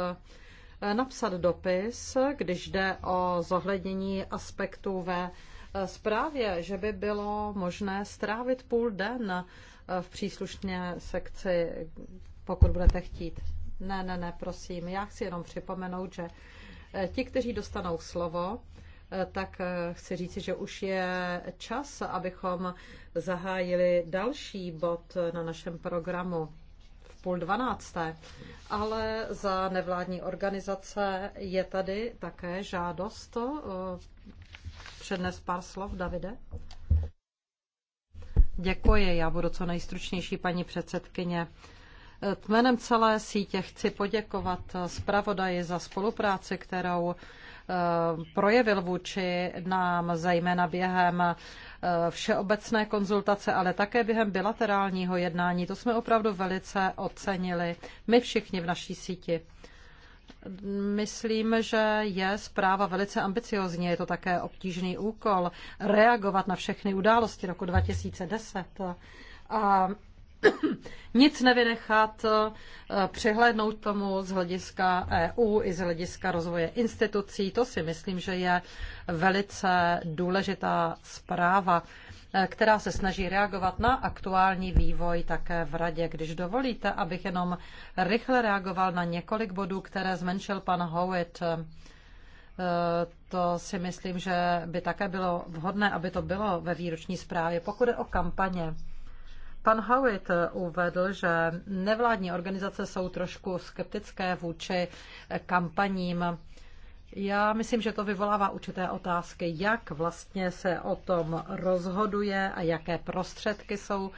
napsat dopis, když jde o zohlednění aspektů ve Eh, zprávě, že by bylo možné strávit půl den eh, v příslušné sekci, pokud budete chtít. Ne, ne, ne, prosím. Já chci jenom připomenout, že eh, ti, kteří dostanou slovo, tak chci říci, že už je čas, abychom zahájili další bod na našem programu v půl dvanácté. Ale za nevládní organizace je tady také žádost přednes pár slov, Davide? Děkuji, já budu co nejstručnější, paní předsedkyně. Jménem celé sítě chci poděkovat zpravodaji za spolupráci, kterou eh, projevil vůči nám, zejména během eh, všeobecné konzultace, ale také během bilaterálního jednání. To jsme opravdu velice ocenili my všichni v naší síti. Myslím, že je zpráva velice ambiciozní. Je to také obtížný úkol reagovat na všechny události roku 2010 a nic nevynechat, eh, přihlédnout tomu z hlediska EU i z hlediska rozvoje institucí. To si myslím, že je velice důležitá zpráva Eh, která se snaží reagovat na aktuální vývoj také v radě. Když dovolíte, abych jenom rychle reagoval na několik bodů, které zmenšil pan Howitt. Eh, to si myslím, že by také bylo vhodné, aby to bylo ve výroční zprávě. Pokud je o kampaně, Pan Howitt eh, uvedl, že nevládní organizace jsou trošku skeptické vůči kampaním já myslím, že to vyvolává určité otázky, jak vlastně se o tom rozhoduje a jaké prostředky jsou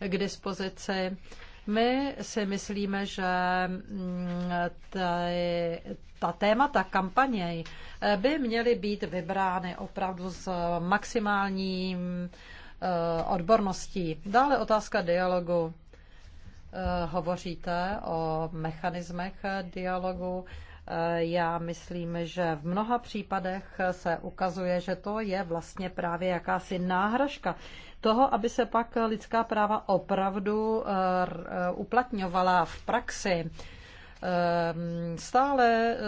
k dispozici. My si myslíme, že mm, ta témata kampaně eh, by měly být vybrány opravdu s maximálním eh, odborností. Dále otázka dialogu. Eh, hovoříte o mechanismech dialogu. Já myslím, že v mnoha případech se ukazuje, že to je vlastně právě jakási náhražka toho, aby se pak lidská práva opravdu eh, eh, uplatňovala v praxi. Ehm, stále eh,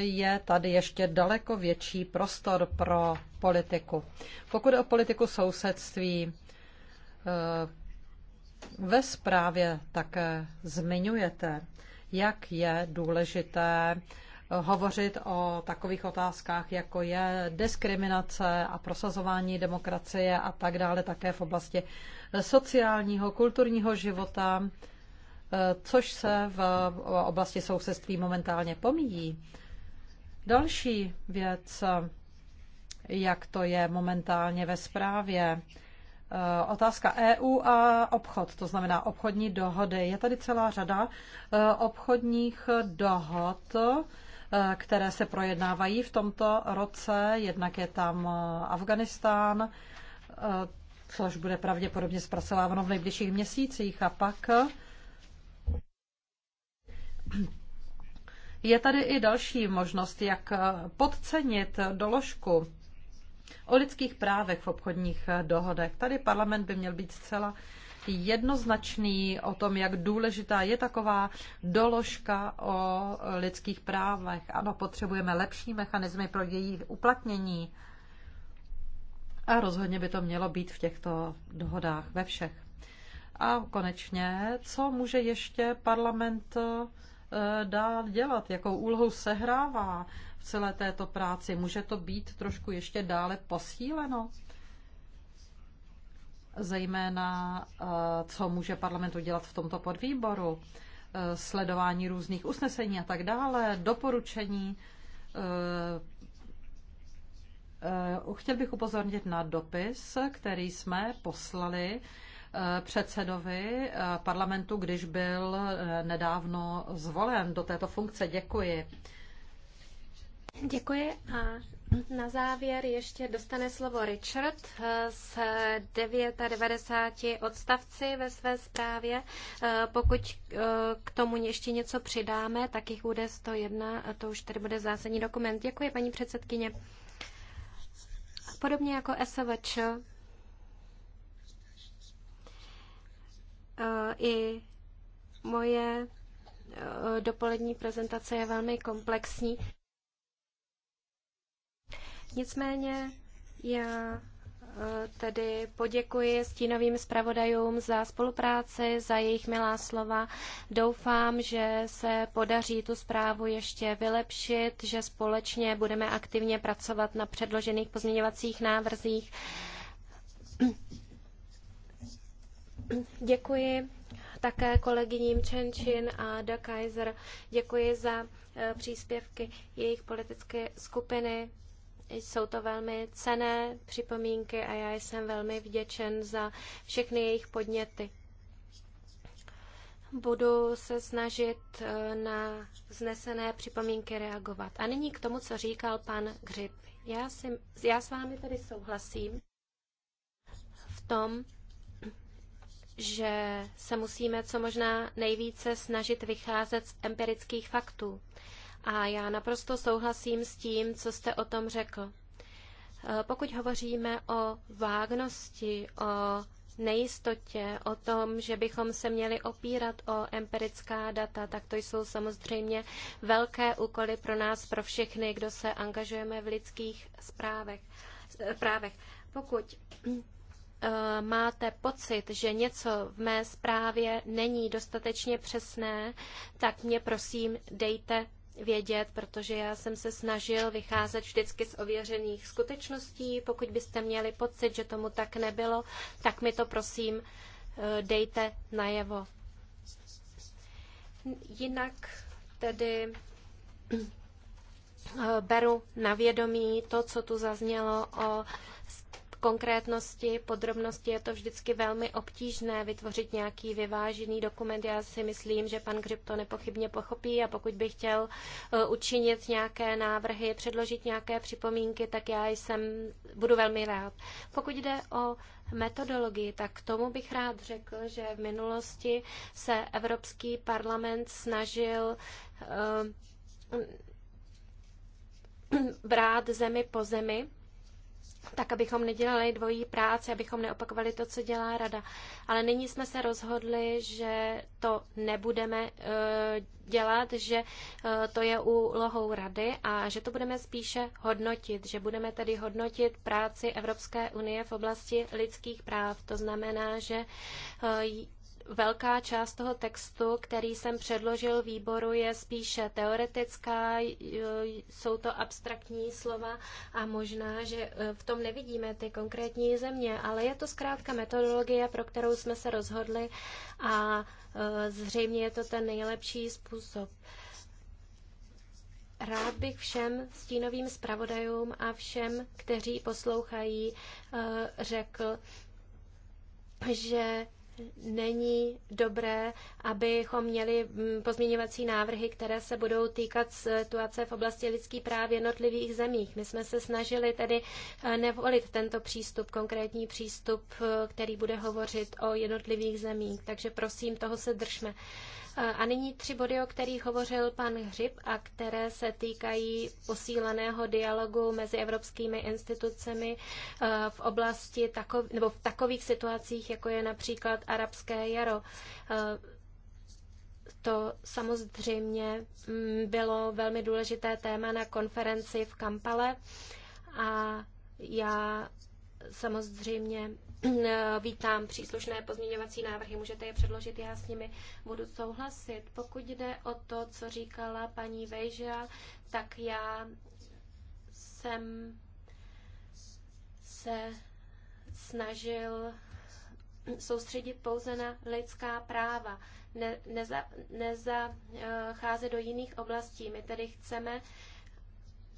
je tady ještě daleko větší prostor pro politiku. Pokud je o politiku sousedství, ve zprávě také zmiňujete, jak je důležité hovořit o takových otázkách, jako je diskriminace a prosazování demokracie a tak dále, také v oblasti sociálního, kulturního života, což se v oblasti sousedství momentálně pomíjí. Další věc, jak to je momentálně ve zprávě, Otázka EU a obchod, to znamená obchodní dohody. Je tady celá řada eh, obchodních dohod, Eh, které se projednávají v tomto roce. Jednak je tam eh, Afganistán, eh, což bude pravděpodobně zpracováváno v nejbližších měsících. A pak je tady i další možnost, jak podcenit doložku o lidských právech v obchodních dohodech. Tady parlament by měl být zcela jednoznačný o tom, jak důležitá je taková doložka o lidských právech. Ano, potřebujeme lepší mechanismy pro její uplatnění. A rozhodně by to mělo být v těchto dohodách ve všech. A konečně, co může ještě parlament eh, dál dělat, jakou úlohu sehrává v celé této práci. Může to být trošku ještě dále posíleno? zejména eh, co může parlament udělat v tomto podvýboru, eh, sledování různých usnesení a tak dále, doporučení. Eh, chtěl bych upozornit na dopis, který jsme poslali předsedovi parlamentu, když byl nedávno zvolen do této funkce. Děkuji. Děkuji a na závěr ještě dostane slovo Richard eh, s 99 odstavci ve své zprávě. Eh, Pokud eh, k tomu ještě něco přidáme, tak jich bude 101 a to už tedy bude zásadní dokument. Děkuji, paní předsedkyně. Podobně jako SVČ, i moje dopolední prezentace je velmi komplexní. Nicméně já eh, tedy poděkuji stínovým zpravodajům za spolupráci, za jejich milá slova. Doufám, že se podaří tu zprávu ještě vylepšit, že společně budeme aktivně pracovat na předložených pozměňovacích návrzích. Děkuji také kolegyním Čenčin a Da Kaiser. Děkuji za eh, příspěvky jejich politické skupiny. Jsou to velmi cené připomínky a já jsem velmi vděčen za všechny jejich podněty. Budu se snažit eh, na znesené připomínky reagovat. A nyní k tomu, co říkal pan Grip. Já, si, já s vámi tady souhlasím v tom, že se musíme co možná nejvíce snažit vycházet z empirických faktů. A já naprosto souhlasím s tím, co jste o tom řekl. Eh, pokud hovoříme o vágnosti, o nejistotě, o tom, že bychom se měli opírat o empirická data, tak to jsou samozřejmě velké úkoly pro nás, pro všechny, kdo se angažujeme v lidských zprávech, eh, právech. Pokud eh, máte pocit, že něco v mé zprávě není dostatečně přesné, tak mě prosím dejte vědět, protože já jsem se snažil vycházet vždycky z ověřených skutečností. Pokud byste měli pocit, že tomu tak nebylo, tak mi to prosím eh, dejte najevo. Jinak tedy eh, beru na vědomí to, co tu zaznělo o konkrétnosti, podrobnosti je to vždycky velmi obtížné vytvořit nějaký vyvážený dokument. Já si myslím, že pan Grip to nepochybně pochopí a pokud by chtěl e, učinit nějaké návrhy, předložit nějaké připomínky, tak já jsem, budu velmi rád. Pokud jde o metodologii, tak k tomu bych rád řekl, že v minulosti se Evropský parlament snažil e, brát zemi po zemi tak abychom nedělali dvojí práci, abychom neopakovali to, co dělá rada. Ale nyní jsme se rozhodli, že to nebudeme eh, dělat, že eh, to je úlohou rady a že to budeme spíše hodnotit, že budeme tedy hodnotit práci Evropské unie v oblasti lidských práv. To znamená, že eh, velká část toho textu, který jsem předložil výboru, je spíše teoretická, jsou to abstraktní slova a možná, že eh, v tom nevidíme ty konkrétní země, ale je to zkrátka metodologie, pro kterou jsme se rozhodli a eh, zřejmě je to ten nejlepší způsob. Rád bych všem stínovým zpravodajům a všem, kteří poslouchají, eh, řekl, že není dobré, abychom měli mm, pozměňovací návrhy, které se budou týkat situace v oblasti lidských práv v jednotlivých zemích. My jsme se snažili tedy eh, nevolit tento přístup, konkrétní přístup, eh, který bude hovořit o jednotlivých zemích. Takže prosím, toho se držme. A nyní tři body, o kterých hovořil pan Hřib a které se týkají posíleného dialogu mezi evropskými institucemi e, v oblasti takov, nebo v takových situacích, jako je například arabské jaro. E, to samozřejmě mm, bylo velmi důležité téma na konferenci v Kampale a já samozřejmě Eh, vítám příslušné pozměňovací návrhy, můžete je předložit, já s nimi budu souhlasit. Pokud jde o to, co říkala paní Vejža, tak já jsem se snažil soustředit pouze na lidská práva, ne, neza, nezacházet do jiných oblastí. My tedy chceme,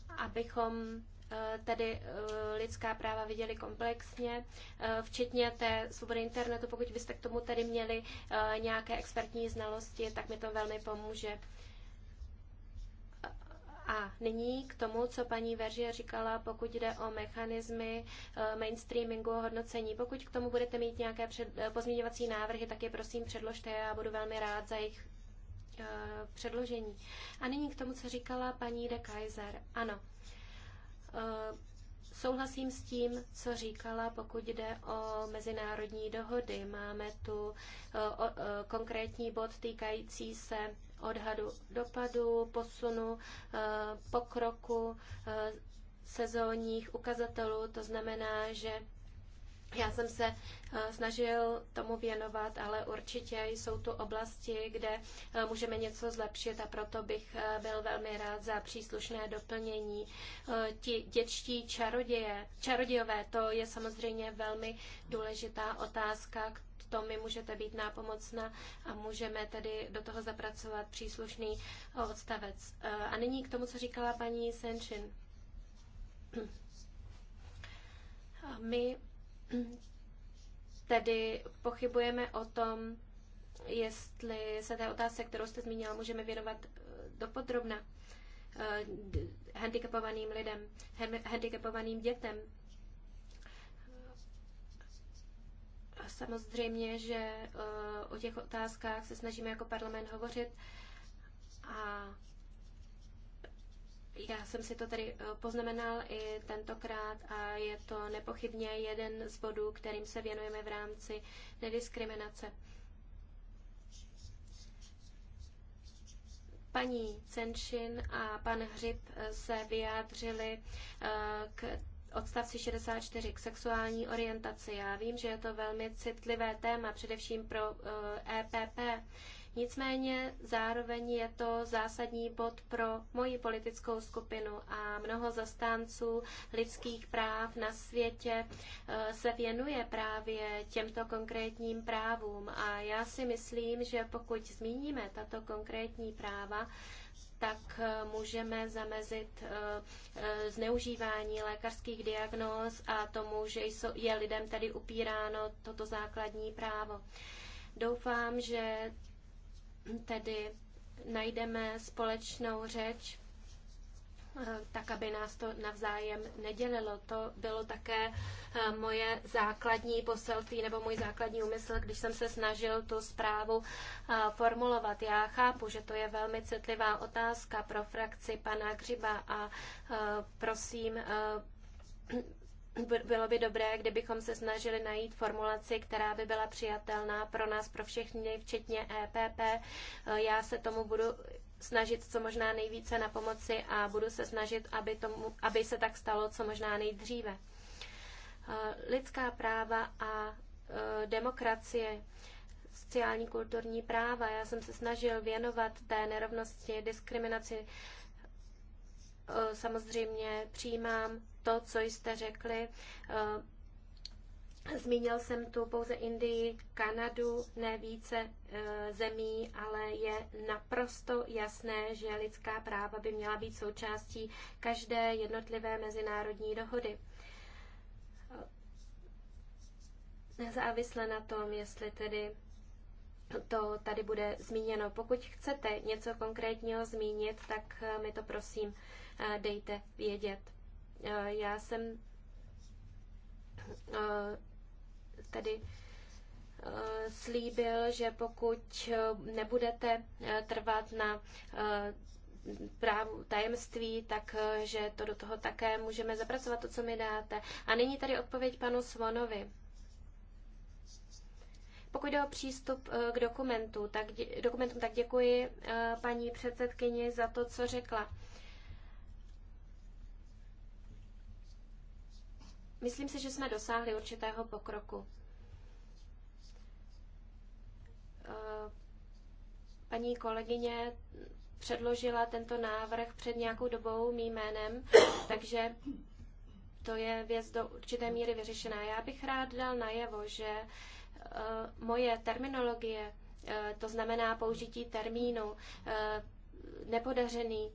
abychom Eh, tedy eh, lidská práva viděli komplexně, eh, včetně té svobody internetu. Pokud byste k tomu tedy měli nějaké expertní znalosti, tak mi to velmi pomůže. A nyní k tomu, co paní Veržia říkala, pokud jde o mechanismy mainstreamingu hodnocení. Pokud k tomu budete mít nějaké před, pozměňovací návrhy, tak je prosím předložte, a budu velmi rád za jejich předložení. A nyní k tomu, co říkala paní de Kaiser. Ano, Eh, souhlasím s tím, co říkala, pokud jde o mezinárodní dohody. Máme tu eh, eh, konkrétní bod týkající se odhadu dopadu, posunu, pokroku sezónních ukazatelů. To znamená, že já jsem se eh, snažil tomu věnovat, ale určitě jsou tu oblasti, kde eh, můžeme něco zlepšit a proto bych eh, byl velmi rád za příslušné doplnění. Ti dětští čaroděje, čarodějové, to je samozřejmě velmi důležitá otázka, k tomu mi můžete být nápomocna a můžeme tedy do toho zapracovat příslušný odstavec. A nyní k tomu, co říkala paní Senčin. My tedy pochybujeme o tom, jestli se té otázce, kterou jste zmínila, můžeme věnovat eh, dopodrobna eh, handicapovaným lidem, handicapovaným dětem. Samozřejmě, že eh, o těch otázkách se snažíme jako parlament hovořit a já jsem si to tady eh, poznamenal i tentokrát a je to nepochybně jeden z bodů, kterým se věnujeme v rámci nediskriminace. Paní Cenšin a pan Hřib eh, se vyjádřili eh, k odstavci 64 k sexuální orientaci. Já vím, že je to velmi citlivé téma, především pro EPP. E Nicméně zároveň je to zásadní bod pro moji politickou skupinu a mnoho zastánců lidských práv na světě eh, se věnuje právě těmto konkrétním právům. A já si myslím, že pokud zmíníme tato konkrétní práva, tak eh, můžeme zamezit eh, zneužívání lékařských diagnóz a tomu, že je lidem tedy upíráno toto základní právo. Doufám, že tedy najdeme společnou řeč, eh, tak aby nás to navzájem nedělilo. To bylo také eh, moje základní poselství nebo můj základní úmysl, když jsem se snažil tu zprávu eh, formulovat. Já chápu, že to je velmi citlivá otázka pro frakci pana Křiba a prosím, bylo by dobré, kdybychom se snažili najít formulaci, která by byla přijatelná pro nás, pro všechny, včetně EPP. Já se tomu budu snažit co možná nejvíce na pomoci a budu se snažit, aby, tomu, aby se tak stalo co možná nejdříve. Eh, lidská práva a eh, demokracie sociální kulturní práva. Já jsem se snažil věnovat té nerovnosti, diskriminaci. Eh, samozřejmě přijímám to, co jste řekli. Eh, zmínil jsem tu pouze Indii, Kanadu, ne více eh, zemí, ale je naprosto jasné, že lidská práva by měla být součástí každé jednotlivé mezinárodní dohody. Eh, nezávisle na tom, jestli tedy to tady bude zmíněno. Pokud chcete něco konkrétního zmínit, tak mi to prosím dejte vědět. Eh, já jsem eh, tedy eh, slíbil, že pokud nebudete trvat na právu tajemství, takže to do toho také můžeme zapracovat, to, co mi dáte. A nyní tady odpověď panu Svonovi. Pokud jde o přístup k dokumentu, tak dě, dokumentům, tak děkuji paní předsedkyni za to, co řekla. Myslím si, že jsme dosáhli určitého pokroku. Eh, paní kolegyně předložila tento návrh před nějakou dobou mým jménem, takže to je věc do určité míry vyřešená. Já bych rád dal najevo, že eh, moje terminologie, eh, to znamená použití termínu nepodařený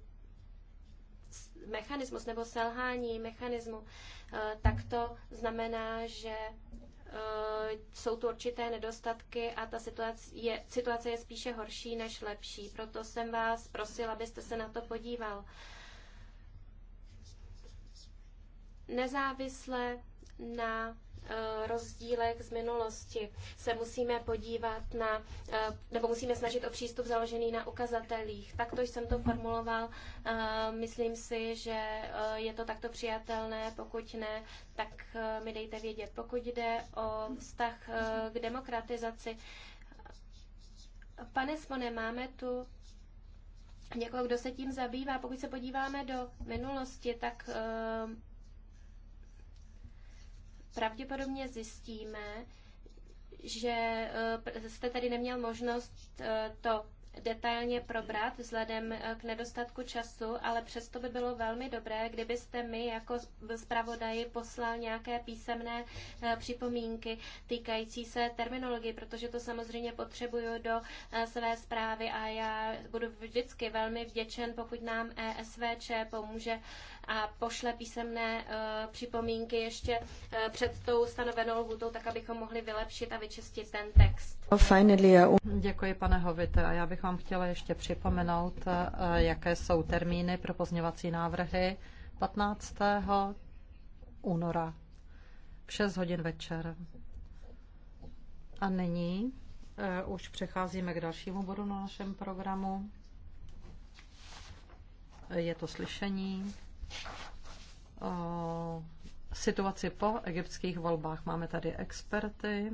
mechanismus nebo selhání mechanismu, eh, tak to znamená, že eh, jsou tu určité nedostatky a ta situace je, situace je spíše horší než lepší. Proto jsem vás prosil, abyste se na to podíval. Nezávisle na Eh, rozdílech z minulosti se musíme podívat na, eh, nebo musíme snažit o přístup založený na ukazatelích. Takto jsem to formuloval. Eh, myslím si, že je to takto přijatelné. Pokud ne, tak mi dejte vědět. Pokud jde o vztah k demokratizaci, pane Smone, máme tu někoho, kdo se tím zabývá. Pokud se podíváme do minulosti, tak pravděpodobně zjistíme, že eh, jste tady neměl možnost eh, to detailně probrat vzhledem eh, k nedostatku času, ale přesto by bylo velmi dobré, kdybyste mi jako zpravodaji poslal nějaké písemné připomínky týkající se terminologie, protože to samozřejmě potřebuju do své zprávy a já budu vždycky velmi vděčen, pokud nám ESVČ pomůže a pošle písemné eh, připomínky ještě eh, před tou stanovenou lhutou, tak abychom mohli vylepšit a vyčistit ten text. Eh, Děkuji, pane Hovite. A já bych vám chtěla ještě připomenout, jaké jsou termíny pro pozněvací návrhy 15. února v 6 hodin večer. A nyní uh, už přecházíme k dalšímu bodu na našem programu. Je to slyšení o situaci po egyptských volbách. Máme tady experty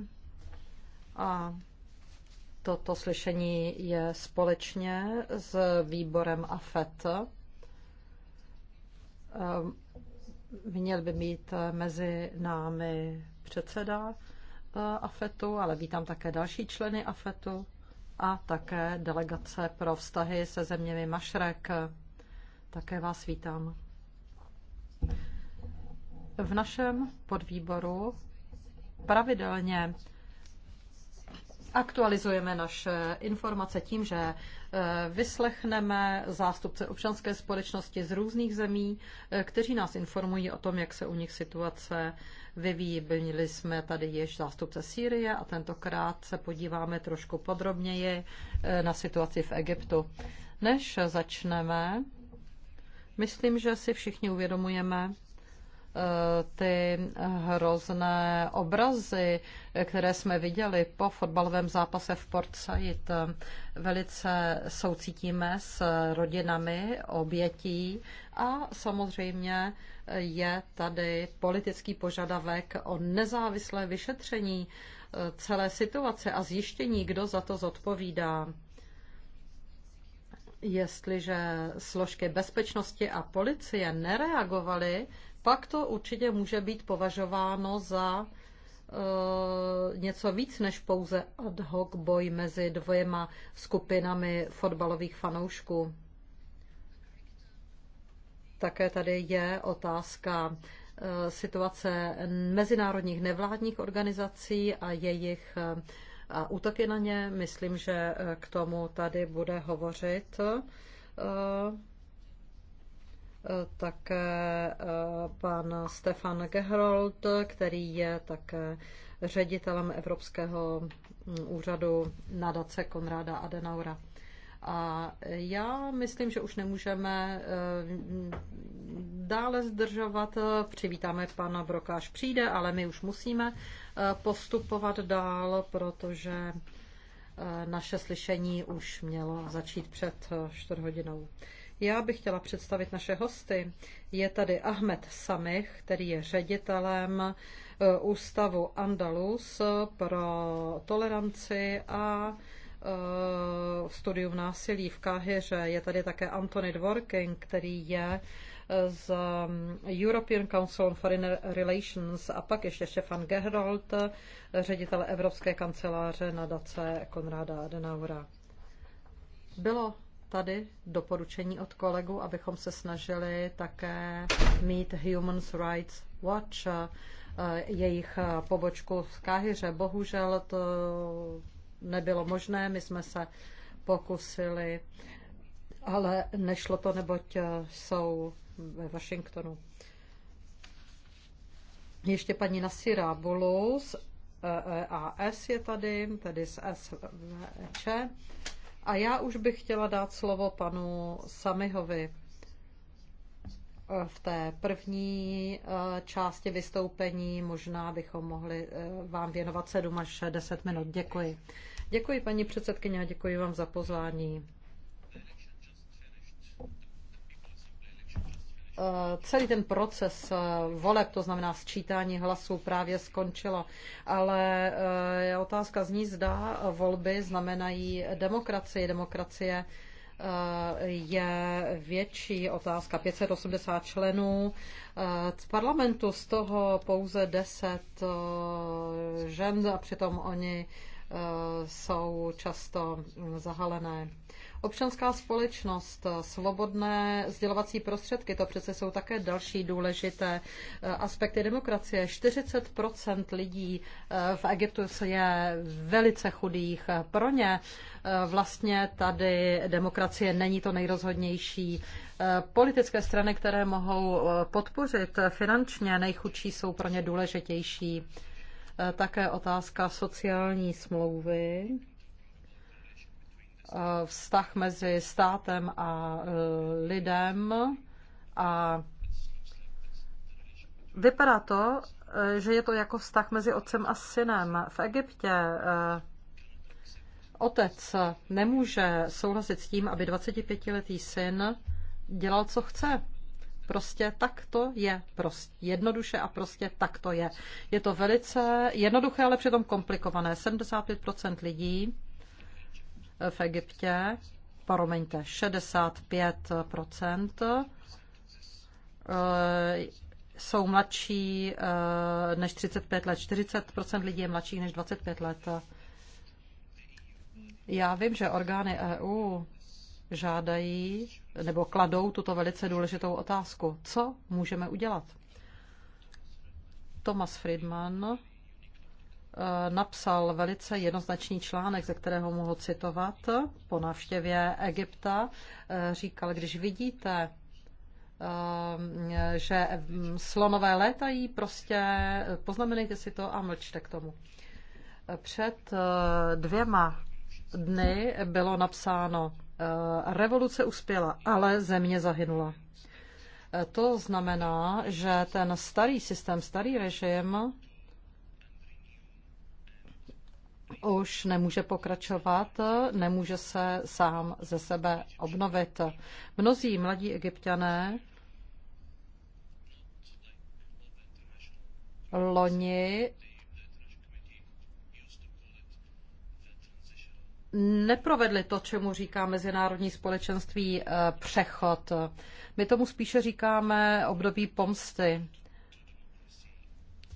a toto slyšení je společně s výborem AFET. Ehm, měl by mít mezi námi předseda eh, AFETu, ale vítám také další členy AFETu a také delegace pro vztahy se zeměmi Mašrek. Také vás vítám. V našem podvýboru pravidelně aktualizujeme naše informace tím, že eh, vyslechneme zástupce občanské společnosti z různých zemí, eh, kteří nás informují o tom, jak se u nich situace vyvíjí. Byli jsme tady již zástupce Sýrie a tentokrát se podíváme trošku podrobněji eh, na situaci v Egyptu. Než začneme, myslím, že si všichni uvědomujeme, ty hrozné obrazy, které jsme viděli po fotbalovém zápase v Port Said. Velice soucítíme s rodinami obětí a samozřejmě je tady politický požadavek o nezávislé vyšetření eh, celé situace a zjištění, kdo za to zodpovídá jestliže složky bezpečnosti a policie nereagovaly pak to určitě může být považováno za eh, něco víc než pouze ad hoc boj mezi dvěma skupinami fotbalových fanoušků. Také tady je otázka eh, situace mezinárodních nevládních organizací a jejich eh, útoky na ně. Myslím, že k tomu tady bude hovořit také eh, pan Stefan Gehrold, který je také ředitelem Evropského mm, úřadu nadace Konráda Adenaura. A já myslím, že už nemůžeme eh, dále zdržovat. Přivítáme pana Brokáš přijde, ale my už musíme eh, postupovat dál, protože naše slyšení už mělo začít před čtvrt hodinou. Já bych chtěla představit naše hosty. Je tady Ahmed Samich, který je ředitelem eh, ústavu Andalus pro toleranci a eh, studium násilí v Káhyře. Je tady také Antony Dworkin, který je eh, z mm, European Council on Foreign Relations a pak ještě Stefan Gerold, ředitel Evropské kanceláře na dace Konráda Adenaura. Bylo tady doporučení od kolegu, abychom se snažili také mít Human Rights Watch, eh, jejich eh, pobočku v Káhyře. Bohužel to nebylo možné, my jsme se pokusili, ale nešlo to, neboť eh, jsou ve Washingtonu. Ještě paní Nasira Bulus, EAS e je tady, tedy z SVČ e a já už bych chtěla dát slovo panu Samihovi v té první eh, části vystoupení. Možná bychom mohli eh, vám věnovat 7 až 10 minut. Děkuji. Děkuji, paní předsedkyně, a děkuji vám za pozvání. Eh, celý ten proces eh, voleb, to znamená sčítání hlasů, právě skončilo. Ale eh, je otázka zní, zda volby znamenají demokracii. Demokracie je větší otázka. 580 členů z parlamentu, z toho pouze 10 žen a přitom oni jsou často zahalené. Občanská společnost, eh, svobodné sdělovací prostředky, to přece jsou také další důležité eh, aspekty demokracie. 40 lidí eh, v Egyptu je velice chudých. Pro ně vlastně tady demokracie není to nejrozhodnější. Politické strany, které mohou podpořit finančně, nejchudší jsou pro ně důležitější. Také otázka sociální smlouvy. Eh, vztah mezi státem a eh, lidem a vypadá to, eh, že je to jako vztah mezi otcem a synem. V Egyptě otec nemůže souhlasit s tím, aby 25-letý syn dělal, co chce. Prostě tak to je. Prostě jednoduše a prostě tak to je. Je to velice jednoduché, ale přitom komplikované. 75% lidí v Egyptě, promiňte, 65 eh, jsou mladší eh, než 35 let. 40 lidí je mladších než 25 let. Já vím, že orgány EU žádají nebo kladou tuto velice důležitou otázku. Co můžeme udělat? Thomas Friedman Eh, napsal velice jednoznačný článek, ze kterého mohu citovat po návštěvě Egypta. Eh, říkal, když vidíte, eh, že slonové létají, prostě poznamenejte si to a mlčte k tomu. Před dvěma dny bylo napsáno, revoluce uspěla, ale země zahynula. To znamená, že ten starý systém, starý režim už nemůže pokračovat, nemůže se sám ze sebe obnovit. Mnozí mladí egyptiané loni neprovedli to, čemu říká mezinárodní společenství eh, přechod. My tomu spíše říkáme období pomsty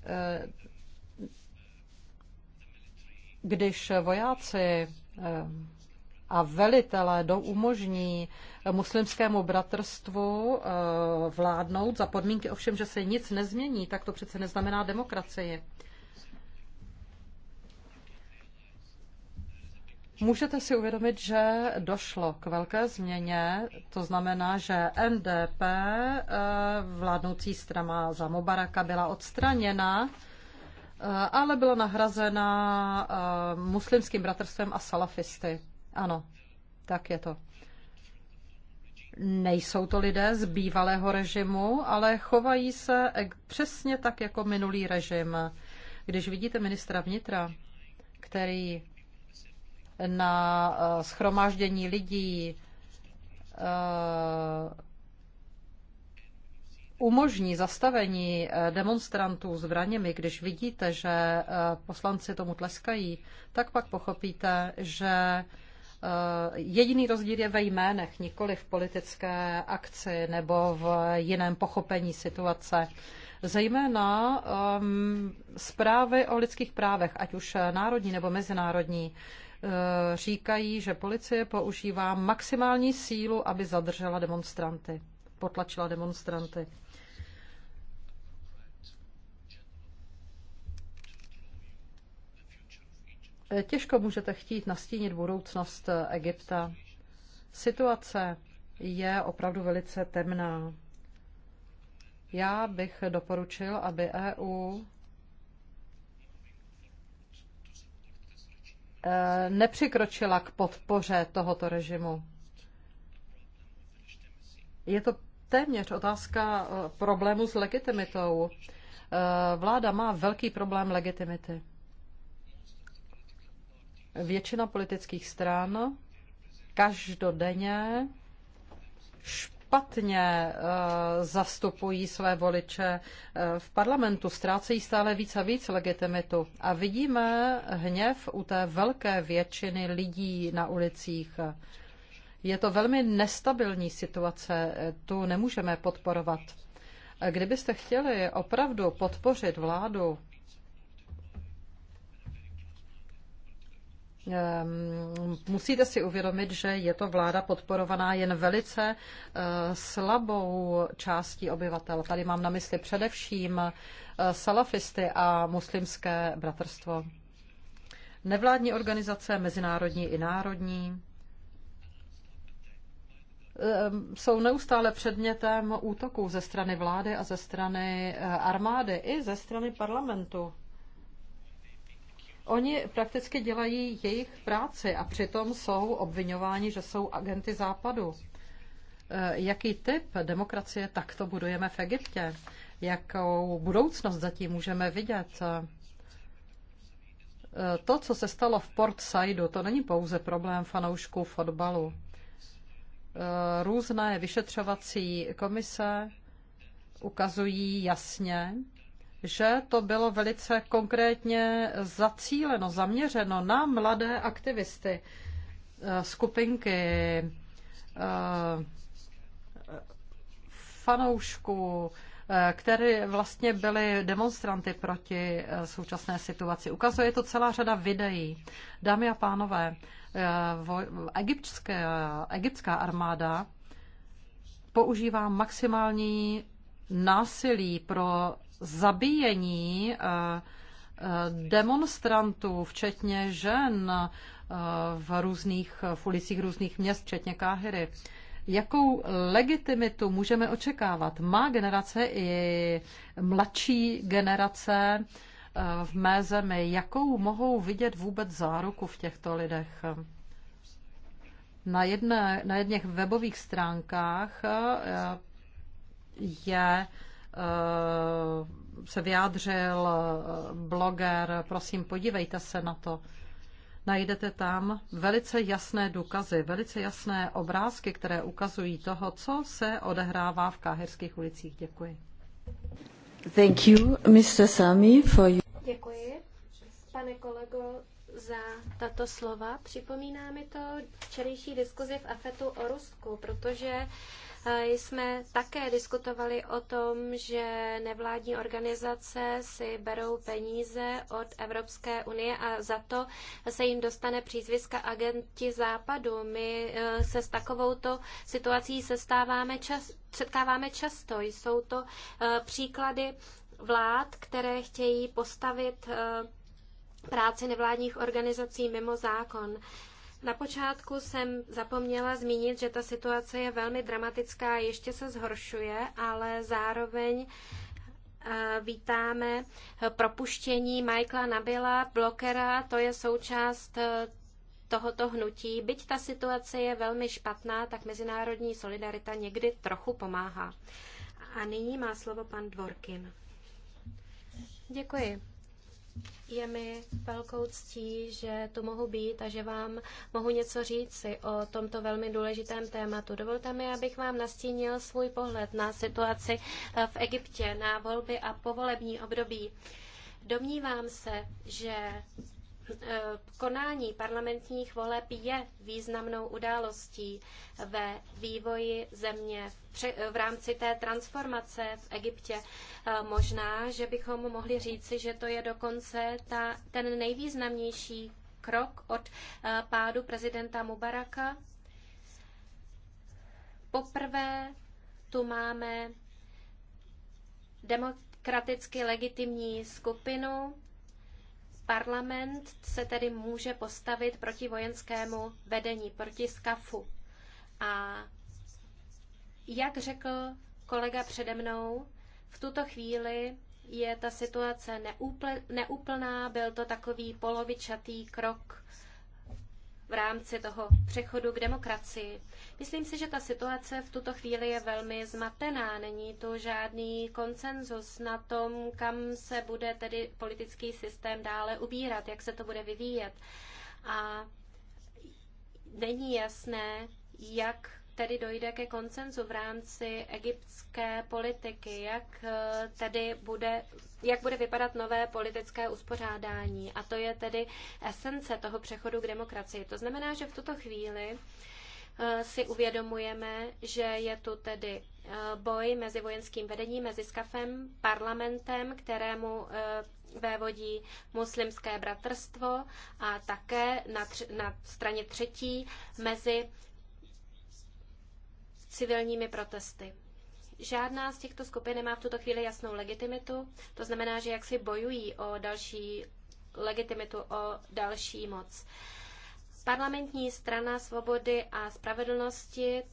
eh, když vojáci eh, a velitelé do umožní muslimskému bratrstvu eh, vládnout za podmínky ovšem, že se nic nezmění, tak to přece neznamená demokracie. Můžete si uvědomit, že došlo k velké změně, to znamená, že NDP, eh, vládnoucí strana za Mobaraka, byla odstraněna Eh, ale byla nahrazena eh, muslimským bratrstvem a salafisty. Ano, tak je to. Nejsou to lidé z bývalého režimu, ale chovají se přesně tak jako minulý režim. Když vidíte ministra vnitra, který na eh, schromáždění lidí umožní zastavení eh, demonstrantů zbraněmi, když vidíte, že eh, poslanci tomu tleskají, tak pak pochopíte, že eh, jediný rozdíl je ve jménech, nikoli v politické akci nebo v jiném pochopení situace. Zejména um, zprávy o lidských právech, ať už národní nebo mezinárodní, říkají, že policie používá maximální sílu, aby zadržela demonstranty, potlačila demonstranty. Eh, těžko můžete chtít nastínit budoucnost eh, Egypta. Situace je opravdu velice temná. Já bych doporučil, aby EU eh, nepřikročila k podpoře tohoto režimu. Je to téměř otázka problému s legitimitou. Vláda má velký problém legitimity většina politických stran každodenně špatně eh, zastupují své voliče eh, v parlamentu, ztrácejí stále víc a víc legitimitu. A vidíme hněv u té velké většiny lidí na ulicích. Je to velmi nestabilní situace, eh, tu nemůžeme podporovat. Kdybyste chtěli opravdu podpořit vládu, Ehm, musíte si uvědomit, že je to vláda podporovaná jen velice eh, slabou částí obyvatel. Tady mám na mysli především eh, salafisty a muslimské bratrstvo. Nevládní organizace, mezinárodní i národní, ehm, jsou neustále předmětem útoků ze strany vlády a ze strany eh, armády i ze strany parlamentu. Oni prakticky dělají jejich práci a přitom jsou obvinováni, že jsou agenty západu. E, jaký typ demokracie takto budujeme v Egyptě? Jakou budoucnost zatím můžeme vidět? E, to, co se stalo v Port Saidu, to není pouze problém fanoušků fotbalu. E, různé vyšetřovací komise ukazují jasně, že to bylo velice konkrétně zacíleno, zaměřeno na mladé aktivisty, eh, skupinky eh, fanoušků, eh, které vlastně byly demonstranty proti současné situaci. Ukazuje to celá řada videí. Dámy a pánové, egyptské, egyptská armáda používá maximální násilí pro zabíjení eh, eh, demonstrantů, včetně žen eh, v různých v ulicích různých měst, včetně Káhyry. Jakou legitimitu můžeme očekávat? Má generace i mladší generace v mé zemi, jakou mohou vidět vůbec záruku v těchto lidech? Na, jedné, na jedných webových stránkách je Eh, se vyjádřil eh, bloger, prosím, podívejte se na to. Najdete tam velice jasné důkazy, velice jasné obrázky, které ukazují toho, co se odehrává v káhirských ulicích. Děkuji. Thank you, Mr. Sami, for you. Děkuji, pane kolego, za tato slova. Připomíná mi to včerejší diskuzi v AFETu o Rusku, protože jsme také diskutovali o tom, že nevládní organizace si berou peníze od Evropské unie a za to se jim dostane přízviska agenti západu. My e, se s takovouto situací sestáváme čas, setkáváme často. Jsou to e, příklady vlád, které chtějí postavit e, práci nevládních organizací mimo zákon. Na počátku jsem zapomněla zmínit, že ta situace je velmi dramatická, ještě se zhoršuje, ale zároveň eh, vítáme propuštění Michaela Nabila, blokera, to je součást eh, tohoto hnutí. Byť ta situace je velmi špatná, tak mezinárodní solidarita někdy trochu pomáhá. A nyní má slovo pan Dvorkin. Děkuji. Je mi velkou ctí, že tu mohu být a že vám mohu něco říci o tomto velmi důležitém tématu. Dovolte mi, abych vám nastínil svůj pohled na situaci eh, v Egyptě, na volby a povolební období. Domnívám se, že Eh, konání parlamentních voleb je významnou událostí ve vývoji země v rámci té transformace v Egyptě. Eh, možná, že bychom mohli říci, že to je dokonce ta, ten nejvýznamnější krok od eh, pádu prezidenta Mubaraka. Poprvé tu máme demokraticky legitimní skupinu, Parlament se tedy může postavit proti vojenskému vedení, proti SCAFu. A jak řekl kolega přede mnou, v tuto chvíli je ta situace neúplná, byl to takový polovičatý krok v rámci toho přechodu k demokracii. Myslím si, že ta situace v tuto chvíli je velmi zmatená. Není tu žádný konsenzus na tom, kam se bude tedy politický systém dále ubírat, jak se to bude vyvíjet. A není jasné, jak tedy dojde ke koncenzu v rámci egyptské politiky, jak eh, tedy bude, jak bude vypadat nové politické uspořádání. A to je tedy esence toho přechodu k demokracii. To znamená, že v tuto chvíli eh, si uvědomujeme, že je tu tedy eh, boj mezi vojenským vedením, mezi skafem, parlamentem, kterému vévodí muslimské bratrstvo a také na, tři, na straně třetí mezi civilními protesty. Žádná z těchto skupin nemá v tuto chvíli jasnou legitimitu, to znamená, že jak si bojují o další legitimitu, o další moc. Parlamentní strana svobody a spravedlnosti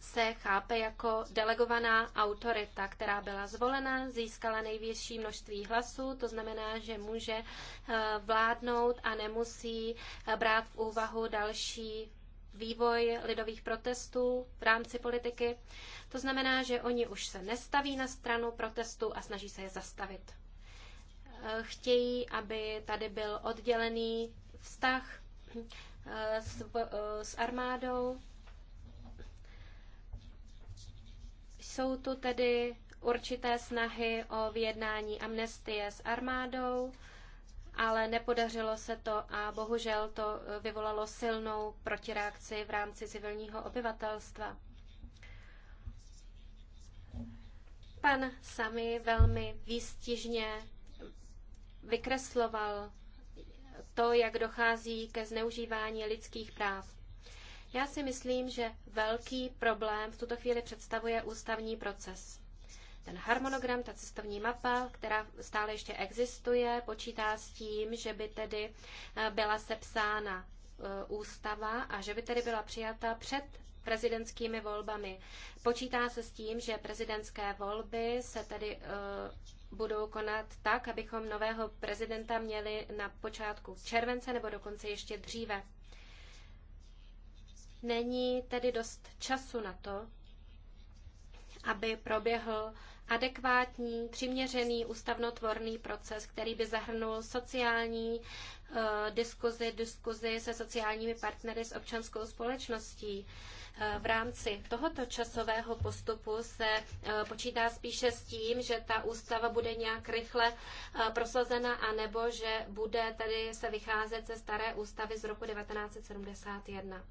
se chápe jako delegovaná autorita, která byla zvolena, získala největší množství hlasů, to znamená, že může eh, vládnout a nemusí eh, brát v úvahu další vývoj lidových protestů v rámci politiky. To znamená, že oni už se nestaví na stranu protestů a snaží se je zastavit. Eh, chtějí, aby tady byl oddělený vztah eh, s, eh, s armádou. Jsou tu tedy určité snahy o vyjednání amnestie s armádou ale nepodařilo se to a bohužel to vyvolalo silnou protireakci v rámci civilního obyvatelstva. Pan sami velmi výstižně vykresloval to, jak dochází ke zneužívání lidských práv. Já si myslím, že velký problém v tuto chvíli představuje ústavní proces. Ten harmonogram, ta cestovní mapa, která stále ještě existuje, počítá s tím, že by tedy eh, byla sepsána eh, ústava a že by tedy byla přijata před prezidentskými volbami. Počítá se s tím, že prezidentské volby se tedy eh, budou konat tak, abychom nového prezidenta měli na počátku července nebo dokonce ještě dříve. Není tedy dost času na to, aby proběhl adekvátní, přiměřený ústavnotvorný proces, který by zahrnul sociální eh, diskuzi, diskuzi se sociálními partnery s občanskou společností. Eh, v rámci tohoto časového postupu se eh, počítá spíše s tím, že ta ústava bude nějak rychle prosazena, anebo že bude tedy se vycházet ze staré ústavy z roku 1971.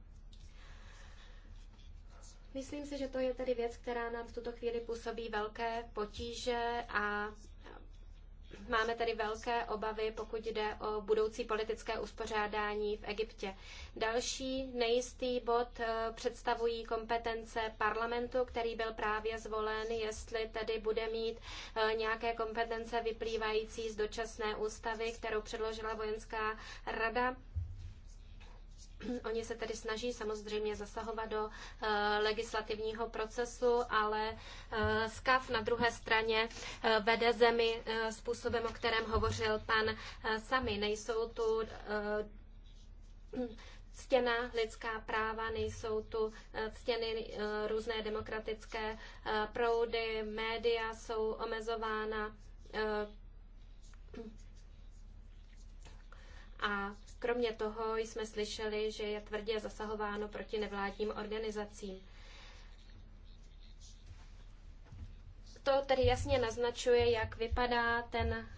Myslím si, že to je tedy věc, která nám v tuto chvíli působí velké potíže a Máme tedy velké obavy, pokud jde o budoucí politické uspořádání v Egyptě. Další nejistý bod eh, představují kompetence parlamentu, který byl právě zvolen, jestli tedy bude mít eh, nějaké kompetence vyplývající z dočasné ústavy, kterou předložila vojenská rada Oni se tedy snaží samozřejmě zasahovat do uh, legislativního procesu, ale uh, eh, SCAF na druhé straně uh, vede zemi uh, způsobem, o kterém hovořil pan uh, Sami. Nejsou tu uh, ctěna lidská práva, nejsou tu ctěny různé demokratické proudy, média jsou omezována a Kromě toho jsme slyšeli, že je tvrdě zasahováno proti nevládním organizacím. To tedy jasně naznačuje, jak vypadá ten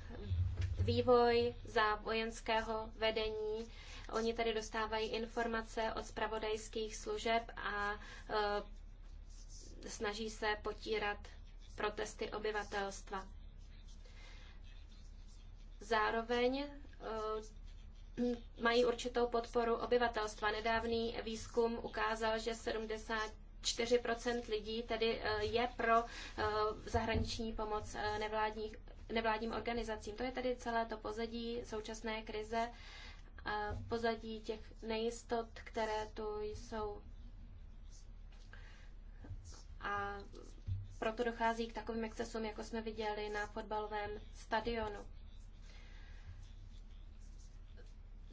vývoj za vojenského vedení. Oni tady dostávají informace od spravodajských služeb a e, snaží se potírat protesty obyvatelstva. Zároveň e, mají určitou podporu obyvatelstva. Nedávný výzkum ukázal, že 70 4 lidí tedy eh, je pro eh, zahraniční pomoc eh, nevládním organizacím. To je tedy celé to pozadí současné krize, pozadí těch nejistot, které tu jsou. A proto dochází k takovým excesům, jako jsme viděli na fotbalovém stadionu.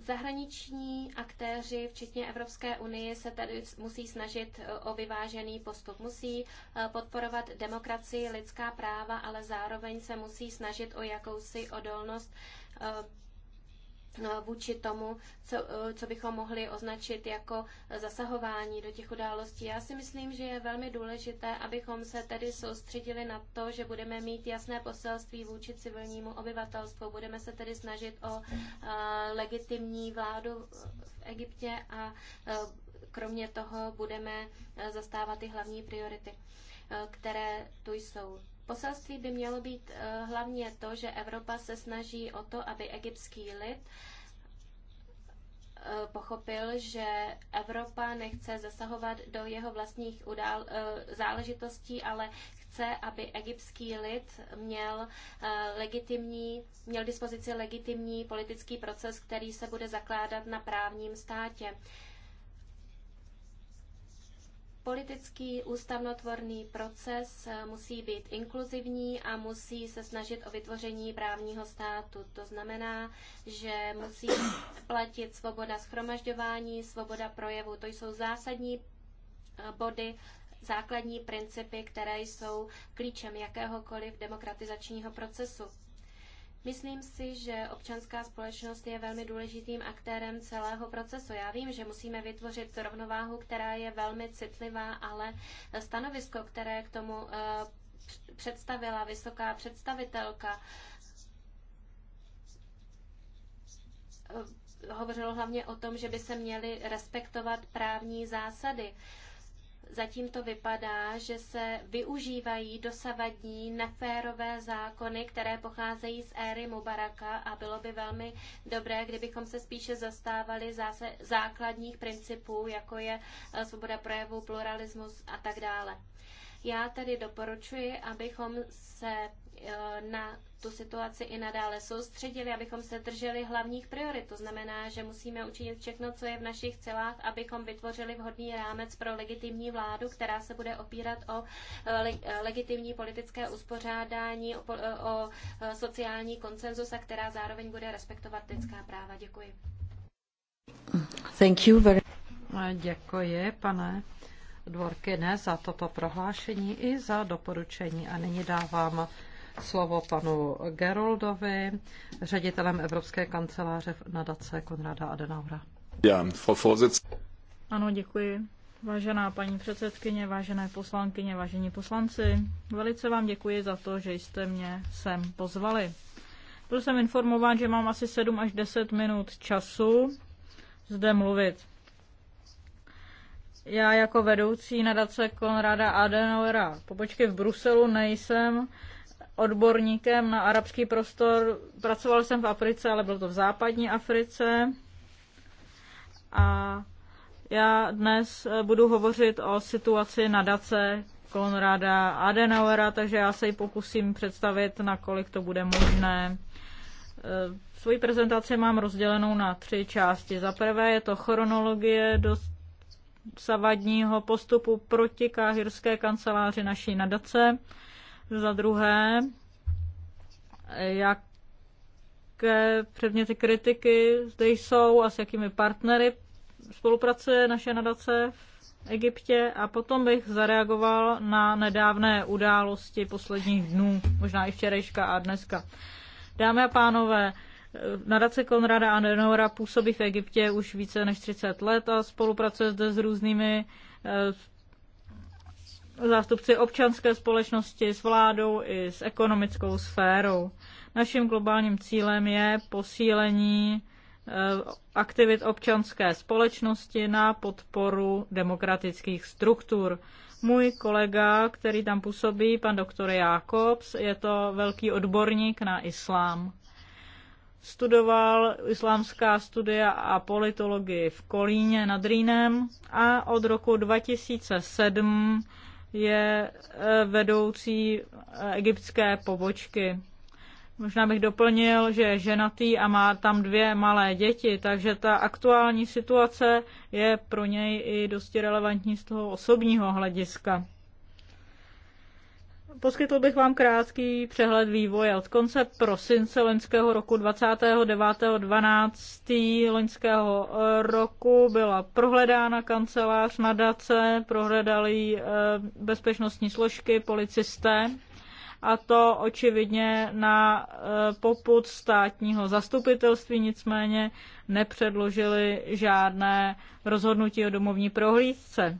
Zahraniční aktéři, včetně Evropské unie, se tady musí snažit e, o vyvážený postup. Musí e, podporovat demokracii, lidská práva, ale zároveň se musí snažit o jakousi odolnost e, No vůči tomu, co, eh, co bychom mohli označit jako zasahování do těch událostí. Já si myslím, že je velmi důležité, abychom se tedy soustředili na to, že budeme mít jasné poselství vůči civilnímu obyvatelstvu. Budeme se tedy snažit o eh, legitimní vládu v Egyptě a eh, kromě toho budeme zastávat ty hlavní priority, které tu jsou. Poselství by mělo být eh, hlavně to, že Evropa se snaží o to, aby egyptský lid eh, pochopil, že Evropa nechce zasahovat do jeho vlastních udál, eh, záležitostí, ale chce, aby egyptský lid měl legitimní, měl dispozici legitimní politický proces, který se bude zakládat na právním státě. Politický ústavnotvorný proces eh, musí být inkluzivní a musí se snažit o vytvoření právního státu. To znamená, že musí platit svoboda schromažďování, svoboda projevu. To jsou zásadní eh, body, základní principy, které jsou klíčem jakéhokoliv demokratizačního procesu. Myslím si, že občanská společnost je velmi důležitým aktérem celého procesu. Já vím, že musíme vytvořit rovnováhu, která je velmi citlivá, ale stanovisko, které k tomu eh, představila vysoká představitelka, eh, hovořilo hlavně o tom, že by se měly respektovat právní zásady. Zatím to vypadá, že se využívají dosavadní neférové zákony, které pocházejí z éry Mubaraka a bylo by velmi dobré, kdybychom se spíše zastávali zase základních principů, jako je eh, svoboda projevu, pluralismus a tak dále. Já tedy doporučuji, abychom se Eh, na tu situaci i nadále soustředili, abychom se drželi hlavních priorit. To znamená, že musíme učinit všechno, co je v našich celách, abychom vytvořili vhodný rámec pro legitimní vládu, která se bude opírat o eh, eh, legitimní politické uspořádání, o, sociální konsenzus a která zároveň bude respektovat lidská práva. Děkuji. Thank you very... Děkuji, pane Dvorkine, za toto prohlášení i za doporučení. A nyní dávám slovo panu Geroldovi, ředitelem Evropské kanceláře nadace Konrada Adenaura. Já, Frau Ano, děkuji. Vážená paní předsedkyně, vážené poslankyně, vážení poslanci, velice vám děkuji za to, že jste mě sem pozvali. Byl jsem informován, že mám asi 7 až 10 minut času zde mluvit. Já jako vedoucí nadace Konrada Adenauera pobočky v Bruselu nejsem odborníkem na arabský prostor. Pracoval jsem v Africe, ale byl to v západní Africe. A já dnes eh, budu hovořit o situaci nadace Konrada Adenauera, takže já se ji pokusím představit, nakolik to bude možné. Eh, svoji prezentaci mám rozdělenou na tři části. Za prvé je to chronologie dosavadního postupu proti káhirské kanceláři naší nadace. Za druhé, jaké předměty kritiky zde jsou a s jakými partnery spolupracuje naše nadace v Egyptě. A potom bych zareagoval na nedávné události posledních dnů, možná i včerejška a dneska. Dámy a pánové, Nadace Konrada Nenora působí v Egyptě už více než 30 let a spolupracuje zde s různými eh, zástupci občanské společnosti, s vládou i s ekonomickou sférou. Naším globálním cílem je posílení eh, aktivit občanské společnosti na podporu demokratických struktur. Můj kolega, který tam působí, pan doktor Jakobs, je to velký odborník na islám. Studoval islámská studia a politologii v Kolíně nad Rýnem a od roku 2007 je eh, vedoucí eh, egyptské pobočky. Možná bych doplnil, že je ženatý a má tam dvě malé děti, takže ta aktuální situace je pro něj i dosti relevantní z toho osobního hlediska. Poskytl bych vám krátký přehled vývoje od konce prosince loňského roku 29.12. loňského eh, roku byla prohledána kancelář nadace, prohledali eh, bezpečnostní složky, policisté a to očividně na eh, poput státního zastupitelství, nicméně nepředložili žádné rozhodnutí o domovní prohlídce.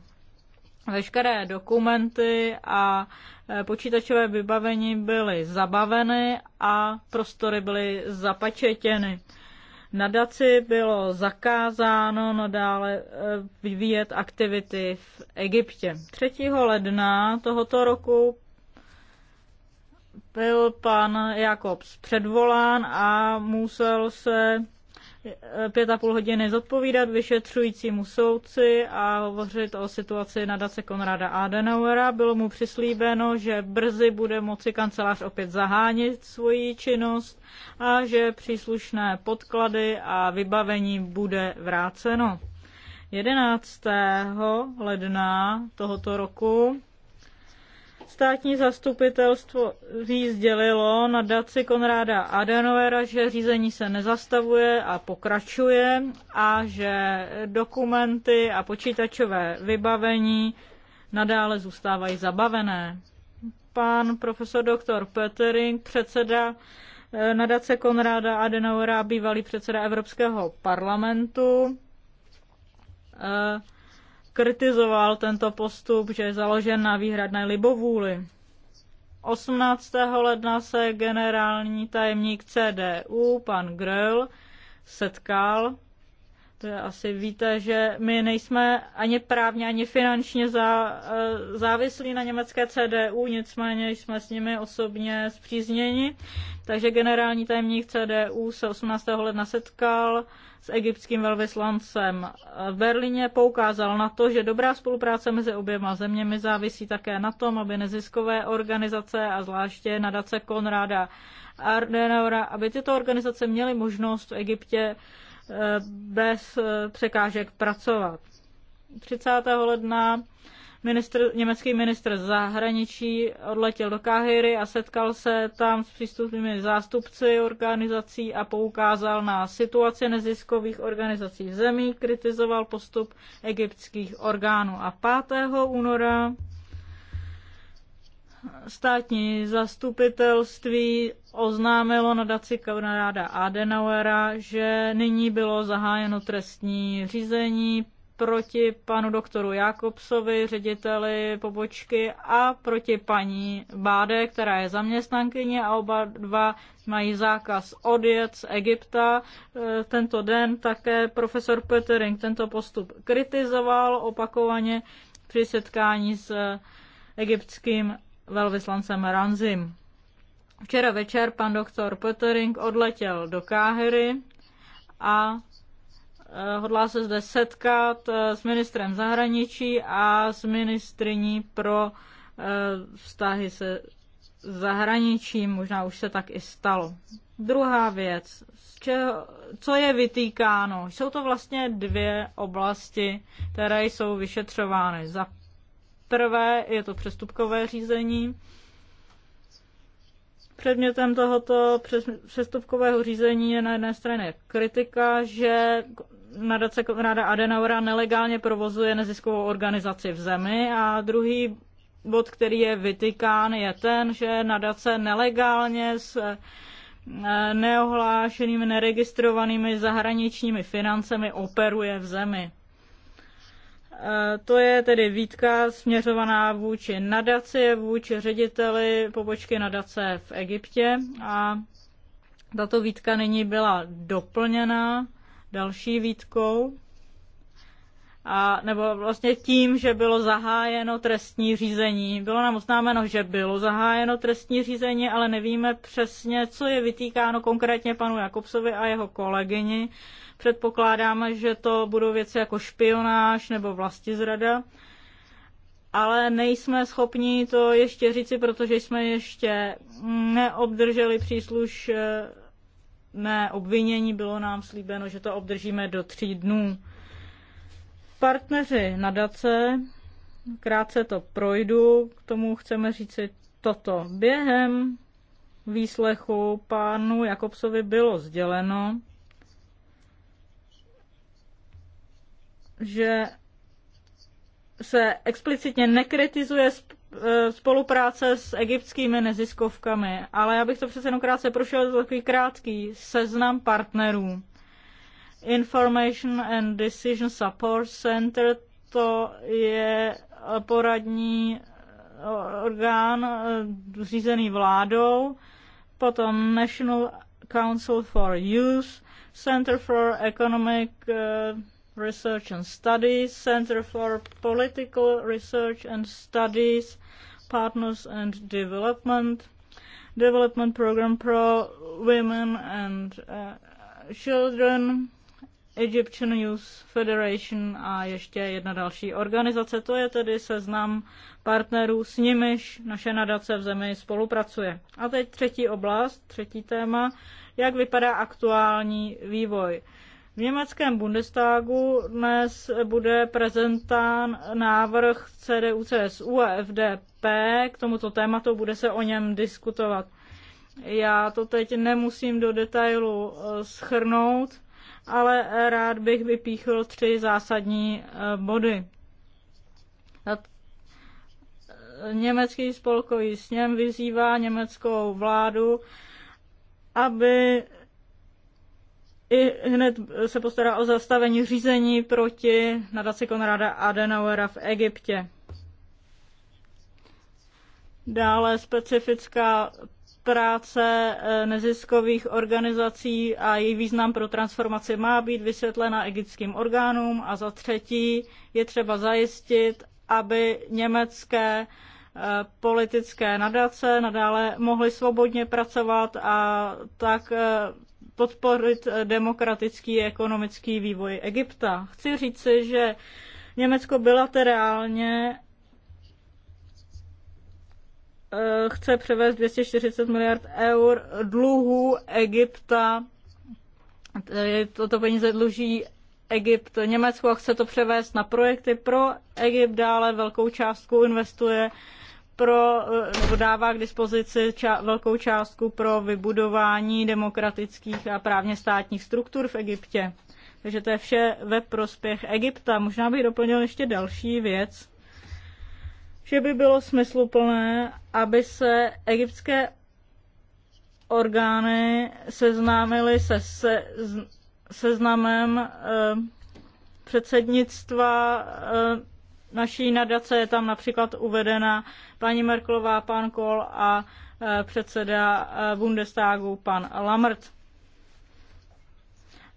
Veškeré dokumenty a e, počítačové vybavení byly zabaveny a prostory byly zapačetěny. Nadaci bylo zakázáno nadále e, vyvíjet aktivity v Egyptě. 3. ledna tohoto roku byl pan Jakobs předvolán a musel se pět a půl hodiny zodpovídat vyšetřujícímu soudci a hovořit o situaci nadace Konrada Adenauera. Bylo mu přislíbeno, že brzy bude moci kancelář opět zahánit svoji činnost a že příslušné podklady a vybavení bude vráceno. 11. ledna tohoto roku Státní zastupitelstvo sdělilo na daci Konráda Adenovera, že řízení se nezastavuje a pokračuje a že dokumenty a počítačové vybavení nadále zůstávají zabavené. Pan profesor doktor Petering, předseda eh, nadace Konráda Adenauera, bývalý předseda Evropského parlamentu, eh, kritizoval tento postup, že je založen na výhradné libovůli. 18. ledna se generální tajemník CDU, pan Gröll, setkal. To je asi víte, že my nejsme ani právně, ani finančně zá, eh, závislí na německé CDU, nicméně jsme s nimi osobně zpřízněni. Takže generální tajemník CDU se 18. ledna setkal s egyptským velvyslancem v Berlíně poukázal na to, že dobrá spolupráce mezi oběma zeměmi závisí také na tom, aby neziskové organizace a zvláště nadace Konráda Adenauera, aby tyto organizace měly možnost v Egyptě eh, bez eh, překážek pracovat. 30. ledna Ministr, německý ministr zahraničí odletěl do Káhyry a setkal se tam s přístupnými zástupci organizací a poukázal na situaci neziskových organizací v zemí, kritizoval postup egyptských orgánů. A 5. února státní zastupitelství oznámilo nadaci kamaráda Adenauera, že nyní bylo zahájeno trestní řízení proti panu doktoru Jakobsovi, řediteli pobočky a proti paní Báde, která je zaměstnankyně a oba dva mají zákaz odjet z Egypta. E, tento den také profesor Petering tento postup kritizoval opakovaně při setkání s egyptským velvyslancem Ranzim. Včera večer pan doktor Petering odletěl do Káhery a Eh, hodlá se zde setkat eh, s ministrem zahraničí a s ministriní pro eh, vztahy se zahraničím. Možná už se tak i stalo. Druhá věc, z čeho, co je vytýkáno? Jsou to vlastně dvě oblasti, které jsou vyšetřovány. Za prvé je to přestupkové řízení. Předmětem tohoto přestupkového řízení je na jedné straně kritika, že nadace Konráda Adenaura nelegálně provozuje neziskovou organizaci v zemi a druhý bod, který je vytykán, je ten, že nadace nelegálně s eh, neohlášenými, neregistrovanými zahraničními financemi operuje v zemi. Eh, to je tedy výtka směřovaná vůči nadaci, vůči řediteli pobočky nadace v Egyptě a tato výtka nyní byla doplněna další výtkou. A, nebo vlastně tím, že bylo zahájeno trestní řízení. Bylo nám oznámeno, že bylo zahájeno trestní řízení, ale nevíme přesně, co je vytýkáno konkrétně panu Jakobsovi a jeho kolegyni. Předpokládáme, že to budou věci jako špionáž nebo vlastizrada ale nejsme schopni to ještě říci, protože jsme ještě neobdrželi přísluš, mé obvinění bylo nám slíbeno, že to obdržíme do tří dnů. Partneři nadace, krátce to projdu, k tomu chceme říci toto. Během výslechu pánu Jakobsovi bylo sděleno, že se explicitně nekritizuje E, spolupráce s egyptskými neziskovkami, ale já bych to přece jenom krátce prošel za takový krátký seznam partnerů. Information and Decision Support Center to je e, poradní e, orgán řízený vládou, potom National Council for Youth, Center for Economic Research and Studies, Center for Political Research and Studies, Partners and Development, Development Program pro Women and uh, Children, Egyptian Youth Federation a ještě jedna další organizace. To je tedy seznam partnerů, s nimiž naše nadace v zemi spolupracuje. A teď třetí oblast, třetí téma, jak vypadá aktuální vývoj. V německém Bundestagu dnes bude prezentán návrh CDU, CSU a FDP. K tomuto tématu bude se o něm diskutovat. Já to teď nemusím do detailu eh, schrnout, ale rád bych vypíchl tři zásadní eh, body. Německý spolkový sněm vyzývá německou vládu, aby i hned se postará o zastavení řízení proti nadaci Konrada Adenauera v Egyptě. Dále specifická práce eh, neziskových organizací a její význam pro transformaci má být vysvětlena egyptským orgánům a za třetí je třeba zajistit, aby německé eh, politické nadace nadále mohly svobodně pracovat a tak eh, podporit demokratický ekonomický vývoj Egypta. Chci říci, že Německo bilaterálně eh, chce převést 240 miliard eur dluhů Egypta. Toto peníze dluží Egypt Německo a chce to převést na projekty pro Egypt. Dále velkou částku investuje pro, eh, nebo dává k dispozici ča, velkou částku pro vybudování demokratických a právně státních struktur v Egyptě. Takže to je vše ve prospěch Egypta. Možná bych doplnil ještě další věc, že by bylo smysluplné, aby se egyptské orgány seznámily se, se seznamem eh, předsednictva eh, naší nadace je tam například uvedena paní Merklová, pan Kohl a e, předseda e, Bundestagu, pan Lamert.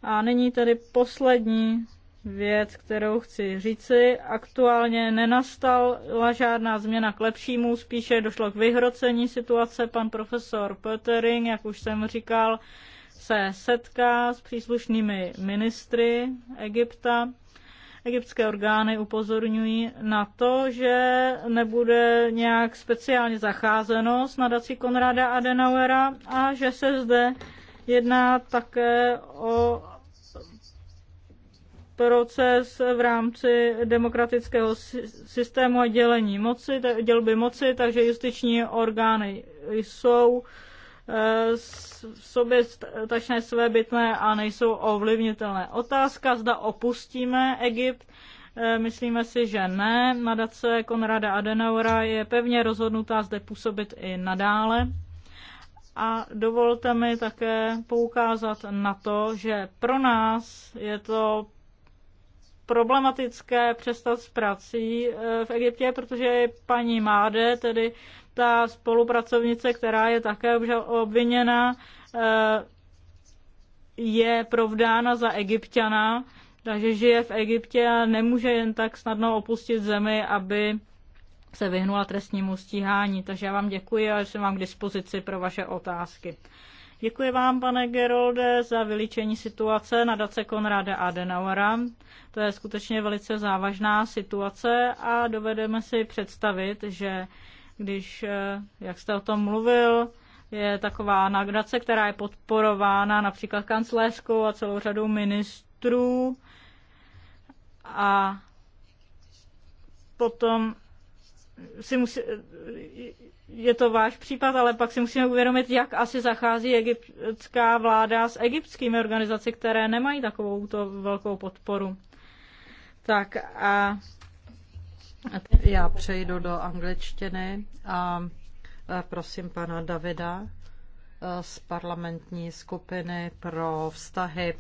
A nyní tedy poslední věc, kterou chci říci. Aktuálně nenastala žádná změna k lepšímu, spíše došlo k vyhrocení situace. Pan profesor Pöttering, jak už jsem říkal, se setká s příslušnými ministry Egypta Egyptské orgány upozorňují na to, že nebude nějak speciálně zacházeno s nadací Konrada Adenauera a že se zde jedná také o proces v rámci demokratického systému a dělení moci, dělby moci, takže justiční orgány jsou Eh, sobě tačné své bytné a nejsou ovlivnitelné. Otázka, zda opustíme Egypt, eh, myslíme si, že ne. Nadace Konrada Adenaura je pevně rozhodnutá zde působit i nadále. A dovolte mi také poukázat na to, že pro nás je to problematické přestat s prací eh, v Egyptě, protože paní Máde, tedy ta spolupracovnice, která je také obviněna, eh, je provdána za egyptiana, takže žije v Egyptě a nemůže jen tak snadno opustit zemi, aby se vyhnula trestnímu stíhání. Takže já vám děkuji a jsem vám k dispozici pro vaše otázky. Děkuji vám, pane Gerolde, za vylíčení situace na dace Konrada Adenauera. To je skutečně velice závažná situace a dovedeme si představit, že když, eh, jak jste o tom mluvil, je taková nagrace, která je podporována například kancelářskou a celou řadou ministrů. A potom si musí, eh, je to váš případ, ale pak si musíme uvědomit, jak asi zachází egyptská vláda s egyptskými organizacemi, které nemají takovou to velkou podporu. Tak a já přejdu do angličtiny a prosím pana Davida z parlamentní skupiny pro vztahy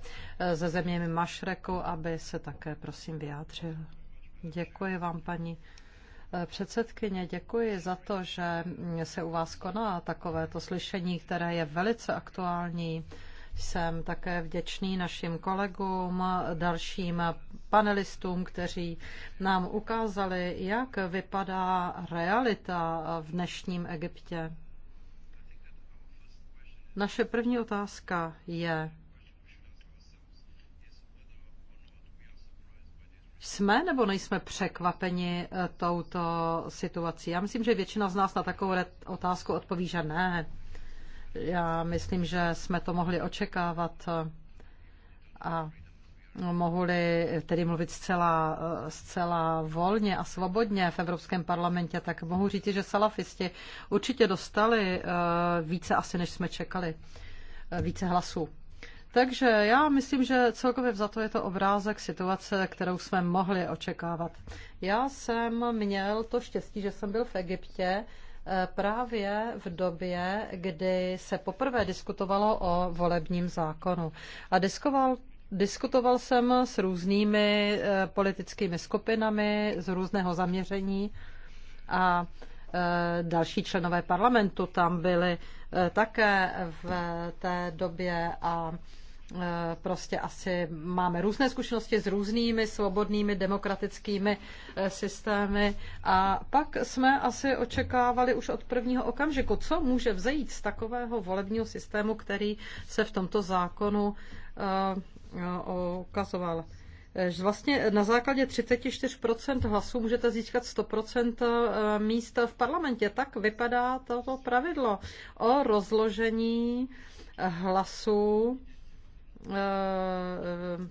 se zeměmi Mašreku, aby se také prosím vyjádřil. Děkuji vám, paní předsedkyně, děkuji za to, že se u vás koná takovéto slyšení, které je velice aktuální jsem také vděčný našim kolegům, dalším panelistům, kteří nám ukázali, jak vypadá realita v dnešním Egyptě. Naše první otázka je, Jsme nebo nejsme překvapeni eh, touto situací? Já myslím, že většina z nás na takovou otázku odpoví, že ne. Já myslím, že jsme to mohli očekávat a mohli tedy mluvit zcela, zcela volně a svobodně v Evropském parlamentě, tak mohu říct, že salafisti určitě dostali eh, více asi, než jsme čekali, eh, více hlasů. Takže já myslím, že celkově za to je to obrázek situace, kterou jsme mohli očekávat. Já jsem měl to štěstí, že jsem byl v Egyptě právě v době, kdy se poprvé diskutovalo o volebním zákonu. A diskoval Diskutoval jsem s různými eh, politickými skupinami z různého zaměření a eh, další členové parlamentu tam byli eh, také v té době a Eh, prostě asi máme různé zkušenosti s různými svobodnými demokratickými eh, systémy a pak jsme asi očekávali už od prvního okamžiku, co může vzejít z takového volebního systému, který se v tomto zákonu eh, ukazoval. Vlastně na základě 34% hlasů můžete získat 100% míst v parlamentě. Tak vypadá toto pravidlo o rozložení hlasů Eh, eh,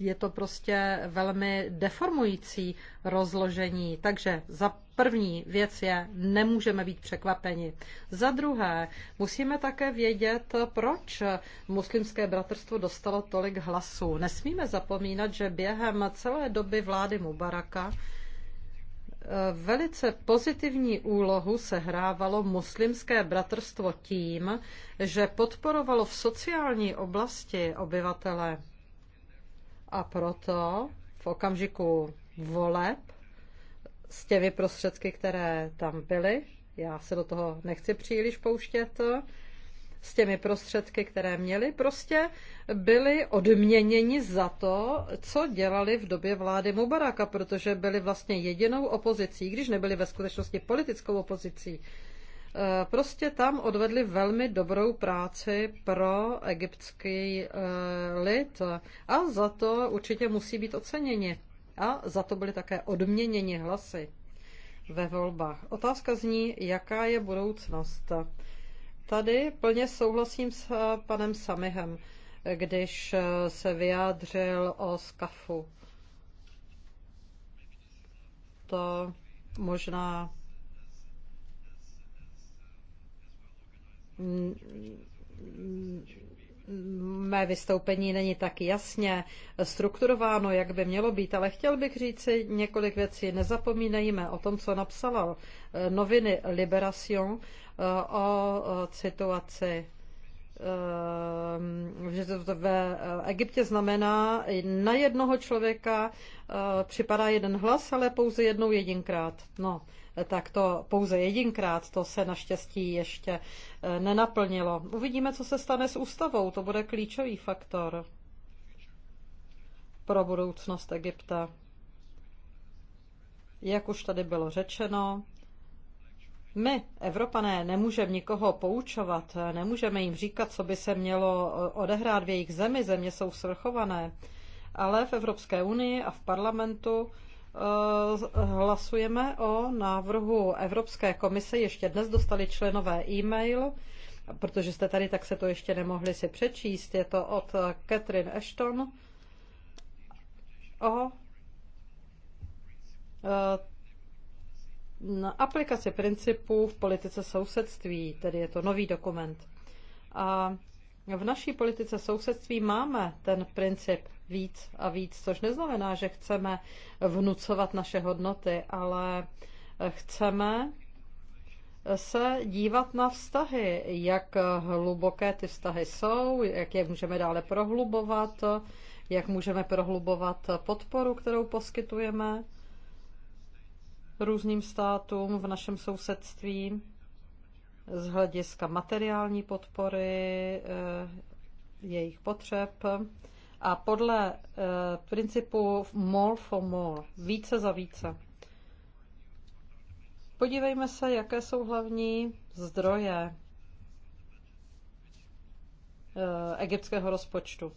je to prostě velmi deformující rozložení. Takže za první věc je, nemůžeme být překvapeni. Za druhé, musíme také vědět, proč muslimské bratrstvo dostalo tolik hlasů. Nesmíme zapomínat, že během celé doby vlády Mubaraka velice pozitivní úlohu sehrávalo muslimské bratrstvo tím, že podporovalo v sociální oblasti obyvatele. A proto v okamžiku voleb s těmi prostředky, které tam byly, já se do toho nechci příliš pouštět, s těmi prostředky, které měli, prostě byli odměněni za to, co dělali v době vlády Mubaraka, protože byli vlastně jedinou opozicí, když nebyli ve skutečnosti politickou opozicí. E, prostě tam odvedli velmi dobrou práci pro egyptský e, lid a za to určitě musí být oceněni. A za to byli také odměněni hlasy ve volbách. Otázka zní, jaká je budoucnost. Tady plně souhlasím s eh, panem Samihem, když eh, se vyjádřil o skafu. To možná mé vystoupení není tak jasně strukturováno, jak by mělo být, ale chtěl bych říct, si několik věcí. Nezapomínejme o tom, co napsala eh, noviny Liberation o situaci ehm, že to v Egyptě znamená, na jednoho člověka eh, připadá jeden hlas, ale pouze jednou jedinkrát. No, tak to pouze jedinkrát, to se naštěstí ještě eh, nenaplnilo. Uvidíme, co se stane s ústavou, to bude klíčový faktor pro budoucnost Egypta. Jak už tady bylo řečeno, my, Evropané, nemůžeme nikoho poučovat, nemůžeme jim říkat, co by se mělo eh, odehrát v jejich zemi, země jsou svrchované, ale v Evropské unii a v parlamentu eh, hlasujeme o návrhu Evropské komise. Ještě dnes dostali členové e-mail, protože jste tady, tak se to ještě nemohli si přečíst. Je to od eh, Catherine Ashton o aplikaci principů v politice sousedství, tedy je to nový dokument. A v naší politice sousedství máme ten princip víc a víc, což neznamená, že chceme vnucovat naše hodnoty, ale chceme se dívat na vztahy, jak hluboké ty vztahy jsou, jak je můžeme dále prohlubovat, jak můžeme prohlubovat podporu, kterou poskytujeme různým státům v našem sousedství z hlediska materiální podpory, eh, jejich potřeb a podle eh, principu more for more, více za více. Podívejme se, jaké jsou hlavní zdroje eh, egyptského rozpočtu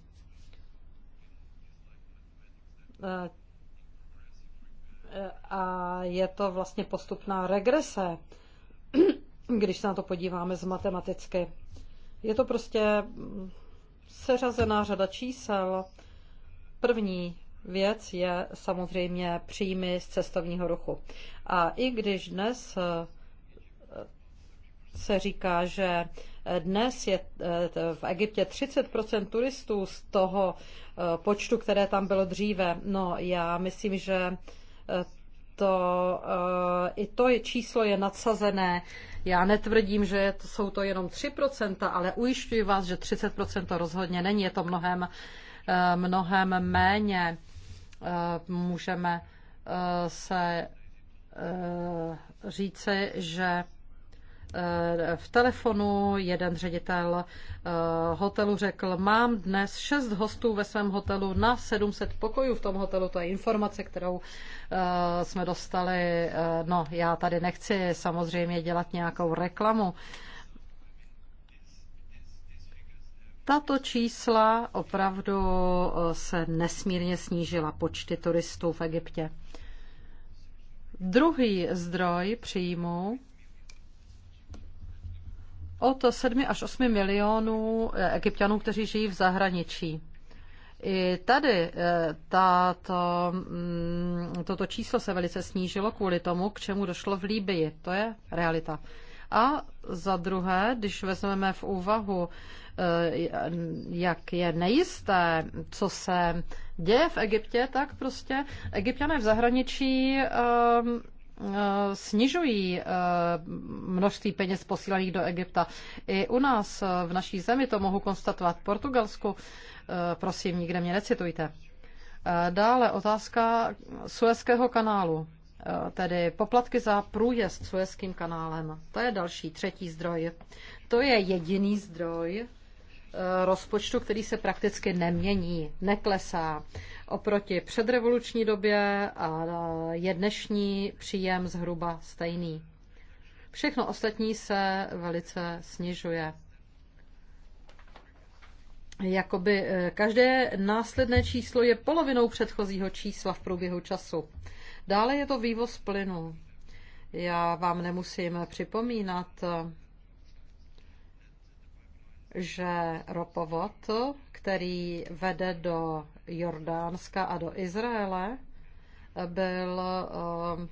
a je to vlastně postupná regrese, když se na to podíváme z matematicky. Je to prostě seřazená řada čísel. První věc je samozřejmě příjmy z cestovního ruchu. A i když dnes eh, se říká, že dnes je eh, v Egyptě 30% turistů z toho eh, počtu, které tam bylo dříve. No já myslím, že to, eh, i to je, číslo je nadsazené. Já netvrdím, že to, jsou to jenom 3%, ale ujišťuji vás, že 30% to rozhodně není. Je to mnohem, eh, mnohem méně. Eh, můžeme se říci, že Eh, v telefonu jeden ředitel eh, hotelu řekl, mám dnes šest hostů ve svém hotelu na 700 pokojů v tom hotelu. To je informace, kterou eh, jsme dostali. No, já tady nechci samozřejmě dělat nějakou reklamu. Tato čísla opravdu se nesmírně snížila počty turistů v Egyptě. Druhý zdroj příjmu od 7 až 8 milionů eh, egyptianů, kteří žijí v zahraničí. I tady eh, tato, mm, toto číslo se velice snížilo kvůli tomu, k čemu došlo v Líbii. To je realita. A za druhé, když vezmeme v úvahu, eh, jak je nejisté, co se děje v Egyptě, tak prostě egyptiané v zahraničí ehm, Eh, snižují eh, množství peněz posílaných do Egypta. I u nás, eh, v naší zemi, to mohu konstatovat. V Portugalsku, prosím, nikde mě necitujte. Dále otázka Suezského kanálu, tedy poplatky za průjezd Suezským kanálem. To je další, třetí zdroj. To je jediný zdroj, rozpočtu, který se prakticky nemění, neklesá. Oproti předrevoluční době a je dnešní příjem zhruba stejný. Všechno ostatní se velice snižuje. Jakoby e, každé následné číslo je polovinou předchozího čísla v průběhu času. Dále je to vývoz plynu. Já vám nemusím připomínat, že ropovod, který vede do Jordánska a do Izraele, byl eh,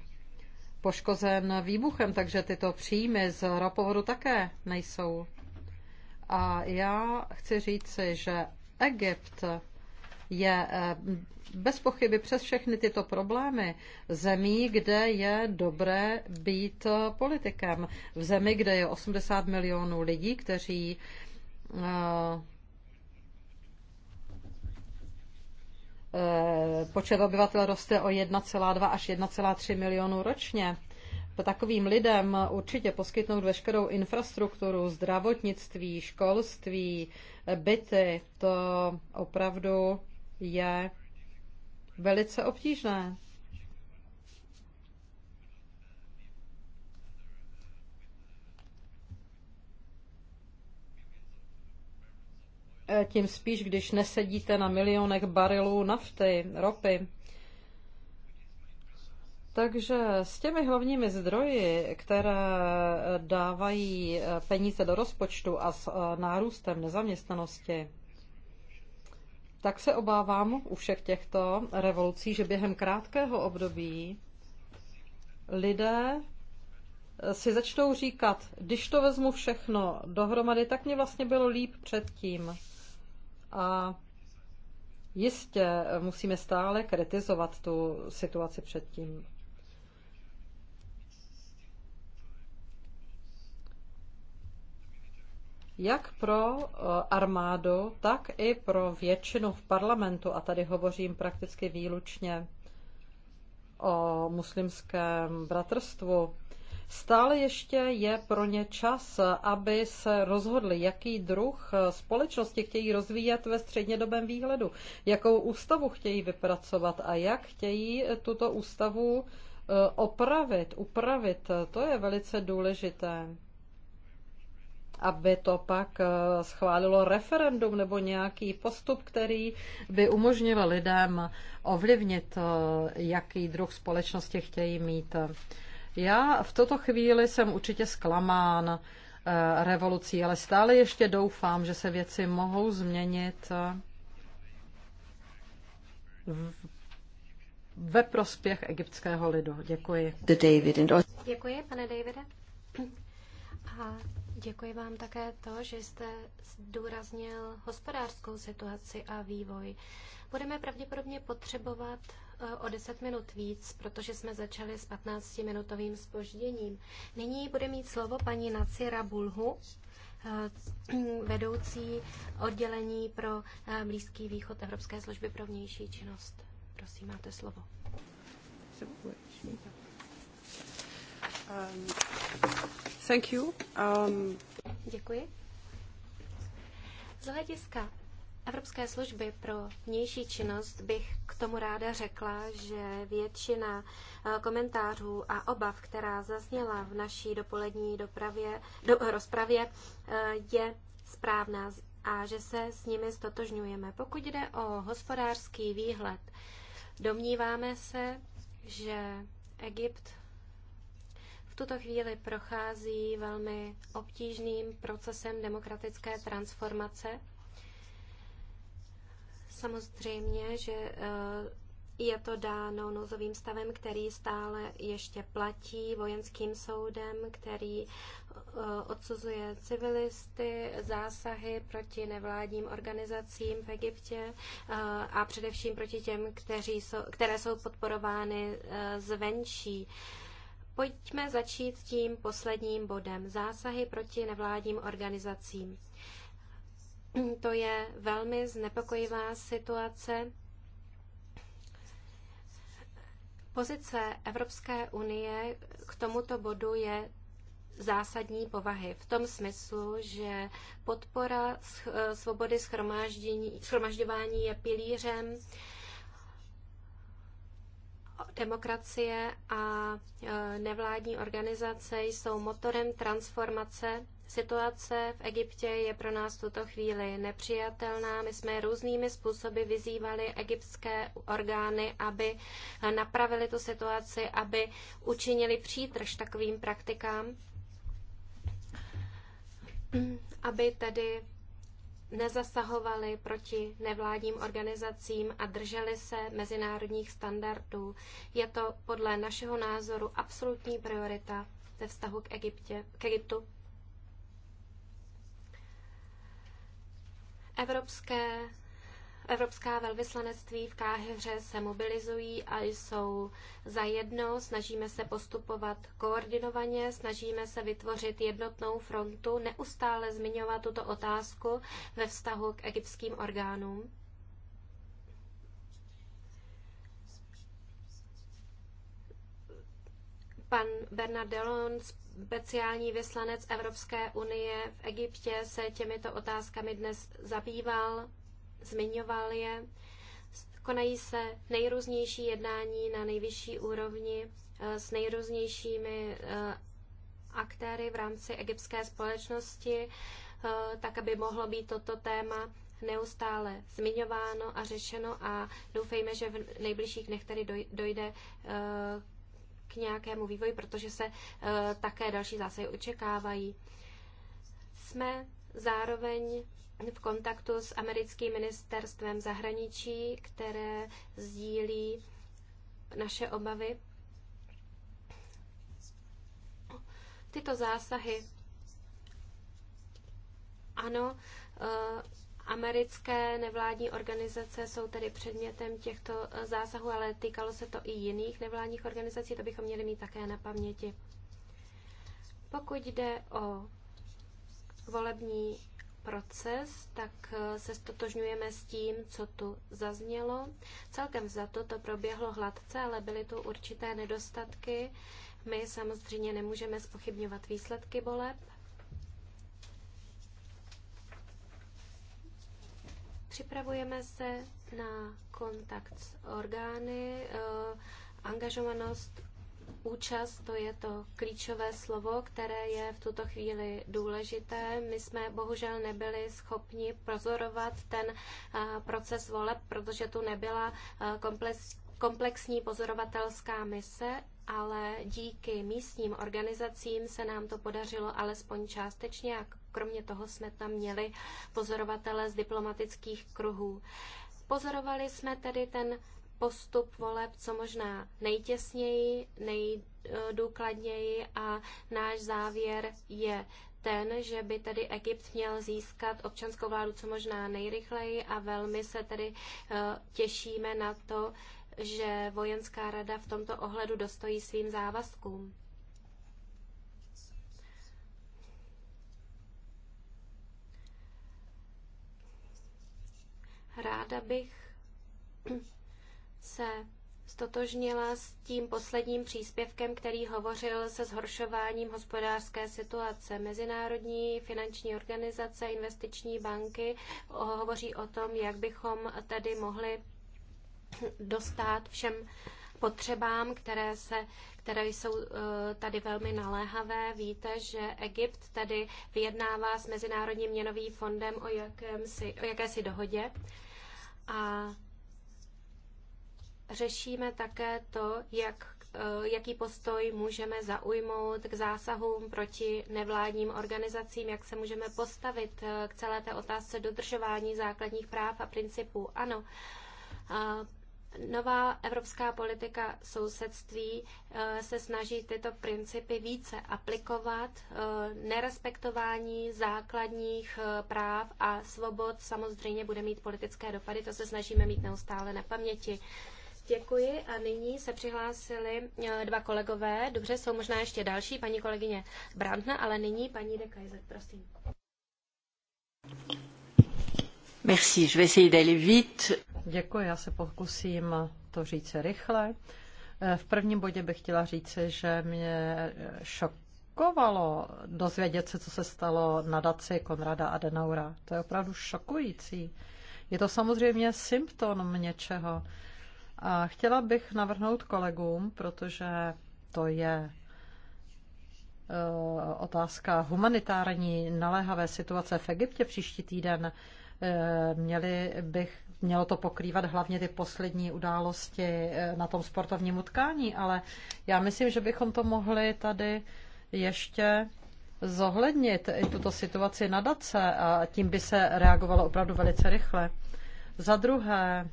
poškozen výbuchem, takže tyto příjmy z ropovodu také nejsou. A já chci říci, že Egypt je eh, bez pochyby přes všechny tyto problémy zemí, kde je dobré být politikem. V zemi, kde je 80 milionů lidí, kteří Eh, počet obyvatel roste o 1,2 až 1,3 milionů ročně. Takovým lidem určitě poskytnout veškerou infrastrukturu, zdravotnictví, školství, byty, to opravdu je velice obtížné. E, tím spíš, když nesedíte na milionech barilů nafty, ropy. Takže s těmi hlavními zdroji, které dávají e, peníze do rozpočtu a s e, nárůstem nezaměstnanosti, tak se obávám u všech těchto revolucí, že během krátkého období lidé si začnou říkat, když to vezmu všechno dohromady, tak mě vlastně bylo líp předtím a jistě musíme stále kritizovat tu situaci předtím. jak pro eh, armádu, tak i pro většinu v parlamentu, a tady hovořím prakticky výlučně o muslimském bratrstvu, Stále ještě je pro ně čas, aby se rozhodli, jaký druh společnosti chtějí rozvíjet ve střednědobém výhledu, jakou ústavu chtějí vypracovat a jak chtějí tuto ústavu eh, opravit, upravit. To je velice důležité aby to pak eh, schválilo referendum nebo nějaký postup, který by umožnil lidem ovlivnit, eh, jaký druh společnosti chtějí mít. Já v tuto chvíli jsem určitě zklamán eh, revolucí, ale stále ještě doufám, že se věci mohou změnit eh, ve prospěch egyptského lidu. Děkuji. Děkuji, pane Davide. A děkuji vám také to, že jste zdůraznil hospodářskou situaci a vývoj. Budeme pravděpodobně potřebovat Eh, o 10 minut víc, protože jsme začali s 15-minutovým spožděním. Nyní bude mít slovo paní Nacira Bulhu, eh, vedoucí oddělení pro eh, Blízký východ Evropské služby pro vnější činnost. Prosím, máte slovo. Um, thank you. Um... Děkuji. Z hlediska Evropské služby pro vnější činnost bych k tomu ráda řekla, že většina eh, komentářů a obav, která zazněla v naší dopolední dopravě, do, eh, rozpravě, eh, je správná a že se s nimi stotožňujeme. Pokud jde o hospodářský výhled, domníváme se, že Egypt v tuto chvíli prochází velmi obtížným procesem demokratické transformace Samozřejmě, že eh, je to dáno nouzovým stavem, který stále ještě platí, vojenským soudem, který eh, odsuzuje civilisty, zásahy proti nevládním organizacím v Egyptě eh, a především proti těm, kteří jsou, které jsou podporovány zvenčí. Pojďme začít tím posledním bodem. Zásahy proti nevládním organizacím. To je velmi znepokojivá situace. Pozice Evropské unie k tomuto bodu je zásadní povahy v tom smyslu, že podpora svobody schromažďování je pilířem demokracie a e, nevládní organizace jsou motorem transformace Situace v Egyptě je pro nás v tuto chvíli nepřijatelná. My jsme různými způsoby vyzývali egyptské orgány, aby napravili tu situaci, aby učinili přítrž takovým praktikám, aby tedy nezasahovali proti nevládním organizacím a drželi se mezinárodních standardů. Je to podle našeho názoru absolutní priorita ve vztahu k, Egyptě, k Egyptu. Evropské, evropská velvyslanectví v Káhyře se mobilizují a jsou za jedno. Snažíme se postupovat koordinovaně, snažíme se vytvořit jednotnou frontu, neustále zmiňovat tuto otázku ve vztahu k egyptským orgánům. Pan Bernard Delon, speciální vyslanec Evropské unie v Egyptě se těmito otázkami dnes zabýval, zmiňoval je. Konají se nejrůznější jednání na nejvyšší úrovni eh, s nejrůznějšími eh, aktéry v rámci egyptské společnosti, eh, tak aby mohlo být toto téma neustále zmiňováno a řešeno a doufejme, že v nejbližších dnech tedy dojde k nějakému vývoji, protože se eh, také další zásahy očekávají. Jsme zároveň v kontaktu s americkým ministerstvem zahraničí, které sdílí naše obavy. Tyto zásahy, ano, eh, Americké nevládní organizace jsou tedy předmětem těchto eh, zásahů, ale týkalo se to i jiných nevládních organizací, to bychom měli mít také na paměti. Pokud jde o volební proces, tak eh, se stotožňujeme s tím, co tu zaznělo. Celkem za to to proběhlo hladce, ale byly tu určité nedostatky. My samozřejmě nemůžeme spochybňovat výsledky voleb, Připravujeme se na kontakt s orgány, e, angažovanost, účast, to je to klíčové slovo, které je v tuto chvíli důležité. My jsme bohužel nebyli schopni pozorovat ten e, proces voleb, protože tu nebyla e, komplex, komplexní pozorovatelská mise, ale díky místním organizacím se nám to podařilo alespoň částečně a kromě toho jsme tam měli pozorovatele z diplomatických kruhů. Pozorovali jsme tedy ten postup voleb co možná nejtěsněji, nejdůkladněji a náš závěr je ten, že by tedy Egypt měl získat občanskou vládu co možná nejrychleji a velmi se tedy eh, těšíme na to, že vojenská rada v tomto ohledu dostojí svým závazkům. Ráda bych se stotožnila s tím posledním příspěvkem, který hovořil se zhoršováním hospodářské situace. Mezinárodní finanční organizace, investiční banky hovoří o tom, jak bychom tedy mohli dostat všem potřebám, které, se, které jsou eh, tady velmi naléhavé. Víte, že Egypt tady vyjednává s Mezinárodním měnovým fondem o, jakémsi, o jakési dohodě a řešíme také to, jak, eh, jaký postoj můžeme zaujmout k zásahům proti nevládním organizacím, jak se můžeme postavit eh, k celé té otázce dodržování základních práv a principů. Ano, Nová evropská politika sousedství eh, se snaží tyto principy více aplikovat. Eh, nerespektování základních eh, práv a svobod samozřejmě bude mít politické dopady, to se snažíme mít neustále na paměti. Děkuji a nyní se přihlásili dva kolegové. Dobře, jsou možná ještě další, paní kolegyně Brandna, ale nyní paní de Kaiser, prosím. Merci, je vais essayer d'aller vite. Děkuji, já se pokusím to říct rychle. Eh, v prvním bodě bych chtěla říct, že mě šokovalo dozvědět se, co se stalo na daci Konrada Adenaura. To je opravdu šokující. Je to samozřejmě symptom něčeho. A chtěla bych navrhnout kolegům, protože to je eh, otázka humanitární naléhavé situace v Egyptě příští týden, eh, měli bych mělo to pokrývat hlavně ty poslední události eh, na tom sportovním utkání, ale já myslím, že bychom to mohli tady ještě zohlednit i tuto situaci dace a tím by se reagovalo opravdu velice rychle. Za druhé,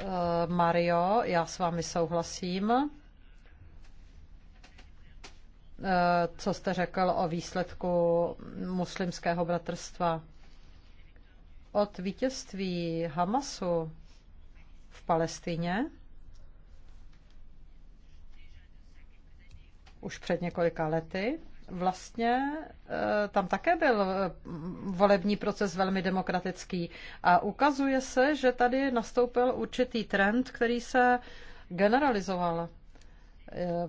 eh, Mario, já s vámi souhlasím, eh, co jste řekl o výsledku muslimského bratrstva od vítězství Hamasu v Palestině už před několika lety. Vlastně eh, tam také byl eh, volební proces velmi demokratický a ukazuje se, že tady nastoupil určitý trend, který se generalizoval. Eh,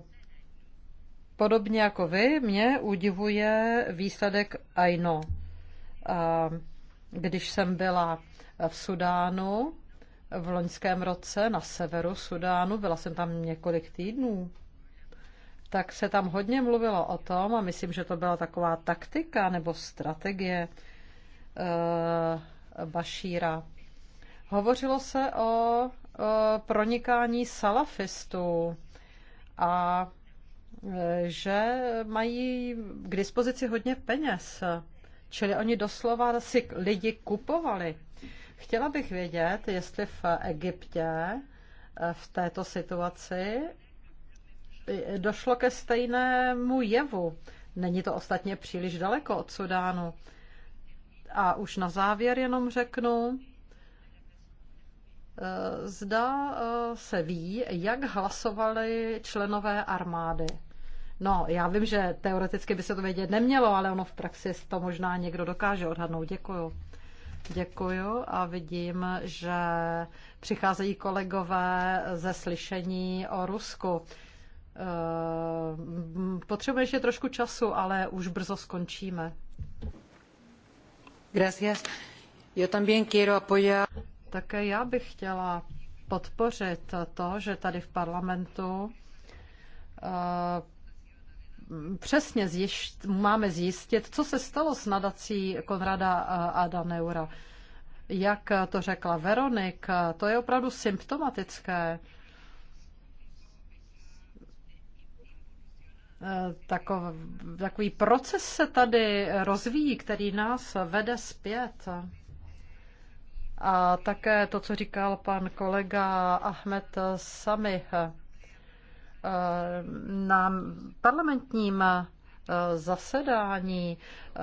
podobně jako vy, mě udivuje výsledek AINO. Když jsem byla v Sudánu v loňském roce na severu Sudánu, byla jsem tam několik týdnů, tak se tam hodně mluvilo o tom, a myslím, že to byla taková taktika nebo strategie uh, Bašíra. Hovořilo se o uh, pronikání salafistů a eh, že mají k dispozici hodně peněz. Čili oni doslova si lidi kupovali. Chtěla bych vědět, jestli v Egyptě eh, v této situaci eh, došlo ke stejnému jevu. Není to ostatně příliš daleko od Sudánu. A už na závěr jenom řeknu, eh, zda se ví, jak hlasovali členové armády. No, já vím, že teoreticky by se to vědět nemělo, ale ono v praxi to možná někdo dokáže odhadnout. Děkuju. Děkuju a vidím, že přicházejí kolegové ze slyšení o Rusku. Eh, Potřebujeme ještě trošku času, ale už brzo skončíme. Gracias. Yo también quiero apoyar. Také já bych chtěla podpořit to, že tady v parlamentu eh, přesně zjišť, máme zjistit, co se stalo s nadací Konrada eh, Adaneura. Jak eh, to řekla Veronik, eh, to je opravdu symptomatické. Takov, takový proces se tady rozvíjí, který nás vede zpět. A také to, co říkal pan kolega Ahmed Samih, na parlamentním eh, zasedání eh,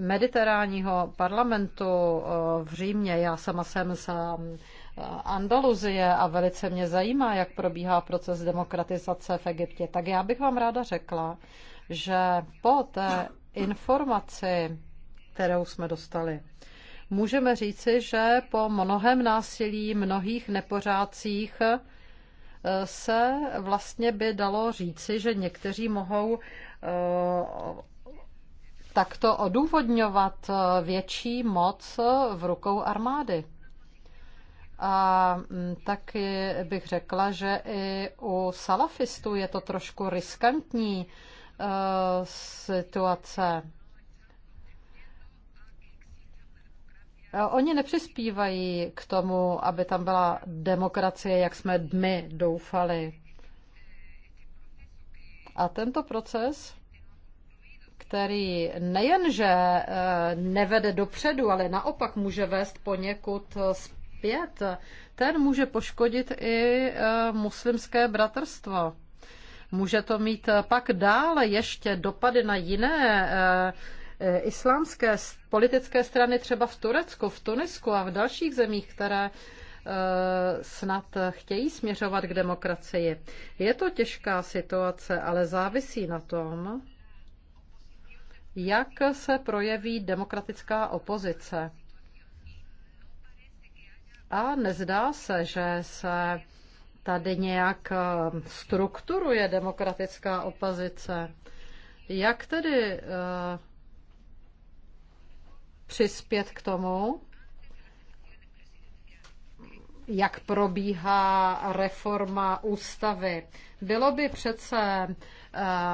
mediteránního parlamentu eh, v Římě. Já sama jsem z Andaluzie a velice mě zajímá, jak probíhá proces demokratizace v Egyptě. Tak já bych vám ráda řekla, že po té informaci, kterou jsme dostali, můžeme říci, že po mnohem násilí, mnohých nepořádcích, se vlastně by dalo říci, že někteří mohou eh, takto odůvodňovat eh, větší moc v rukou armády. A mm, taky bych řekla, že i u salafistů je to trošku riskantní eh, situace. Eh, oni nepřispívají k tomu, aby tam byla demokracie, jak jsme my doufali. A tento proces, který nejenže eh, nevede dopředu, ale naopak může vést poněkud eh, zpět, ten může poškodit i muslimské bratrstvo. Může to mít pak dále ještě dopady na jiné Eh, islámské politické strany třeba v Turecku, v Tunisku a v dalších zemích, které eh, snad chtějí směřovat k demokracii. Je to těžká situace, ale závisí na tom, jak se projeví demokratická opozice. A nezdá se, že se tady nějak eh, strukturuje demokratická opozice. Jak tedy přispět k tomu, jak probíhá reforma ústavy. Bylo by přece eh,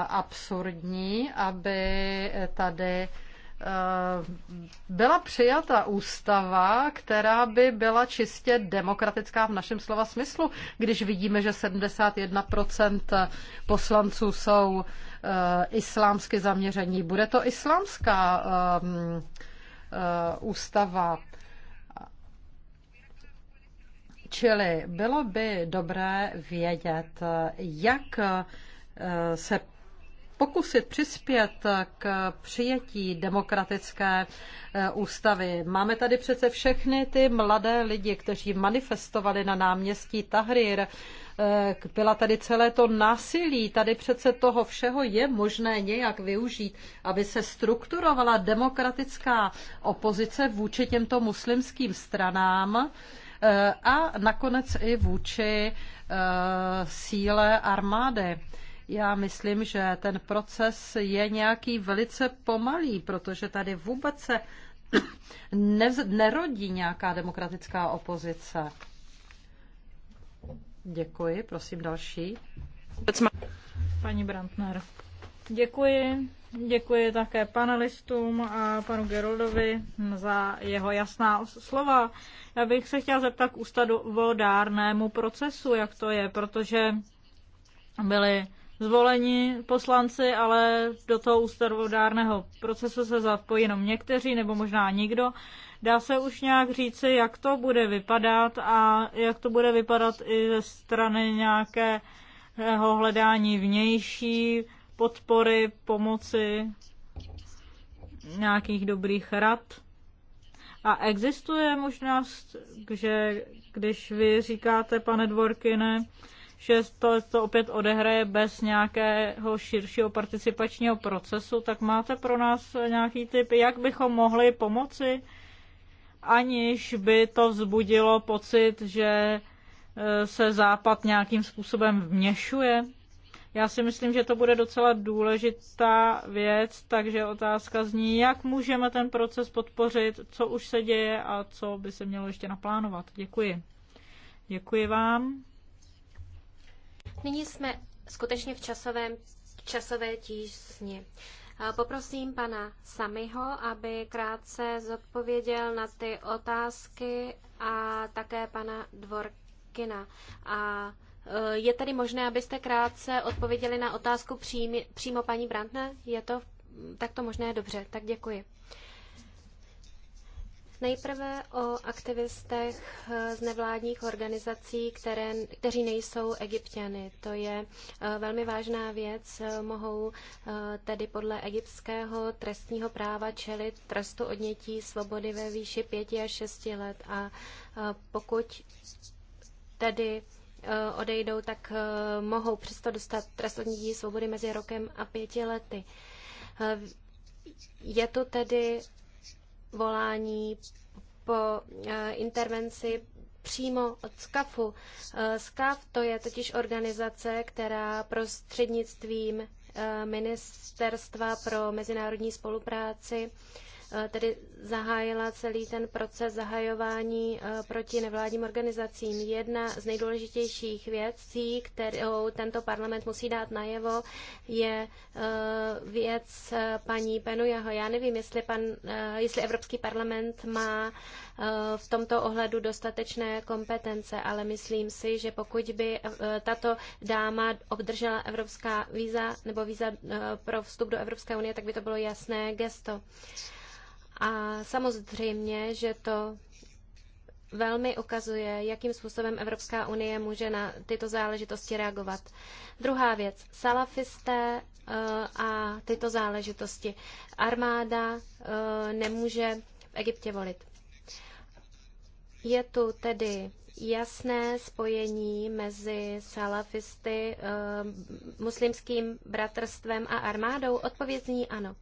absurdní, aby tady eh, byla přijata ústava, která by byla čistě demokratická v našem slova smyslu, když vidíme, že 71% poslanců jsou eh, islámsky zaměření. Bude to islámská Eh, ústava. Čili bylo by dobré vědět, jak eh, se pokusit přispět k přijetí demokratické eh, ústavy. Máme tady přece všechny ty mladé lidi, kteří manifestovali na náměstí Tahrir Eh, byla tady celé to násilí. Tady přece toho všeho je možné nějak využít, aby se strukturovala demokratická opozice vůči těmto muslimským stranám eh, a nakonec i vůči eh, síle armády. Já myslím, že ten proces je nějaký velice pomalý, protože tady vůbec se nerodí nějaká demokratická opozice. Děkuji, prosím další. Paní Brantner. Děkuji. Děkuji také panelistům a panu Geroldovi za jeho jasná slova. Já bych se chtěla zeptat k ústavodárnému procesu, jak to je, protože byli zvoleni poslanci, ale do toho ústavodárného procesu se zapojí jenom někteří, nebo možná nikdo. Dá se už nějak říci, jak to bude vypadat a jak to bude vypadat i ze strany nějakého hledání vnější podpory, pomoci, nějakých dobrých rad. A existuje možnost, že když vy říkáte, pane Dvorkine, že to, to opět odehraje bez nějakého širšího participačního procesu, tak máte pro nás nějaký typ, jak bychom mohli pomoci aniž by to vzbudilo pocit, že e, se Západ nějakým způsobem vměšuje? Já si myslím, že to bude docela důležitá věc, takže otázka zní, jak můžeme ten proces podpořit, co už se děje a co by se mělo ještě naplánovat. Děkuji. Děkuji vám. Nyní jsme skutečně v časovém, časové tísni. Poprosím pana Samiho, aby krátce zodpověděl na ty otázky a také pana Dvorkina. A e, je tedy možné, abyste krátce odpověděli na otázku přímo paní Brandne? Je to takto možné? Dobře, tak děkuji. Nejprve o aktivistech eh, z nevládních organizací, které, kteří nejsou egyptiany. To je eh, velmi vážná věc. Eh, mohou tedy podle egyptského trestního práva čelit trestu odnětí svobody ve výši 5 až 6 let. A pokud tedy odejdou, tak mohou přesto dostat trest odnětí svobody mezi rokem a pěti lety. Je to tedy volání po eh, intervenci přímo od SCAFu. Eh, SCAF to je totiž organizace, která prostřednictvím eh, Ministerstva pro mezinárodní spolupráci Eh, tedy zahájila celý ten proces zahajování eh, proti nevládním organizacím. Jedna z nejdůležitějších věcí, kterou tento parlament musí dát najevo, je eh, věc paní Penujeho. Já nevím, jestli, pan, jestli Evropský parlament má v tomto ohledu dostatečné kompetence, ale myslím si, že pokud by tato dáma obdržela evropská víza nebo víza pro vstup do Evropské unie, tak by to bylo jasné gesto. A samozřejmě, že to velmi ukazuje, jakým způsobem Evropská unie může na tyto záležitosti reagovat. Druhá věc, salafisté eh, a tyto záležitosti. Armáda eh, nemůže v Egyptě volit. Je tu tedy jasné spojení mezi salafisty, eh, muslimským bratrstvem a armádou? Odpovězní ano.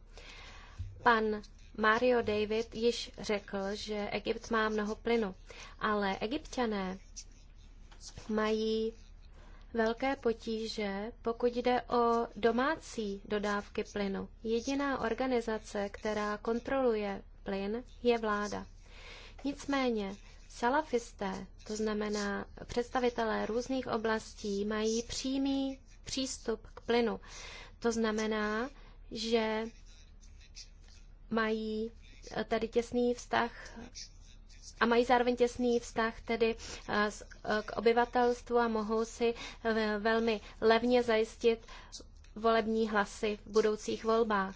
Pan Mario David již řekl, že Egypt má mnoho plynu, ale egyptiané mají velké potíže, pokud jde o domácí dodávky plynu. Jediná organizace, která kontroluje plyn, je vláda. Nicméně salafisté, to znamená představitelé různých oblastí, mají přímý přístup k plynu. To znamená, že mají tady těsný vztah a mají zároveň těsný vztah tedy eh, eh, k obyvatelstvu a mohou si eh, velmi levně zajistit volební hlasy v budoucích volbách.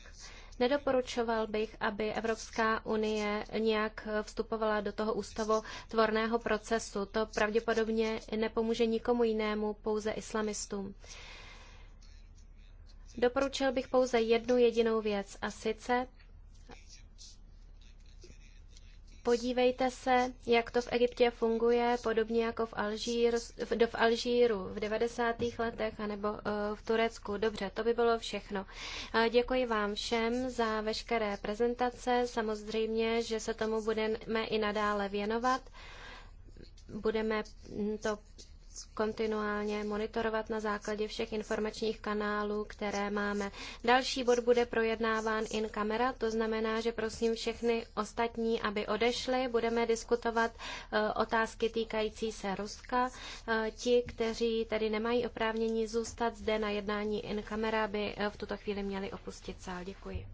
Nedoporučoval bych, aby Evropská unie nějak vstupovala do toho ústavotvorného procesu. To pravděpodobně nepomůže nikomu jinému, pouze islamistům. Doporučil bych pouze jednu jedinou věc, a sice Podívejte se, jak to v Egyptě funguje, podobně jako v, Alžír, v, v Alžíru v 90. letech anebo eh, v Turecku. Dobře, to by bylo všechno. Děkuji vám všem za veškeré prezentace. Samozřejmě, že se tomu budeme i nadále věnovat. Budeme to kontinuálně monitorovat na základě všech informačních kanálů, které máme. Další bod bude projednáván in kamera, to znamená, že prosím všechny ostatní, aby odešli. Budeme diskutovat eh, otázky týkající se Ruska. Eh, ti, kteří tady nemají oprávnění zůstat zde na jednání in kamera, by eh, v tuto chvíli měli opustit sál. Děkuji.